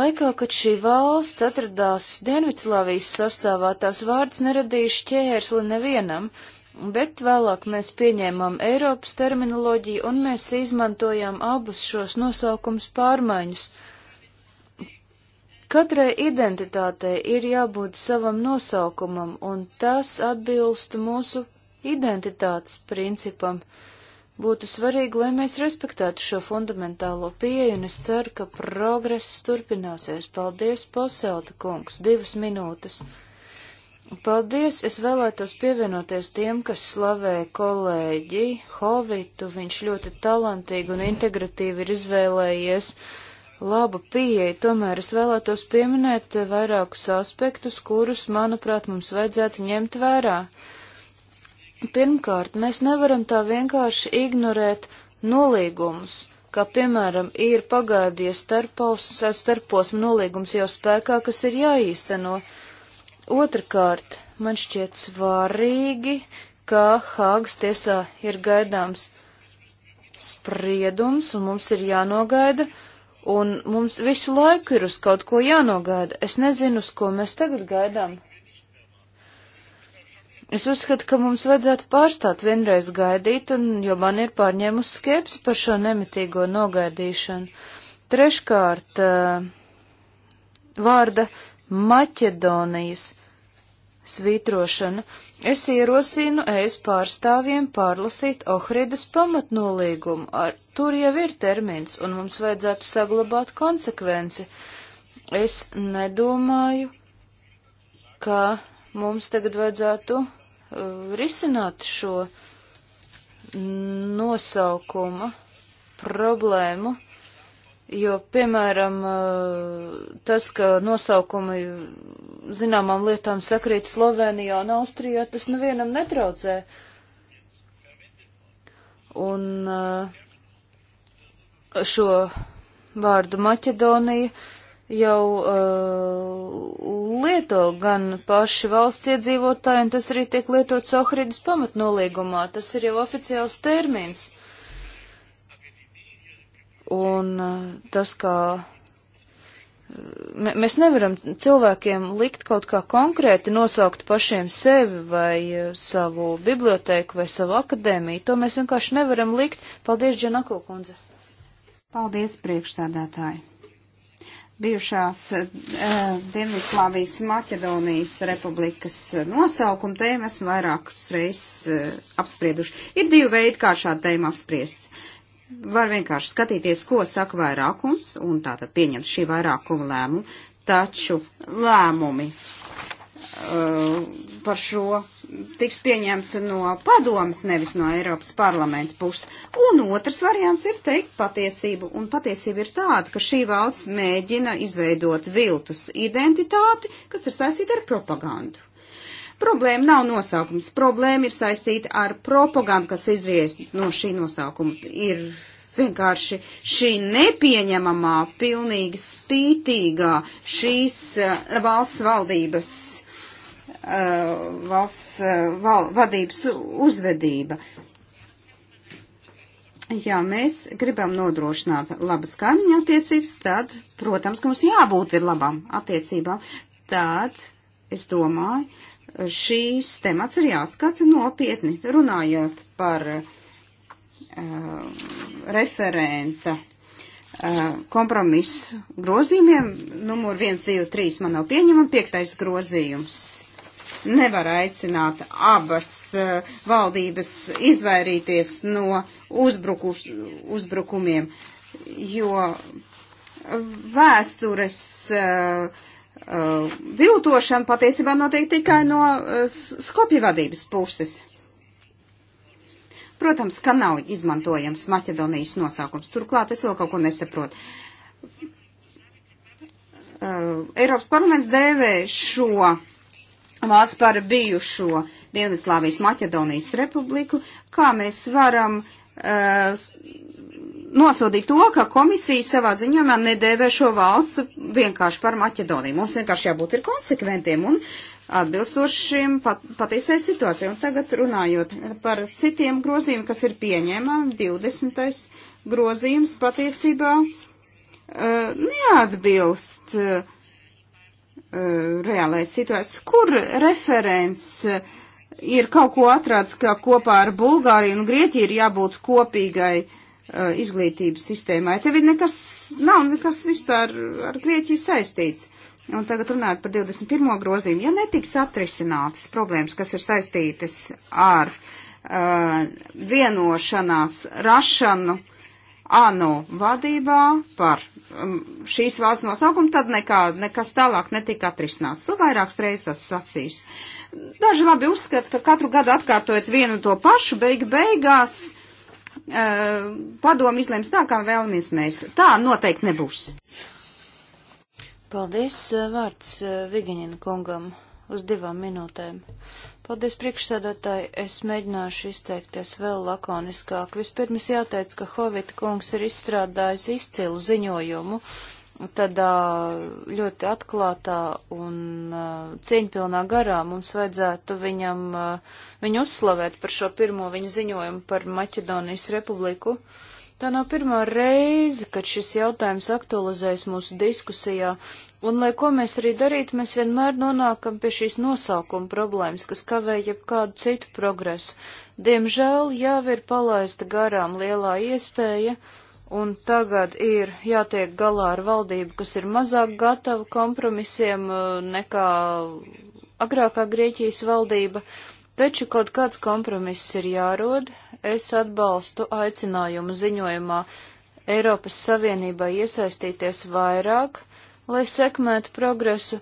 Laikā, kad šī valsts atradās Dienvidslāvijas sastāvā, tās vārds neradīja šķērsli nevienam, Bet vēlāk mēs pieņēmām Eiropas terminoloģiju un mēs izmantojām abus šos nosaukums pārmaiņus. Katrai identitātei ir jābūt savam nosaukumam, un tas atbilst mūsu identitātes principam. Būtu svarīgi, lai mēs respektētu šo fundamentālo pieeju, un es ceru, ka progress turpināsies. Paldies, Poselta kungs, divas minūtes. Mm. Paldies! Es vēlētos pievienoties tiem, kas slavē kolēģi Hovitu. Viņš ļoti talantīgi un integratīvi ir izvēlējies labu pieeju. Tomēr es vēlētos pieminēt vairākus aspektus, kurus, manuprāt, mums vajadzētu ņemt vērā. Pirmkārt, mēs nevaram tā vienkārši ignorēt nolīgumus, kā piemēram ir pagādies starposmu nolīgums jau spēkā, kas ir jāīsteno. No Otrakārt, man šķiet svarīgi, ka Hāgas tiesā ir gaidāms spriedums, un mums ir jānogaida, un mums visu laiku ir uz kaut ko jānogaida. Es nezinu, uz ko mēs tagad gaidām. Es uzskatu, ka mums vajadzētu pārstāt vienreiz gaidīt, un, jo man ir pārņēmusi skepsi par šo nemitīgo nogaidīšanu. Treškārt, eh, vārda Maķedonijas svītrošana, es ierosinu ēs pārstāvjiem pārlasīt Ohridas pamatnolīgumu, ar tur jau ir termins, un mums vajadzētu saglabāt konsekvenci. Es nedomāju, ka mums tagad vajadzētu uh, risināt šo nosaukuma problēmu. Jo, piemēram, eh, tas, ka nosaukumi zināmām lietām sakrīt Slovenijā un Austrijā, tas nevienam netraucē. Un eh, šo vārdu Maķedonija jau uh, lieto gan paši valsts iedzīvotāji, un tas arī tiek lietots Ohridas pamatnolīgumā. Tas ir jau oficiāls termins. Uh, Un uh, tas, kā uh, mēs nevaram cilvēkiem likt kaut kā konkrēti nosaukt pašiem sevi vai uh, savu biblioteku vai savu akadēmiju, to mēs vienkārši nevaram likt. Paldies, Džanako kundze. Paldies, priekšsādātāji. Bijušās uh, Dienvidslāvijas Maķedonijas republikas nosaukuma tēmu esmu vairākas reizes uh, apsprieduši. Ir divi veidi, kā šādu tēmu apspriest. Uh, var vienkārši skatīties, ko saka vairākums, un tātad pieņemt šī vairākuma lēmumu, taču lēmumi uh, par šo tiks pieņemti no padomas, nevis no Eiropas parlamenta puses. Un otrs variants ir teikt patiesību, un patiesība ir tāda, ka šī valsts mēģina izveidot viltus identitāti, kas ir saistīta ar propagandu. Problēma nav nosaukums. Problēma ir saistīta ar propagandu, kas izriest no šī nosaukuma. Ir vienkārši šī nepieņemamā, pilnīgi spītīgā šīs eh, valsts valdības, eh, valsts eh, val, vadības uzvedība. Ja mēs gribam nodrošināt labas kaimiņa attiecības, tad, protams, ka mums jābūt ir labām attiecībām. Tad, es domāju, uh, šīs temats ir jāskata nopietni, runājot par uh, referenta uh, kompromisu grozījumiem. Numur 1, 2, 3 man nav pieņemama, piektais grozījums. Nevar aicināt abas uh, valdības izvairīties no uzbrukuš, uzbrukumiem, jo vēstures uh, uh, viltošana patiesībā notiek tikai no uh, Skopja vadības puses. Protams, ka nav izmantojams Maķedonijas nosaukums. Turklāt es vēl kaut ko nesaprotu. Uh, Eiropas parlaments dēvē šo valsts par bijušo Dienvidslāvijas Maķedonijas republiku, kā mēs varam uh, nosodīt to, ka komisija savā ziņojumā nedēvē šo valstu vienkārši par Maķedoniju. Mums vienkārši jābūt ir konsekventiem un atbilstošiem pat, patiesai situācijai. Un tagad runājot par citiem grozījumiem, kas ir pieņēmami, 20. grozījums patiesībā uh, neatbilst uh, eh, reālai situācijai. Kur referents uh, ir kaut ko atrāds, ka kopā ar Bulgāriju un Grieķiju ir jābūt kopīgai uh, Uh, izglītības sistēmai. Tev ir nekas, nav nekas vispār ar Grieķiju saistīts. Un tagad runājot par 21. grozījumu, ja netiks atrisinātas problēmas, kas ir saistītas ar uh, vienošanās rašanu ANO vadībā par um, šīs valsts nosaukumu, tad nekā, nekas tālāk netika atrisināts. To vairākas reizes esmu sacījis. Daži labi uzskata, ka katru gadu atkārtojot vienu to pašu, beig beigās Eh, padomu izlems tā, kā vēlamies mēs. Tā noteikti nebūs. Paldies, eh, vārds eh, Vigiņina kungam uz divām minūtēm. Paldies, priekšsēdētāji, es mēģināšu izteikties vēl lakoniskāk. Vispirms jāteic, ka Hovita kungs ir izstrādājis izcilu ziņojumu, tādā ļoti atklātā un cieņpilnā garā mums vajadzētu viņam, viņu uzslavēt par šo pirmo viņa ziņojumu par Maķedonijas republiku. Tā nav pirmā reize, kad šis jautājums aktualizējas mūsu diskusijā, un, lai ko mēs arī darītu, mēs vienmēr nonākam pie šīs nosaukuma problēmas, kas kavē jebkādu citu progresu. Diemžēl jau ir palaista garām lielā iespēja, uh, un tagad ir jātiek galā ar valdību, kas ir mazāk gatava kompromisiem uh, nekā agrākā Grieķijas valdība, taču kaut kāds kompromiss ir jārod. Es atbalstu aicinājumu ziņojumā Eiropas Savienībai iesaistīties vairāk, lai sekmētu progresu,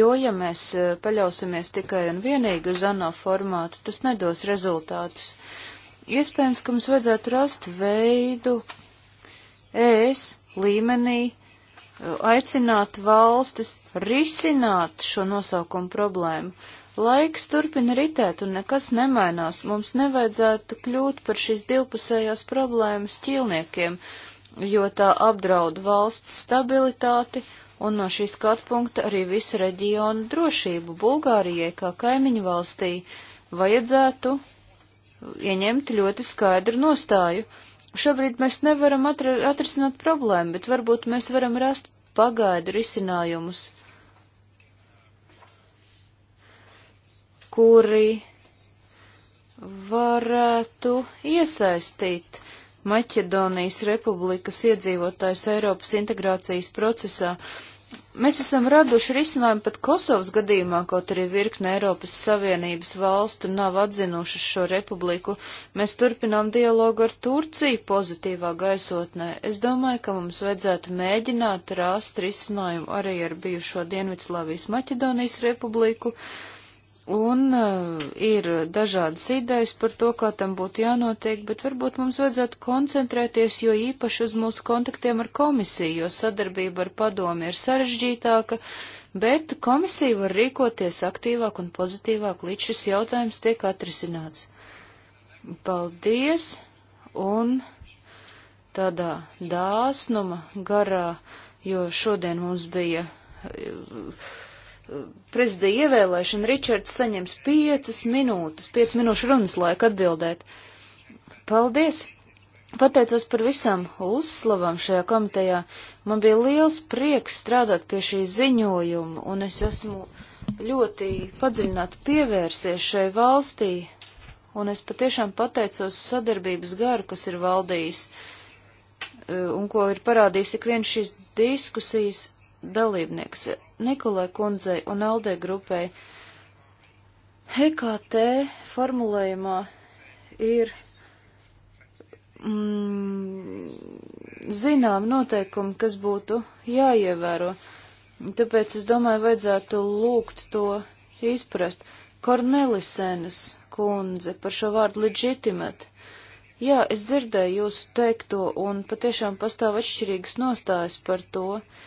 jo, ja mēs uh, paļausimies tikai un vienīgi uz ANO formātu, tas nedos rezultātus. Uh, Iespējams, ka mums vajadzētu rast veidu ES līmenī uh, aicināt valstis risināt šo nosaukumu problēmu. Laiks turpina ritēt un nekas nemainās. Mums nevajadzētu kļūt par šīs divpusējās problēmas ķīlniekiem, jo tā apdraud valsts stabilitāti un no šī skatu punkta arī visu reģionu drošību Bulgārijai kā kaimiņu valstī vajadzētu ieņemti ļoti skaidru nostāju. Šobrīd mēs nevaram atri atrisināt problēmu, bet varbūt mēs varam rast pagaidu risinājumus, kuri varētu iesaistīt Maķedonijas republikas iedzīvotājs Eiropas integrācijas procesā. Uh, Mēs esam raduši risinājumu pat Kosovas gadījumā, kaut arī virkne Eiropas Savienības valstu nav atzinušas šo republiku. Mēs turpinām dialogu ar Turciju pozitīvā gaisotnē. Es domāju, ka mums vajadzētu mēģināt rast risinājumu arī ar bijušo Dienvidslāvijas Maķedonijas republiku. Uh, Un uh, ir dažādas idejas par to, kā tam būtu jānotiek, bet varbūt mums vajadzētu koncentrēties jo īpaši uz mūsu kontaktiem ar komisiju, jo sadarbība ar padomi ir sarežģītāka, bet komisija var rīkoties aktīvāk un pozitīvāk, līdz šis jautājums tiek atrisināts. Paldies! Un tādā dāsnuma garā, jo šodien mums bija. Uh, prezidija ievēlēšana Ričards saņems 5 minūtes, 5 minūšu runas laika atbildēt. Paldies! Pateicos par visām uzslavām šajā komitejā. Man bija liels prieks strādāt pie šī ziņojuma, un es esmu ļoti padziļināti pievērsies šai valstī, un es patiešām pateicos sadarbības garu, kas ir valdījis, uh, un ko ir parādījis ik viens šīs diskusijas dalībnieks Nikolai kundzei un Aldē grupai. HKT formulējumā ir mm, zinām noteikumi, kas būtu jāievēro. Tāpēc es domāju, vajadzētu lūgt to izprast. Kornelisēnas kundze par šo vārdu legitimate. Jā, es dzirdēju jūsu teikto, un patiešām pastāv atšķirīgas nostājas par to. Uh,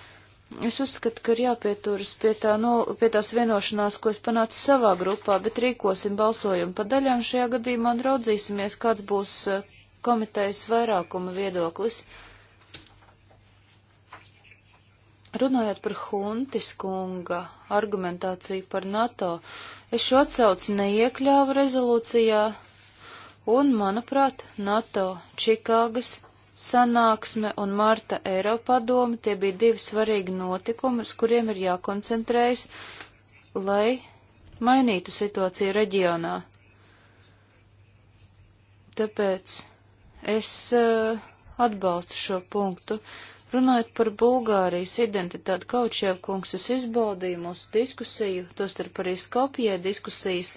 Es uzskatu, ka ir jāpieturas pie, tā no, pie tās vienošanās, ko es panācu savā grupā, bet rīkosim balsojumu pa daļām šajā gadījumā un raudzīsimies, kāds būs eh, komitejas vairākuma viedoklis. Runājot par Huntiskunga argumentāciju par NATO, es šo atsauci neiekļāvu rezolūcijā, un, manuprāt, NATO Čikāgas sanāksme un Marta Eiropadoma, tie bija divi svarīgi notikumi, uz kuriem ir jākoncentrējas, lai mainītu situāciju reģionā. Tāpēc es uh, atbalstu šo punktu. Runājot par Bulgārijas identitāti, Kaučiev kungs, es izbaudīju mūsu diskusiju, tostarp arī Skopjē diskusijas,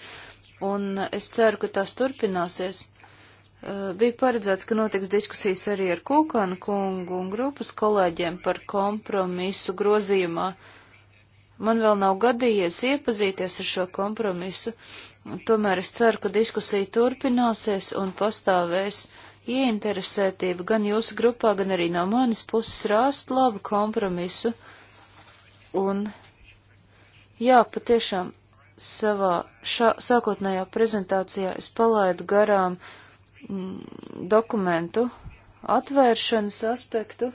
un es ceru, ka tās turpināsies. Eh, bija paredzēts, ka notiks diskusijas arī ar Kūkanu kungu un grupas kolēģiem par kompromisu grozījumā. Man vēl nav gadījies iepazīties ar šo kompromisu, tomēr es ceru, ka diskusija turpināsies un pastāvēs ieinteresētība gan jūsu grupā, gan arī no manis puses rāst labu kompromisu. Un jā, patiešām savā šā, sākotnējā prezentācijā es palaidu garām uh, Mm, dokumentu atvēršanas aspektu,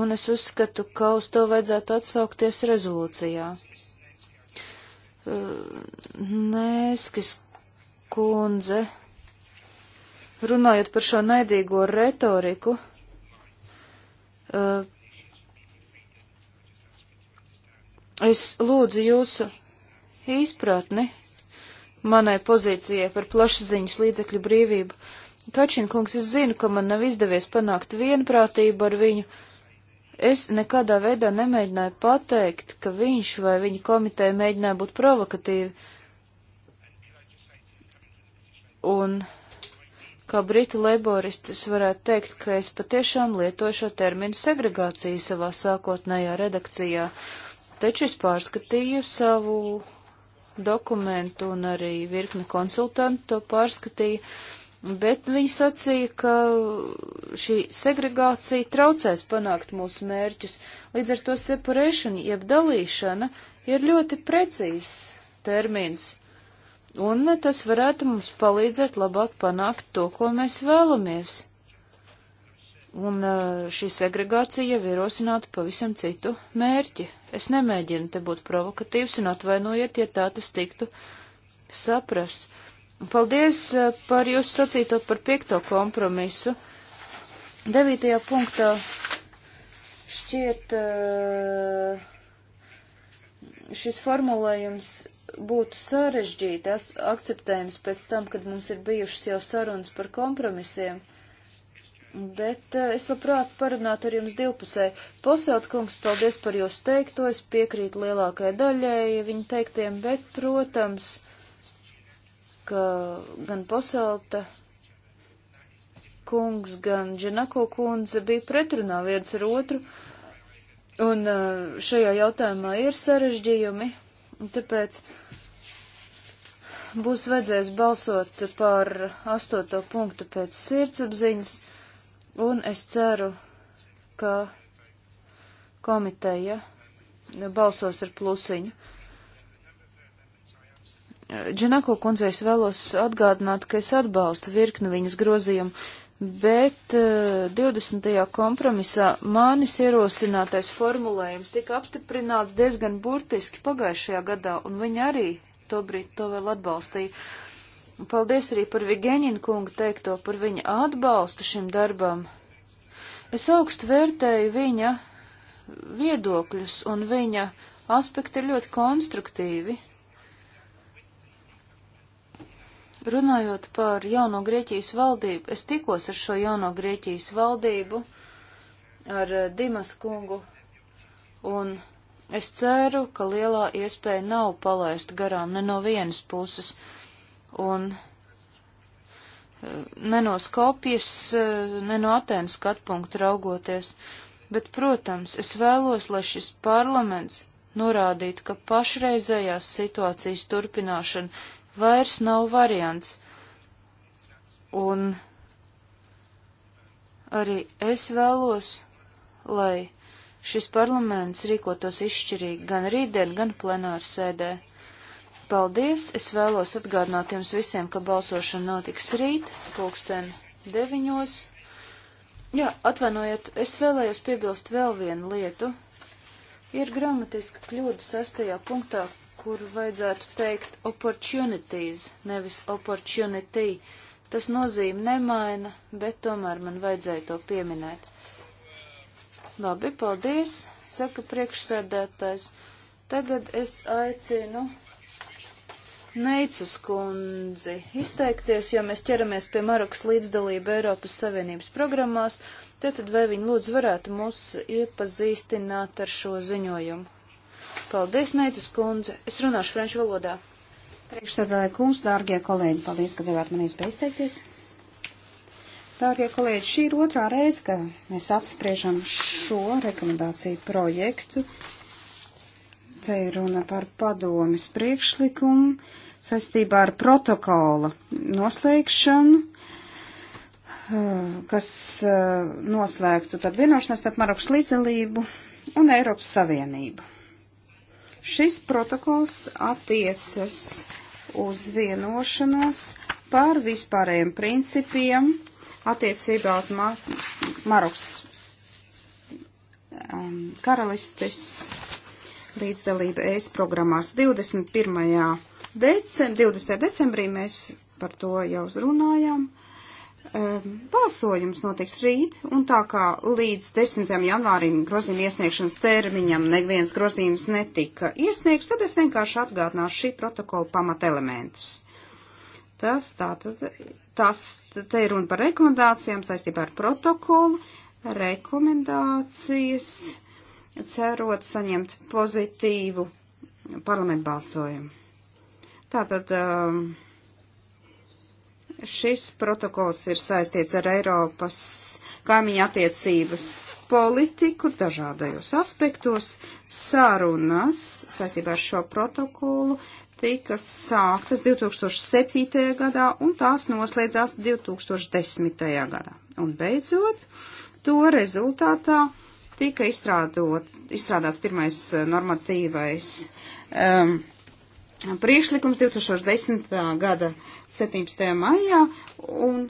un es uzskatu, ka uz to vajadzētu atsaukties rezolūcijā. Uh, Nēskis kundze, runājot par šo naidīgo retoriku, uh, es lūdzu jūsu izpratni manai pozīcijai par plašsaziņas līdzekļu brīvību. Kačina kungs, es zinu, ka man nav izdevies panākt vienprātību ar viņu. Es nekādā veidā nemēģināju pateikt, ka viņš vai viņa komiteja mēģināja būt provokatīvi. Un kā britu laborists es varētu teikt, ka es patiešām lietoju šo terminu segregāciju savā sākotnējā redakcijā, taču es pārskatīju savu dokumentu un arī virkne konsultantu to pārskatīja, bet viņi sacīja, ka šī segregācija traucēs panākt mūsu mērķus. Līdz ar to separation, jeb dalīšana, ir ļoti precīzs termins un tas varētu mums palīdzēt labāk panākt to, ko mēs vēlamies. Un šī segregācija jau ierosinātu pavisam citu mērķi. Es nemēģinu te būt provokatīvs un atvainojiet, ja tā tas tiktu saprast. Paldies eh, par jūsu sacīto par piekto kompromisu. Devītajā punktā šķiet eh, šis formulējums būtu sarežģītas, akceptējams pēc tam, kad mums ir bijušas jau sarunas par kompromisiem. Uh, Bet eh, es labprāt parunātu ar jums divpusē. Poseltkungs, paldies par jūsu teikto, es piekrītu lielākajai daļai viņa teiktiem, bet, protams, ka gan Poselta kungs, gan Dženako kundze bija pretrunā viens ar otru, un eh, šajā jautājumā ir sarežģījumi, tāpēc būs vajadzēs balsot par astoto punktu pēc sirdsapziņas. Un es ceru, ka komiteja balsos ar plusiņu. Džanako kundzei es vēlos atgādināt, ka es atbalstu virkni viņas grozījumu, bet uh, eh, 20. kompromisā manis ierosinātais formulējums tika apstiprināts diezgan burtiski pagājušajā gadā, un viņa arī tobrīd to vēl atbalstīja. Paldies arī par Vigenina kunga teikto par viņa atbalstu šim darbam. Es augstu vērtēju viņa viedokļus un viņa aspekti ir ļoti konstruktīvi. Runājot par jauno Grieķijas valdību, es tikos ar šo jauno Grieķijas valdību, ar eh, Dimas kungu, un es ceru, ka lielā iespēja nav palaist garām ne no vienas puses. Uh, un eh, ne no Skopjas, eh, ne no Atēnas skatpunkta raugoties, bet, protams, es vēlos, lai šis parlaments norādītu, ka pašreizējās situācijas turpināšana vairs nav variants, un arī es vēlos, lai šis parlaments rīkotos izšķirīgi gan rītdien, gan plenārsēdē. sēdē. Paldies! Es vēlos atgādināt jums visiem, ka balsošana notiks rīt, pulksten deviņos. Jā, atvainojiet, es vēlējos piebilst vēl vienu lietu. Ir gramatiska kļūda sastajā punktā, kur vajadzētu teikt opportunities, nevis opportunity. Tas nozīme nemaina, bet tomēr man vajadzēja to pieminēt. Labi, paldies, saka priekšsēdētājs. Tagad es aicinu Neicas kundzi izteikties, jo mēs ķeramies pie Marokas līdzdalība Eiropas Savienības programmās, tātad vai viņi lūdzu varētu mūs iepazīstināt ar šo ziņojumu. Paldies, Neicas kundze. Es runāšu franču valodā. Priekšsēdētāji kungs, dārgie kolēģi, paldies, ka devāt man iespēju izteikties. Dārgie kolēģi, šī ir otrā reize, ka mēs apspriežam šo rekomendāciju projektu Te ir runa par padomis priekšlikumu saistībā ar protokola noslēgšanu, eh, kas eh, noslēgtu tad vienošanās starp Marokas līdzdalību un Eiropas Savienību. Šis protokols attiecas uz vienošanos par vispārējiem principiem attiecībā uz Mar Marokas um, karalistes līdzdalību ES programmās. 21. Decem, 20. decembrī mēs par to jau runājām. Ehm, balsojums notiks rīt, un tā kā līdz 10. janvārim grozījuma iesniegšanas termiņam neviens grozījums netika iesniegts, tad es vienkārši atgādināšu šī protokola pamatelementus. Tas tātad, tas te ir runa par rekomendācijām saistībā ar protokolu, rekomendācijas cerot saņemt pozitīvu parlamentu balsojumu. Tātad um, šis protokols ir saistīts ar Eiropas kaimiņu attiecības politiku dažādajos aspektos. Sārunas saistībā ar šo protokolu tika sāktas 2007. gadā un tās noslēdzās 2010. gadā. Un beidzot, to rezultātā tika izstrādot, izstrādāts pirmais eh, normatīvais um, priekšlikums 2010. gada 17. maijā un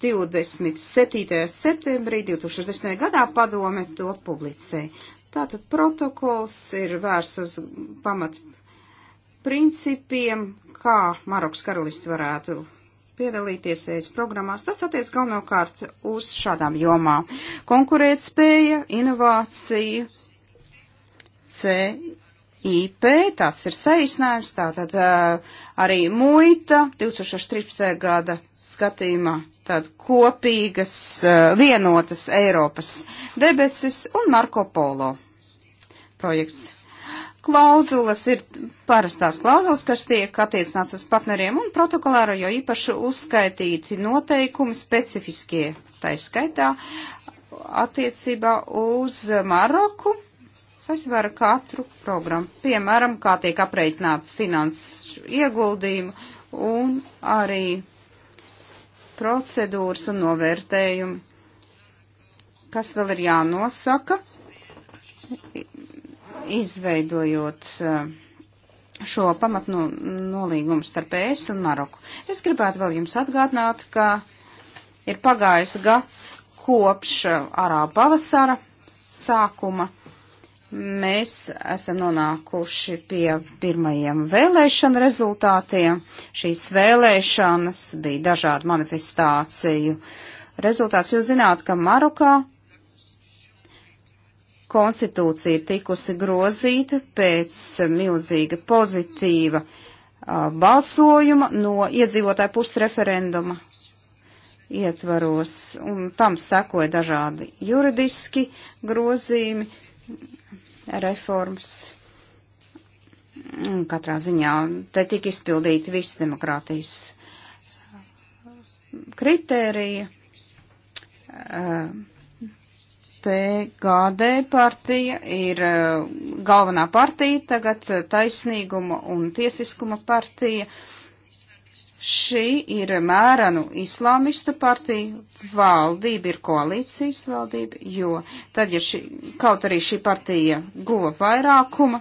27. septembrī 2010. gadā padome to publicēja. Tātad protokols ir vērs uz pamat principiem, kā Maroks karalisti varētu piedalīties ES programmās. Tas attiec galvenokārt uz šādām jomām. Konkurētspēja, inovācija, CIP, tas ir saīsinājums, tātad arī muita 2013. gada skatījumā tad kopīgas, vienotas Eiropas debesis un Marko Polo projekts klauzulas ir parastās klauzulas, kas tiek attiecināts uz partneriem un protokolā ar jau īpaši uzskaitīti noteikumi specifiskie, tā skaitā attiecībā uz Maroku saistībā ar katru programmu. Piemēram, kā tiek apreitināts finanses ieguldījumu un arī procedūras un novērtējumi. Kas vēl ir jānosaka? izveidojot eh, šo pamatno nolīgumu starp ES un Maroku. Es gribētu vēl jums atgādināt, ka ir pagājis gads kopš eh, arāba pavasara sākuma. Mēs esam nonākuši pie pirmajiem vēlēšana rezultātiem. Šīs vēlēšanas bija dažādu manifestāciju rezultāts. Jūs zināt, ka Marokā Konstitūcija ir tikusi grozīta pēc milzīga pozitīva uh, balsojuma no iedzīvotāju puses referenduma ietvaros, un tam sekoja dažādi juridiski grozījumi, reformas. Un katrā ziņā te tika izpildīti visi demokrātijas kritērija. Uh, PGD partija ir e, galvenā partija, tagad e, taisnīguma un tiesiskuma partija. Šī ir mērenu islāmistu partija, valdība ir koalīcijas valdība, jo tad, ja šī, kaut arī šī partija guva vairākuma,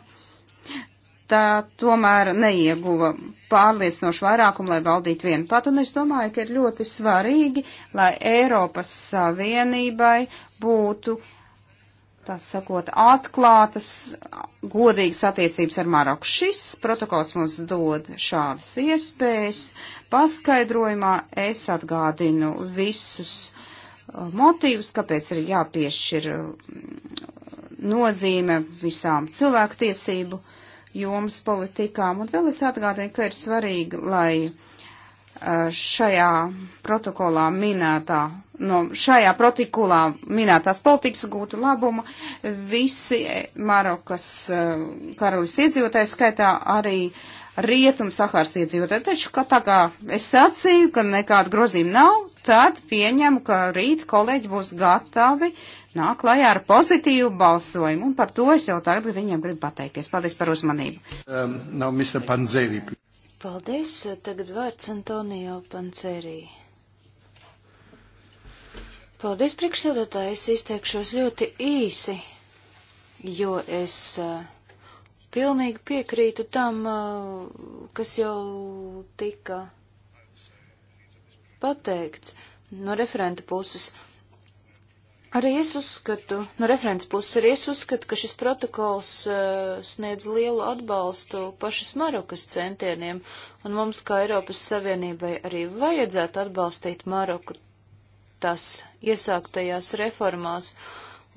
tā tomēr neieguva pārliecinošu vairākumu, lai valdītu vienpat, un es domāju, ka ir ļoti svarīgi, lai Eiropas Savienībai būtu, tā sakot, atklātas, godīgas attiecības ar Maroku. Šis protokols mums dod šādas iespējas. Paskaidrojumā es atgādinu visus uh, motīvus, kāpēc ir jāpiešķir uh, nozīme visām cilvēktiesību tiesību jomas politikām. Un vēl es atgādinu, ka ir svarīgi, lai šajā protokolā minētā, no šajā protokolā minētās politikas gūtu labumu visi Marokas karalists iedzīvotāji skaitā arī rietum Sahāras iedzīvotāji. Taču, ka tā kā es sacīju, ka nekāda grozījuma nav, tad pieņemu, ka rīt kolēģi būs gatavi uh, nāk klajā ar pozitīvu balsojumu, un par to es jau tagad viņiem gribu pateikties. Paldies par uzmanību. Um, nav Mr. Panzeri. Paldies. Tagad vārds Antonio Panzeri. Paldies, priekšsēdētāji. Es izteikšos ļoti īsi, jo es uh, pilnīgi piekrītu tam, uh, kas jau tika pateikts no referenta puses. Uh, Arī es uzskatu, no referents puses, arī es uzskatu, ka šis protokols uh, sniedz lielu atbalstu pašas Marokas centieniem, un mums kā Eiropas Savienībai arī vajadzētu atbalstīt Maroku tās iesāktajās reformās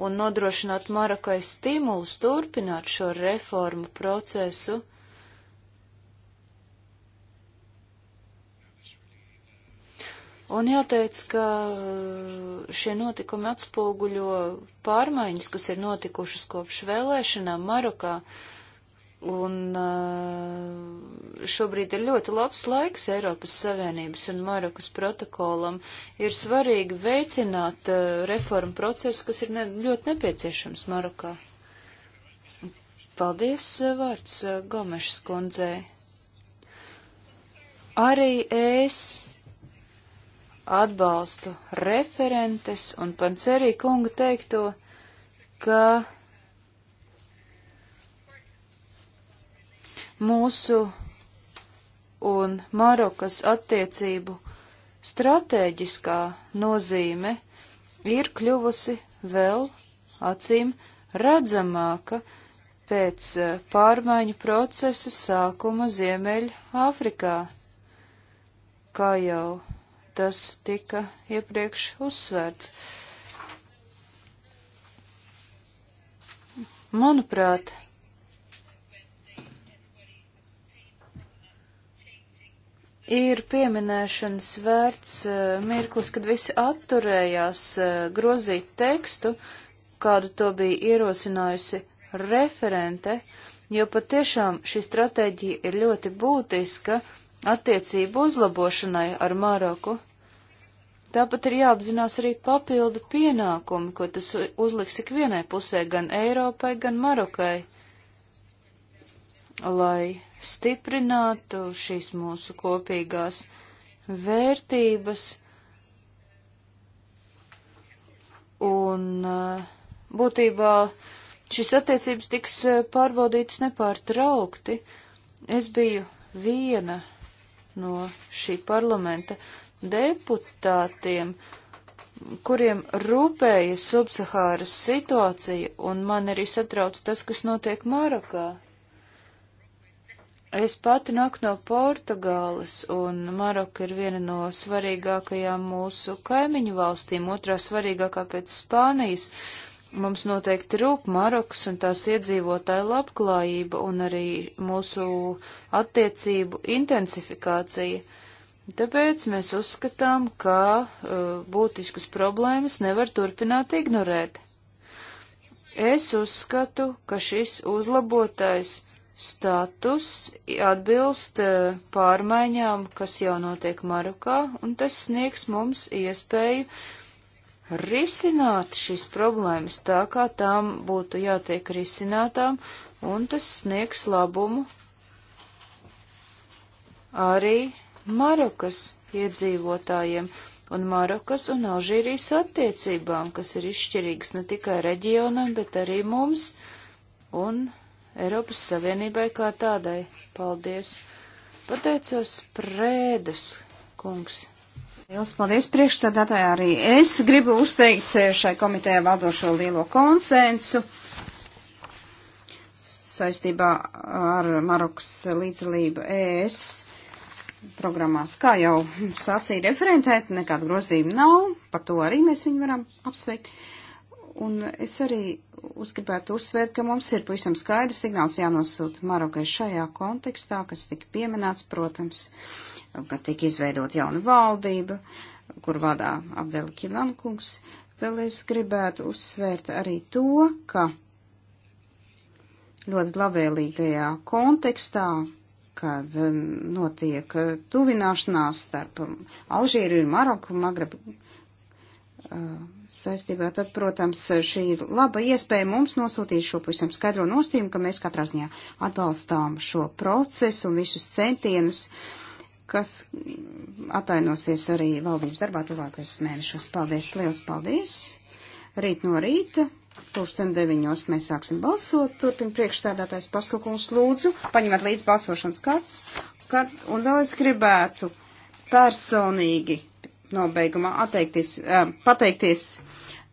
un nodrošināt Marokai stimulus turpināt šo reformu procesu. Un jāteic, ka uh, šie notikumi atspoguļo pārmaiņas, kas ir notikušas kopš vēlēšanām Marokā. Un uh, šobrīd ir ļoti labs laiks Eiropas Savienības un Marokas protokolam. Ir svarīgi veicināt uh, reformu procesu, kas ir ne, ļoti nepieciešams Marokā. Paldies, vārds Gomešas kundzei. Arī es atbalstu referentes un pancerī kunga teikto, ka mūsu un Marokas attiecību stratēģiskā nozīme ir kļuvusi vēl acīm redzamāka pēc eh, pārmaiņu procesa sākuma Ziemeļa Āfrikā. Kā jau tas tika iepriekš uzsvērts. Manuprāt, ir pieminēšanas vērts eh, mirklis, kad visi atturējās eh, grozīt tekstu, kādu to bija ierosinājusi referente, jo patiešām šī stratēģija ir ļoti būtiska attiecību uzlabošanai ar Maroku. Tāpat ir jāapzinās arī papildu pienākumi, ko tas uzliks ikvienai pusē, gan Eiropai, gan Marokai, lai stiprinātu šīs mūsu kopīgās vērtības un eh, būtībā šis attiecības tiks eh, pārbaudītas nepārtraukti. Es biju viena no šī parlamenta deputātiem, kuriem rūpējas subsahāras situācija, un man arī satrauc tas, kas notiek Marokā. Es pati nāku no Portugāles, un Maroka ir viena no svarīgākajām mūsu kaimiņu valstīm, otrā svarīgākā pēc Spānijas. Uh, Mums noteikti rūp Maroks un tās iedzīvotāja labklājība un arī mūsu attiecību intensifikācija. Tāpēc mēs uzskatām, ka uh, būtiskas problēmas nevar turpināt ignorēt. Es uzskatu, ka šis uzlabotais status atbilst uh, pārmaiņām, kas jau notiek Marokā, un tas sniegs mums iespēju uh, risināt šīs problēmas tā, kā tām būtu jātiek risinātām, un tas sniegs labumu arī Marokas iedzīvotājiem un Marokas un Alžīrijas attiecībām, kas ir izšķirīgas ne tikai reģionam, bet arī mums un Eiropas Savienībai kā tādai. Paldies! Pateicos Prēdas kungs Lielas paldies priekšstādātāji arī. Es gribu uzteikt šai komitejai valdošo lielo konsensu saistībā ar Marokas līdzdalību ES programmās. Kā jau sacīja referentēt, nekāda grozījuma nav, par to arī mēs viņu varam apsveikt. Un es arī uzgribētu uzsvērt, ka mums ir pavisam skaidrs signāls jānosūta Marokai šajā kontekstā, kas tika pieminēts, protams. Uh, kad tika izveidot jauna valdība, kur vadā Abdeli Kilankungs, vēl es gribētu uzsvērt arī to, ka ļoti labvēlīgajā kontekstā, kad um, notiek uh, tuvināšanās starp Alžīru un Maroku, Magrabu uh, saistībā, tad, protams, šī ir laba iespēja mums nosūtīt šo pavisam skaidro nostījumu, ka mēs katrā ziņā atbalstām šo procesu un visus centienus uh, kas atainosies arī valdības darbā tuvākajos mēnešos. Paldies, liels paldies! Rīt no rīta, pulksten deviņos, mēs sāksim balsot. Turpin priekšstādātājs paskukums lūdzu, paņemat līdz balsošanas kartas. Kart, un vēl es gribētu personīgi nobeigumā atteikties, eh, pateikties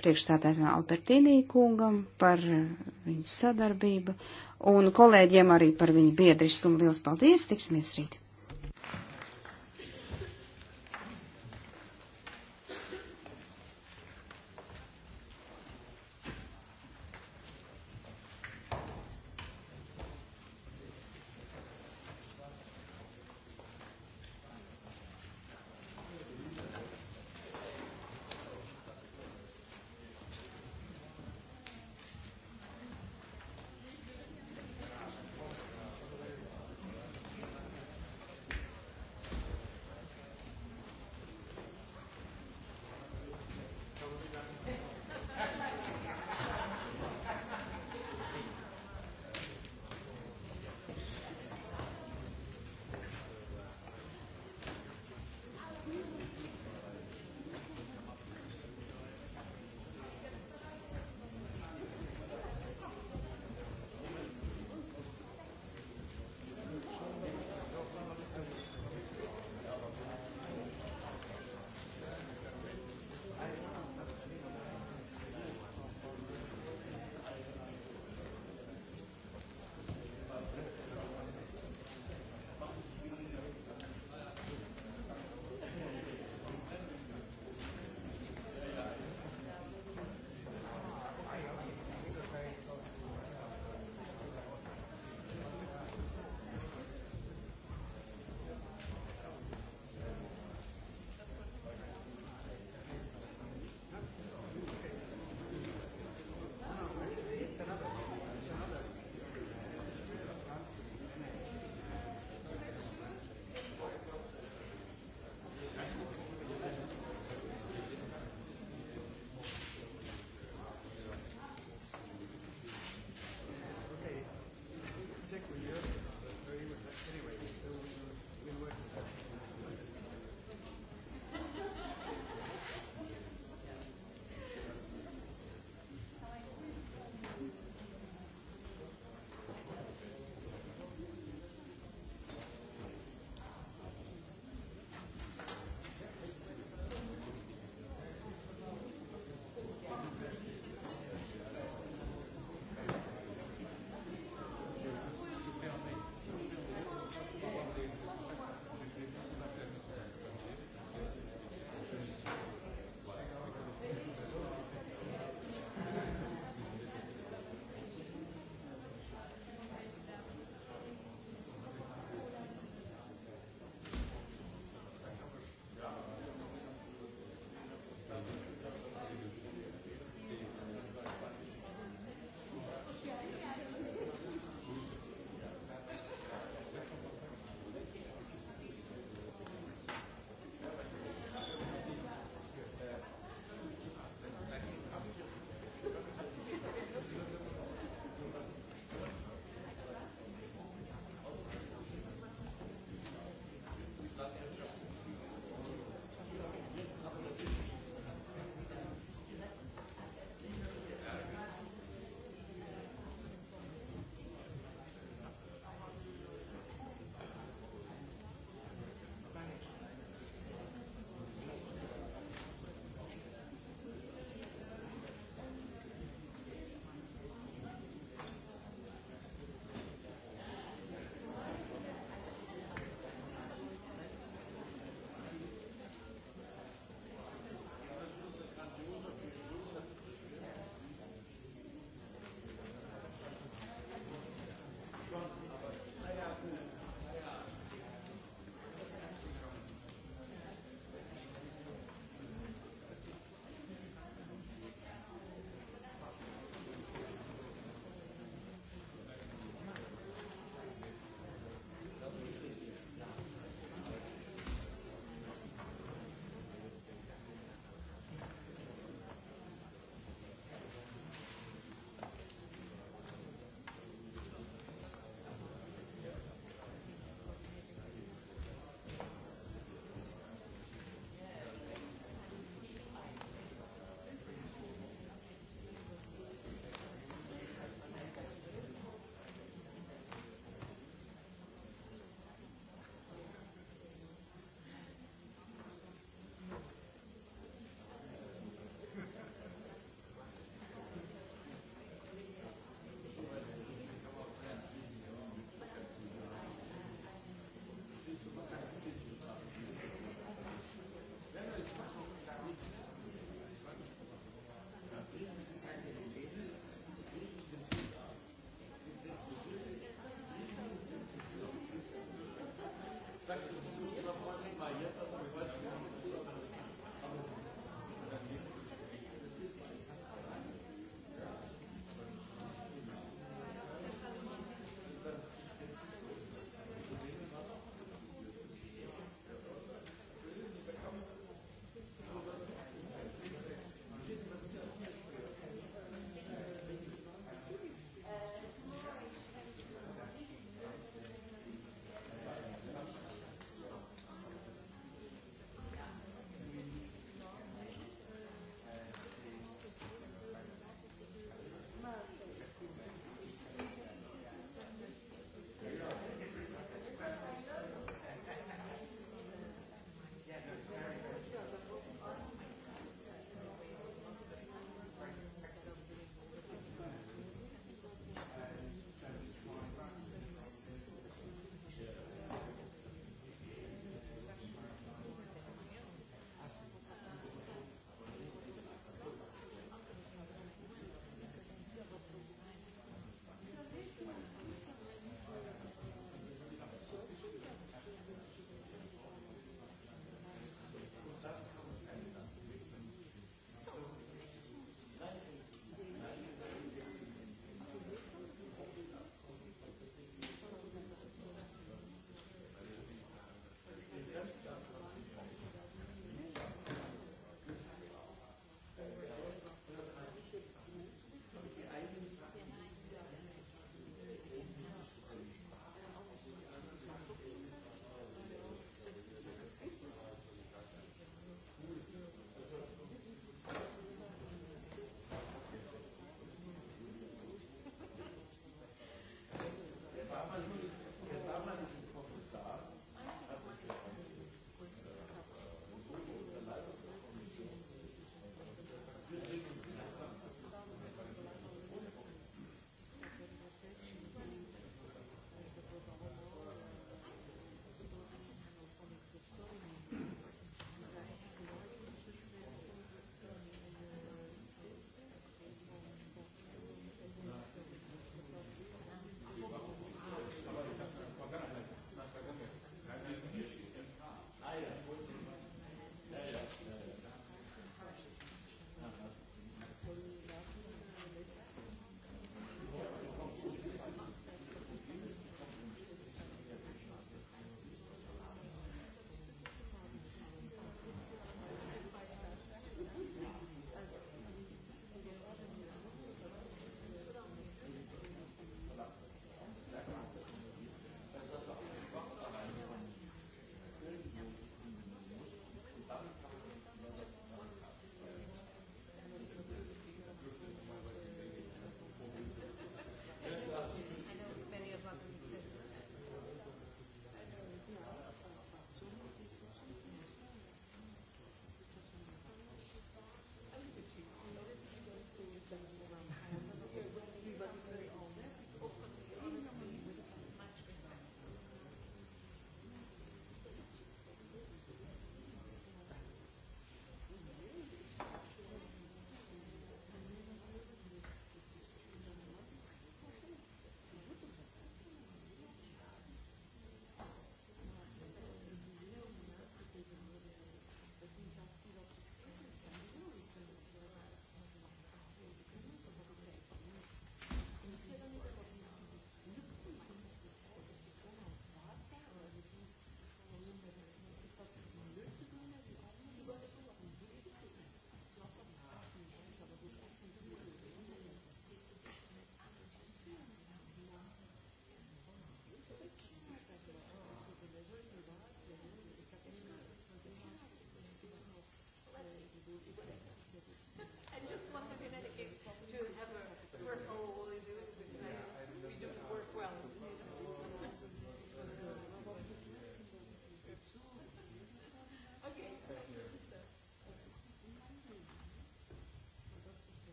priekšstādātājiem Albertīnī kungam par viņas sadarbību un kolēģiem arī par viņu biedriskumu. Liels paldies, tiksimies rīt!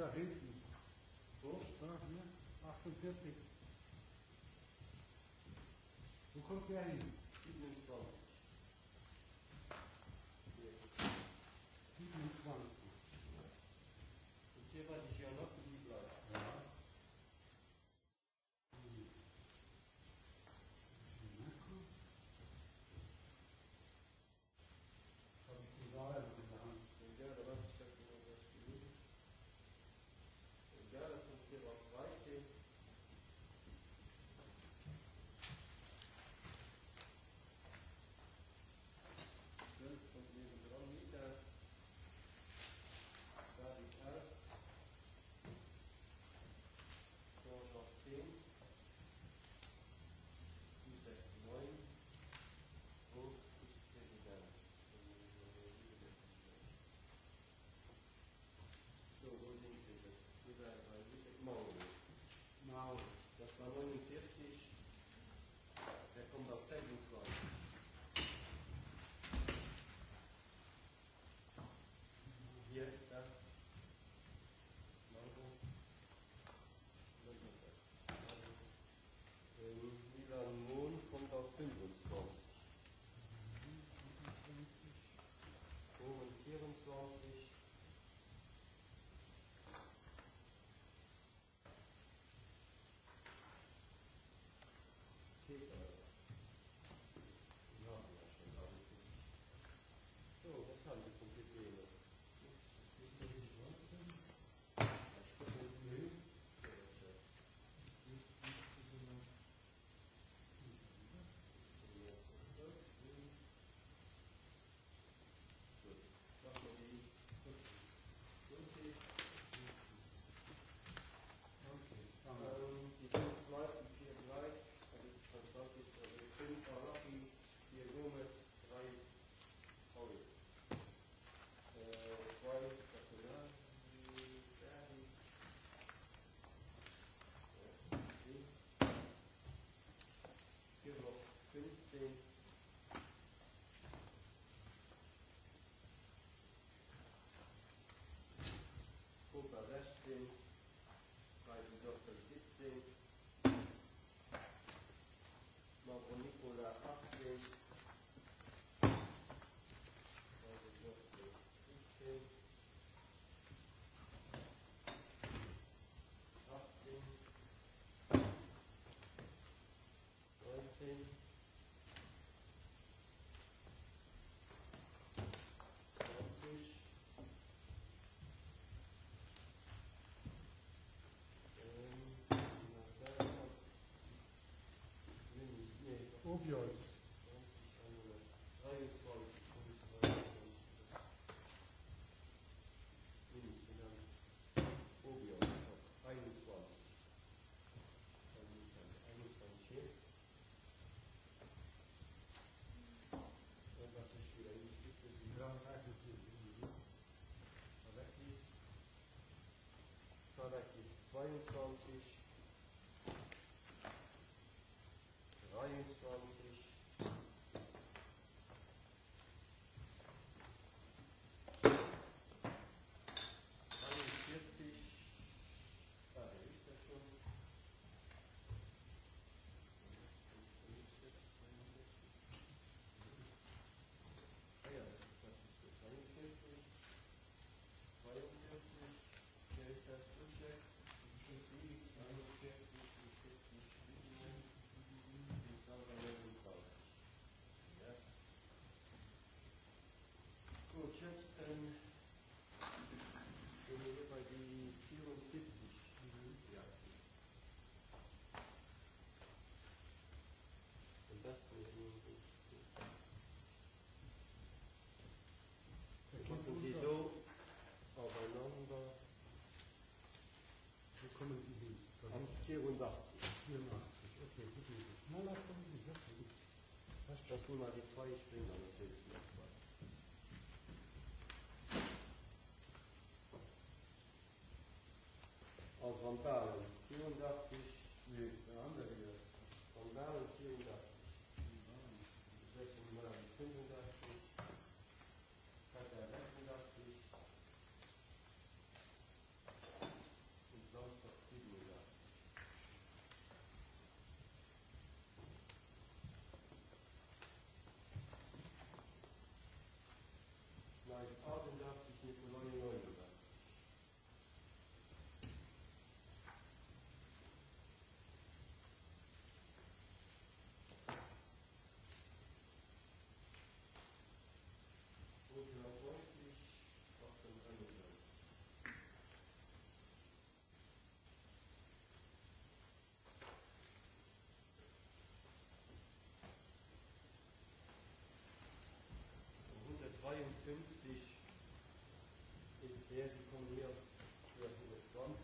da hinten. So, da hier, 48. Wo kommt der hin? Hinten ins Bauch. воинствовал mal die Zeug springen. künftig in sehr deponiert für 20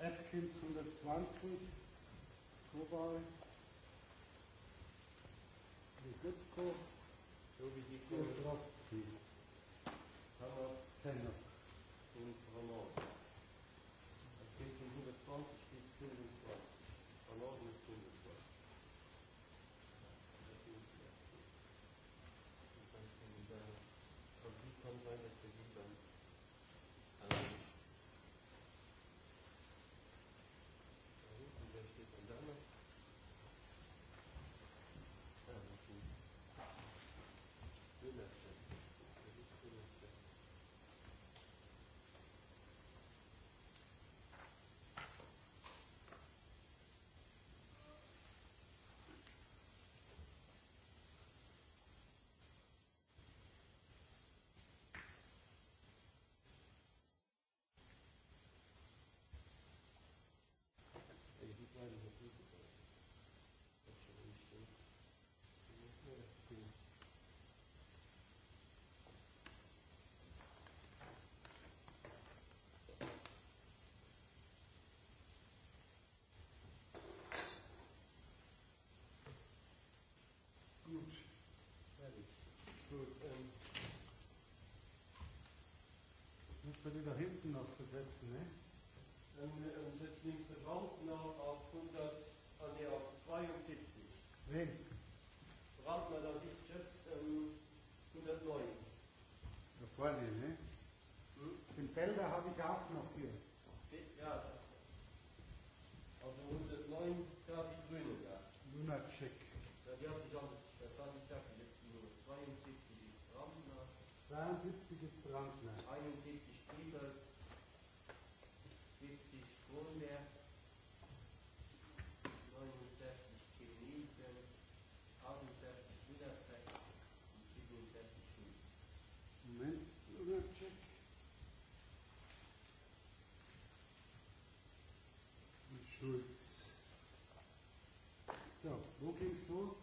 Atkins 120, Kobal Minuten noch zu setzen, ne? Dann ähm, setzen wir den Rautenau auf 100, an der auf 72. Wen? Rautenau, da liegt jetzt ähm, 109. Da vorne, ne? Hm? Den Felder habe ich auch noch hier. Ja, also 109, da die Grüne, ja. Lunacek. Ja, die hat sich auch, das war nicht da, die letzten 72 ist Brandner. 72 ist Brandner. 71. Gut. So, wo ging's los?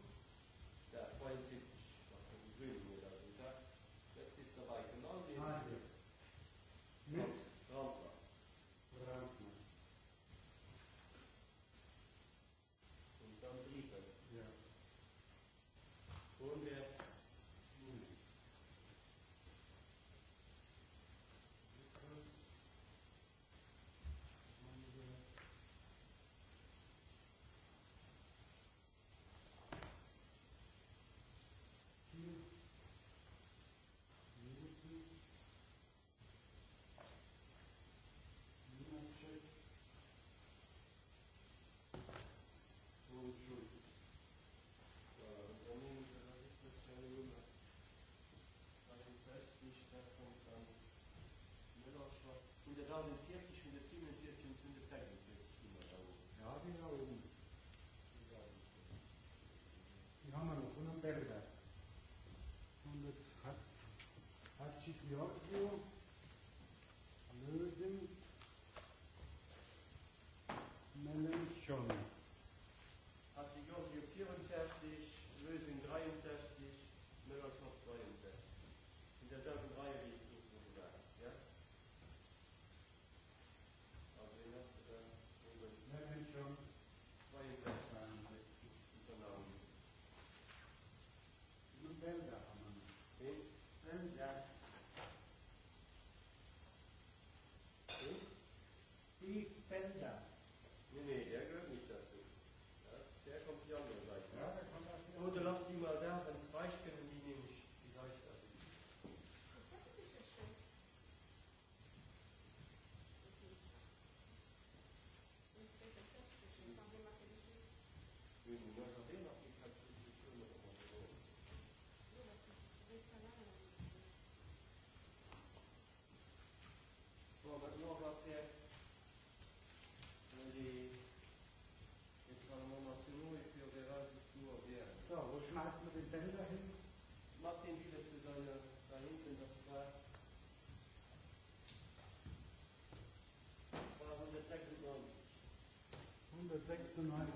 mit 96.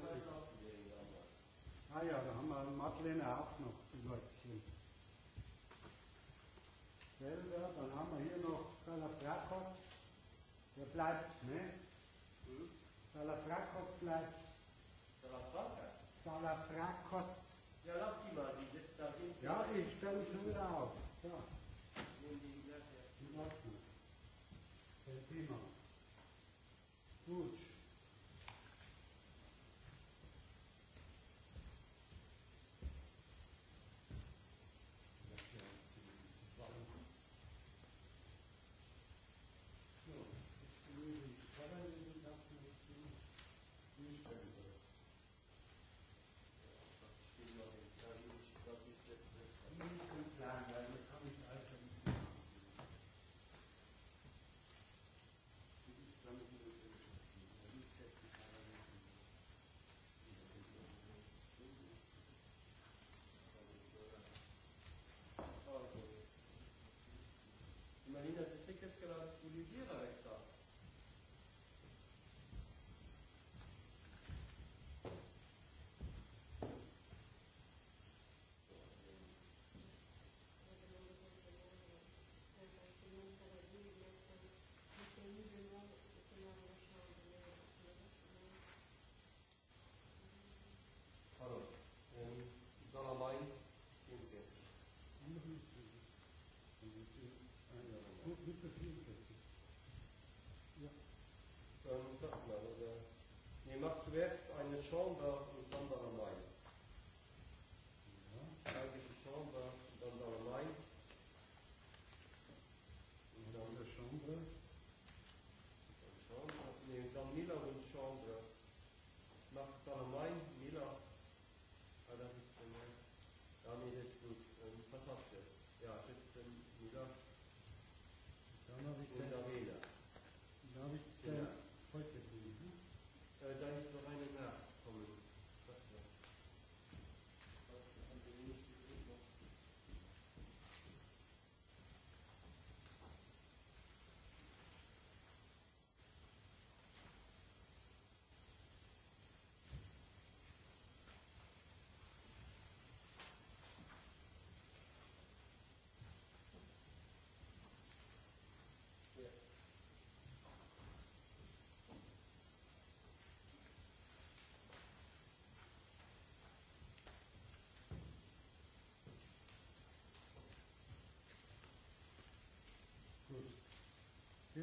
Ah ja, da haben wir Madeleine Haft noch, die Leutchen. Selber, dann haben wir hier noch Salafrakos. Der bleibt, ne? Hm? Salafrakos bleibt. Salafrakos? Salafrakos. Ja, lass die mal, die sitzt da hinten. Ja, ich stelle mich schon wieder auf. Ja. Nehmen die gleich her. Die lassen. Der Thema.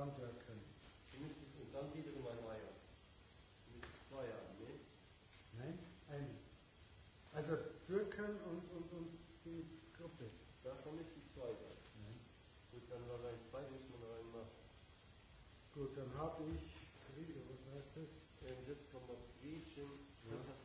Can Dörken. Und dann wiederum ein Eier. Mit zwei Eiern, ne? Nein, eine. Also Dürken und, und, und die Gruppe. Davon ist die zweite. Nein. Gut, dann war rein zwei, muss man reinmachen. Gut, dann habe ich, was heißt das? Ähm, jetzt kommen wir Griechen. Ja.